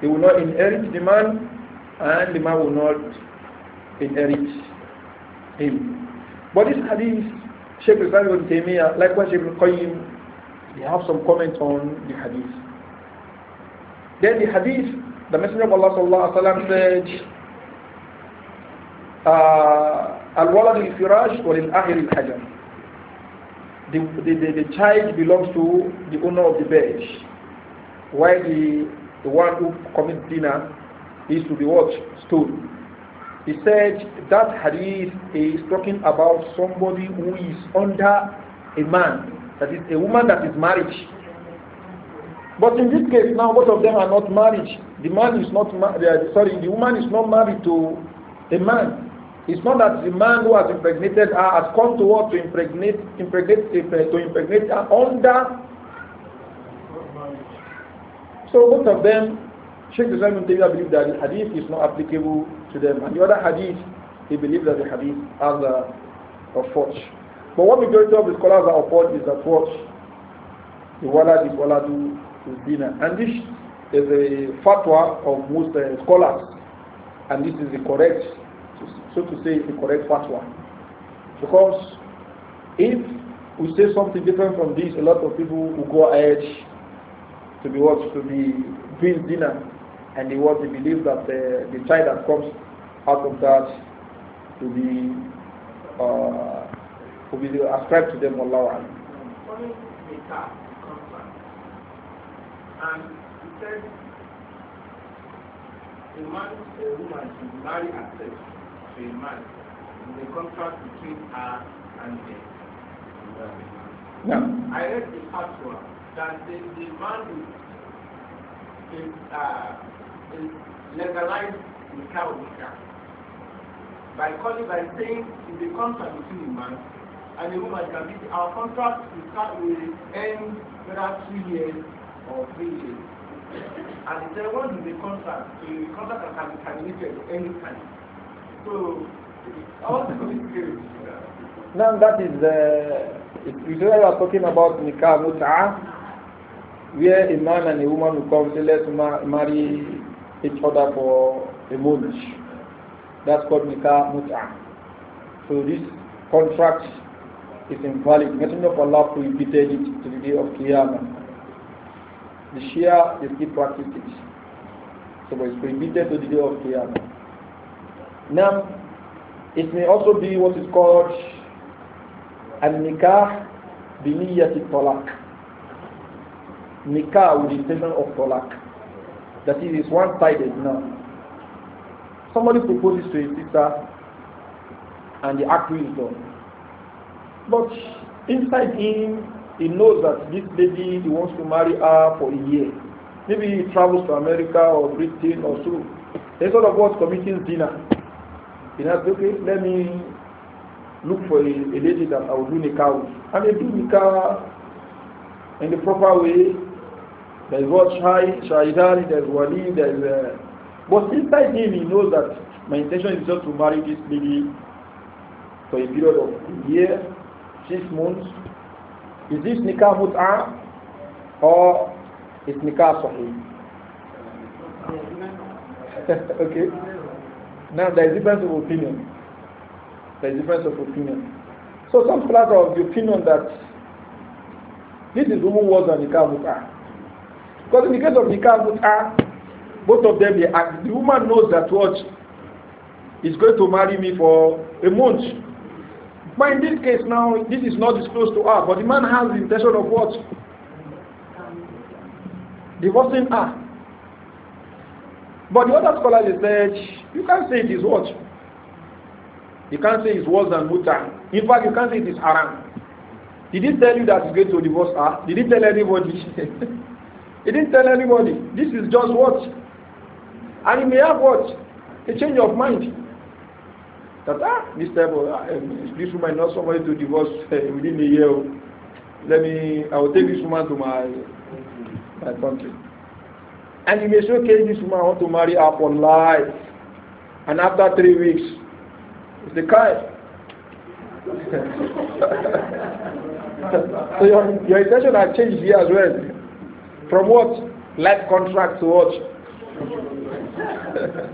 He will not inherit the man, and the man will not inherit him. But this hadith, Sheikh Islam ibn Taymiyyah, likewise Sheikh Qayyim, they have some comment on the hadith. Then the hadith the Messenger of Allah sallallahu alaihi wasallam said, uh, "Al-walad al wa lil-ahir al The, child belongs to the owner of the bed, while the, the one who commits dinner is to be watched Stone. He said that hadith is talking about somebody who is under a man, that is a woman that is married. But in this case now, both of them are not married the man is not uh, sorry, the woman is not married to a man. It's not that the man who has impregnated her has come to her to impregnate, impregnate, uh, to impregnate her under. So both of them, Sheikh same ibn Taymiyyah believe that the hadith is not applicable to them. And the other hadith, he believes that the hadith has a, a forge. But what majority of the scholars are upon is that what the walad is waladu is being And this is a fatwa of most uh, scholars, and this is the correct, so to say, the correct fatwa. Because if we say something different from this, a lot of people will go ahead to be what to be doing dinner, and they want to believe that the, uh, the child that comes out of that to be uh, will be ascribed to them, Allah. the and said a man, a woman should marry herself to a man in the contract between her and him. No. I read the fatwa that the, the man is, uh, is legalized in Kaobika by calling by saying in the contract between a man and a woman can be our contract will start will end whether three years or three years. And the third one is the contract. The contract can be terminated any time. So, all the scary. Now that is the, uh, if you are talking about nikah mut'ah, where a man and a woman will come say let's marry each other for a month. That's called nikah mut'ah. So this contract is invalid. Messenger of Allah prohibited it to the day of Qiyamah the Shia, they still practice it. So it's prohibited to the day of Qiyamah. Now, it may also be what is called an nikah biniyati talak. Nikah with the intention of talak. That is, it's one-sided now. Somebody proposes to a sister and the act is done. But inside him, he knows that this lady he wants to marry her for a year. Maybe he travels to America or Britain or so. Instead of what committing dinner, he has okay, let me look for a, a lady that I will do nikah with. And they do nikah in the proper way. There's what Shai, Shaidari, there's Wali, there's... Uh, but inside him, he knows that my intention is just to marry this lady for a period of a year, six months, Is this nikah mut'a or is nikah sahih? okay. Now there is difference of opinion. There is difference of opinion. So some scholars are of the opinion that this is woman was on nikah mut'a. Because in the case of nikah mut'a, both of them, they act, the woman knows that what is going to marry me for a month But in this case now, this is not disclosed to her, but the man has the intention of what? Divorcing her. But the other scholar said, you can't say it is what? You can't say it's worse than muta. In fact, you can't say it is haram. Did he tell you that he's going to divorce her? Did he tell anybody? he didn't tell anybody. This is just what? And he may have what? A change of mind. that ah, Mr. Um, this woman is not somebody to divorce uh, within a year. Oh. Let me, I will take this woman to my my country. And you may say, okay, this woman I want to marry up for life. And after three weeks, it's the kind. so your, your intention has changed here as well. From what? Life contract to what?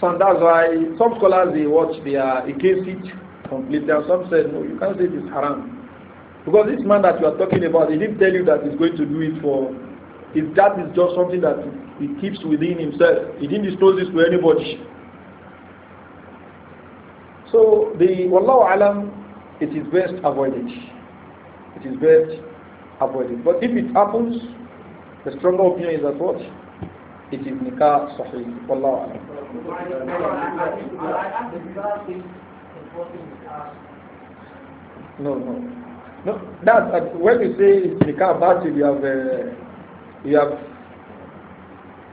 So that's why some scholars they watch they are against it completely, and some said no, you can't say this haram because this man that you are talking about, he didn't tell you that he's going to do it for. If that is just something that he keeps within himself, he didn't disclose this to anybody. So the wallahu alam, it is best avoided. It is best avoided. But if it happens, the stronger opinion is that what it is nikah sahih. Wallahu alam. No, no, no. That uh, when you say nikah batil, you have uh, you have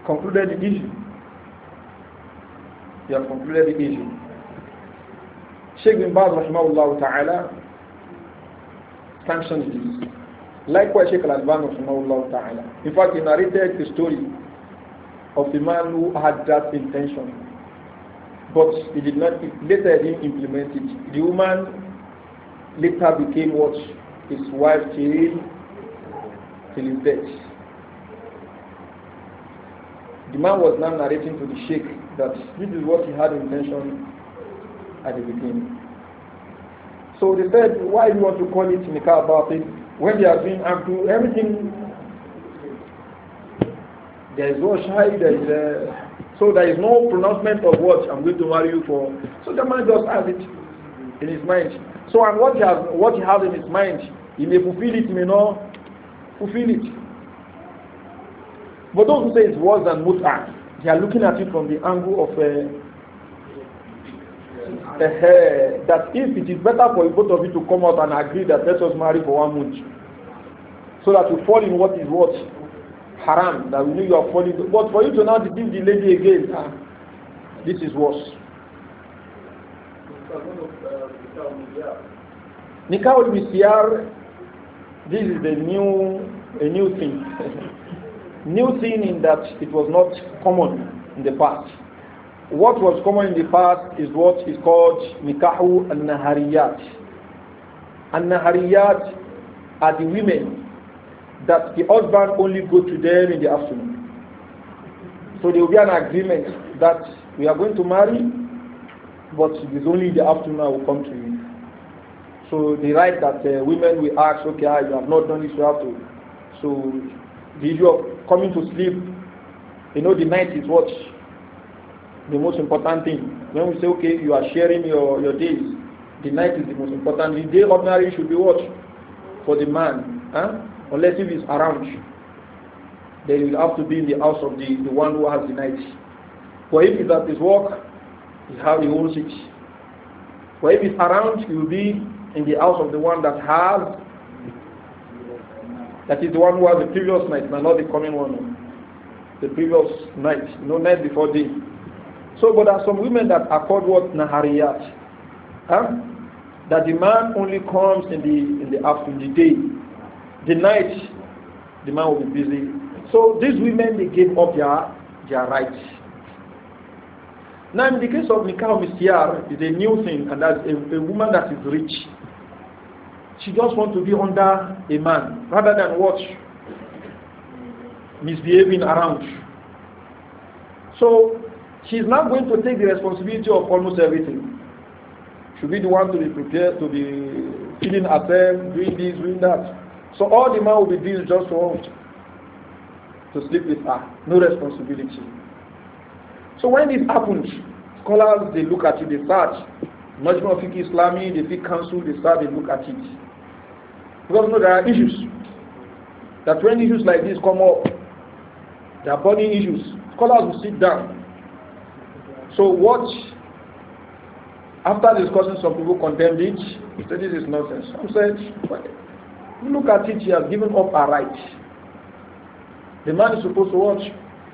concluded the issue. You have concluded the issue. Sheikh bin Baz rahimahullah ta'ala sanctioned this. Likewise, Sheikh Al-Alban rahimahullah ta'ala. In fact, he narrated the story of the man who had that intention. But he did not, later he didn't implement it. The woman later became what? His wife till, till his death. The man was now narrating to the sheikh that this is what he had intention at the beginning. So they said, why do you want to call it nikah about it? When they are doing abdu, everything there is no shahid, there is a, uh, so there is no pronouncement of what I'm going to marry you for. So the man just has it in his mind. So and what he has what he has in his mind, he may fulfill it, may not fulfill it. But those who say it's worse than muta, they are looking at it from the angle of a, a hair. That if it is better for both of you to come out and agree that let us marry for one month, so that you fall in what is what haram that we know you are falling. But for you to now deceive the lady again, ah, this is worse. Nikah will be This is the new, a new thing. new thing in that it was not common in the past. What was common in the past is what is called nikahu al-nahariyat. Al-nahariyat are the women that the husband only go to them in the afternoon. So there will be an agreement that we are going to marry, but it is only in the afternoon I will come to you. So the right that uh, women will ask, okay, I have not done this, you have to. So the issue of coming to sleep, you know, the night is what the most important thing. When we say, okay, you are sharing your, your days, the night is the most important. The day marriage should be what? For the man. Huh? Unless if he's around, then he will have to be in the house of the, the one who has denied. For if he's at his work, he has he owns it. For if he's around, he will be in the house of the one that has that is the one who has the previous night, not the coming one. The previous night, no night before day. So but there are some women that are called what Nahariyat. Huh? That the man only comes in the in the afternoon, the day. The night, the man will be busy. So these women, they gave up their, their rights. Now, in the case of Nikah Mistyar, it's a new thing, and that's a, a woman that is rich. She just wants to be under a man rather than watch misbehaving around. So she's not going to take the responsibility of almost everything. She'll be the one to be prepared, to be feeling herself, doing this, doing that. So all the man will be doing just want to sleep with her, no responsibility. So when this happens, scholars they look at it, they search. Majma Fiqh Islami, they Fiqh Council, they start, they look at it. Because you there are issues. That when issues like this come up, there are burning issues. Scholars will sit down. So what, after discussing, some people condemned it. They said, this is nonsense. Some said, look at it, she has given up her right. The man is supposed to watch,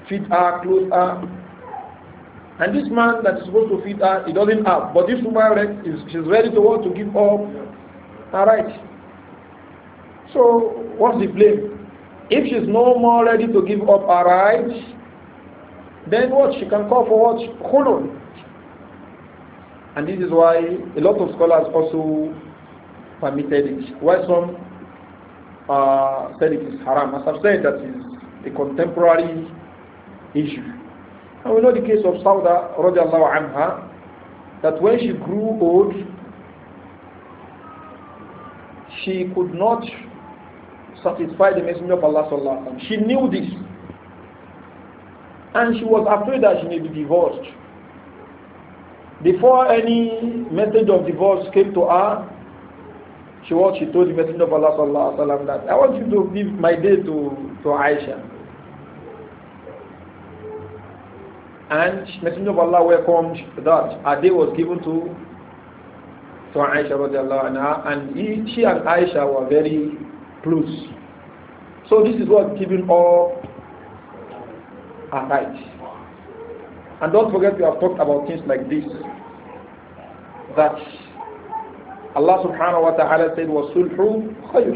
feed her, clothe her. And this man that is supposed to feed her, he doesn't have. But this woman is she's ready to want to give up her right. So what's the blame? If she's no more ready to give up her right, then what she can call for what hold on. And this is why a lot of scholars also permitted it. Why some uh, said it is haram. As I've said, that is a contemporary issue. And we know the case of Sauda radiallahu anha, that when she grew old, she could not satisfy the messenger of Allah sallallahu She knew this. And she was afraid that she may be divorced. Before any message of divorce came to her, she what she told the Messenger of Allah sallallahu alaihi wasallam that I want you to give my day to to Aisha. And Messenger of Allah welcomed that a day was given to to Aisha radiallahu anha, and he, she and Aisha were very close. So this is what giving all a night. And don't forget we have talked about things like this that Allah subhanahu wa ta'ala said, وَسُلْحُ خَيْرٌ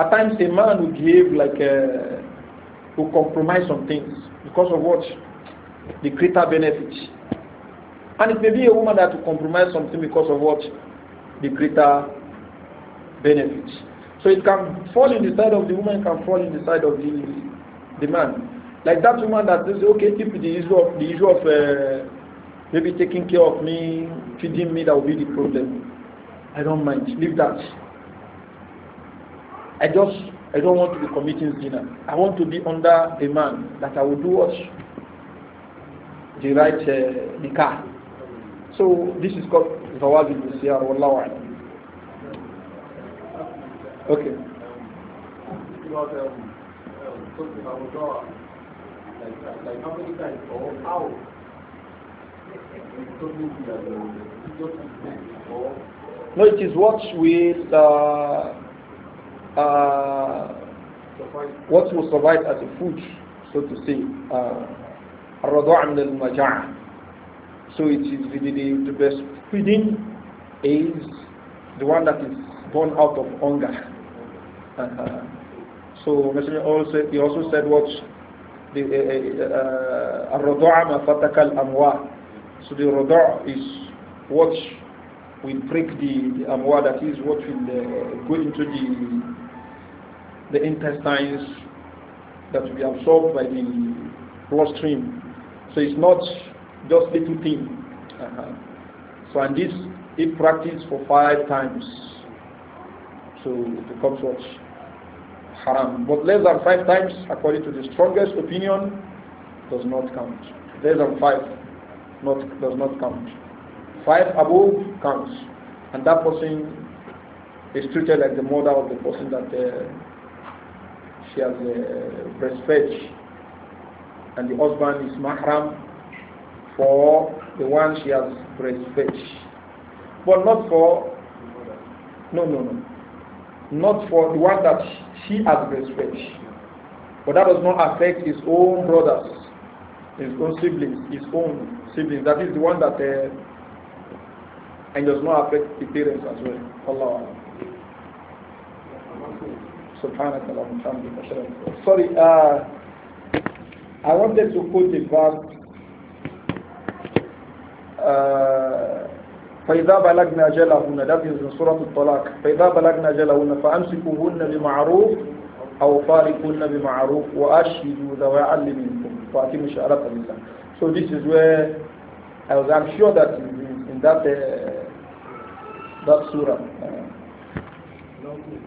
At times a man who give like a, uh, who compromise on things because of what? The greater benefit. And it may be a woman that will compromise something because of what? The greater benefit. So it can fall in the side of the woman, can fall in the side of the, the man. Like that woman that says, okay, keep the issue of, the issue of uh, Maybe taking care of me, feeding me, that will be the problem. I don't mind. Leave that. I just, I don't want to be committing sin. I want to be under a man that I will do what? The right uh, nikah. So this is called Zawad al-Siyar, Wallahu Okay. About, um, um, no, it is what will uh, uh, what will survive as a food, so to say. الرضاع من المجاعة. So it is the, the, the best feeding is the one that is born out of hunger. Uh-huh. So Messenger also he also said what the الرضاع ما فتك so the rada' is what will break the, the amwa, that is what will uh, go into the, the intestines that will be absorbed by the bloodstream. So it's not just little thing. Uh -huh. So and this, it practiced for five times. So it becomes what? Haram. But less than five times, according to the strongest opinion, does not count. Less than five not, does not count. Five above counts. And that person is treated like the mother of the person that uh, she has uh, breastfed. And the husband is mahram for the one she has breastfed. But not for, no, no, no. Not for the one that she has breastfed. But that does not affect his own brothers, his own siblings, his own that is the one that uh, and does not affect the parents as well. Allah. Sorry. I wanted to put the verse. فإذا بلغنا أجلهن ذات من سورة الطلاق فإذا بلغنا أجلهن فأمسكوهن بمعروف أو فارقوهن بمعروف وأشهدوا ذوي عدل منكم فأتموا شهادة لله so this is where I was, I'm sure that in, in that, uh, that surah. Uh,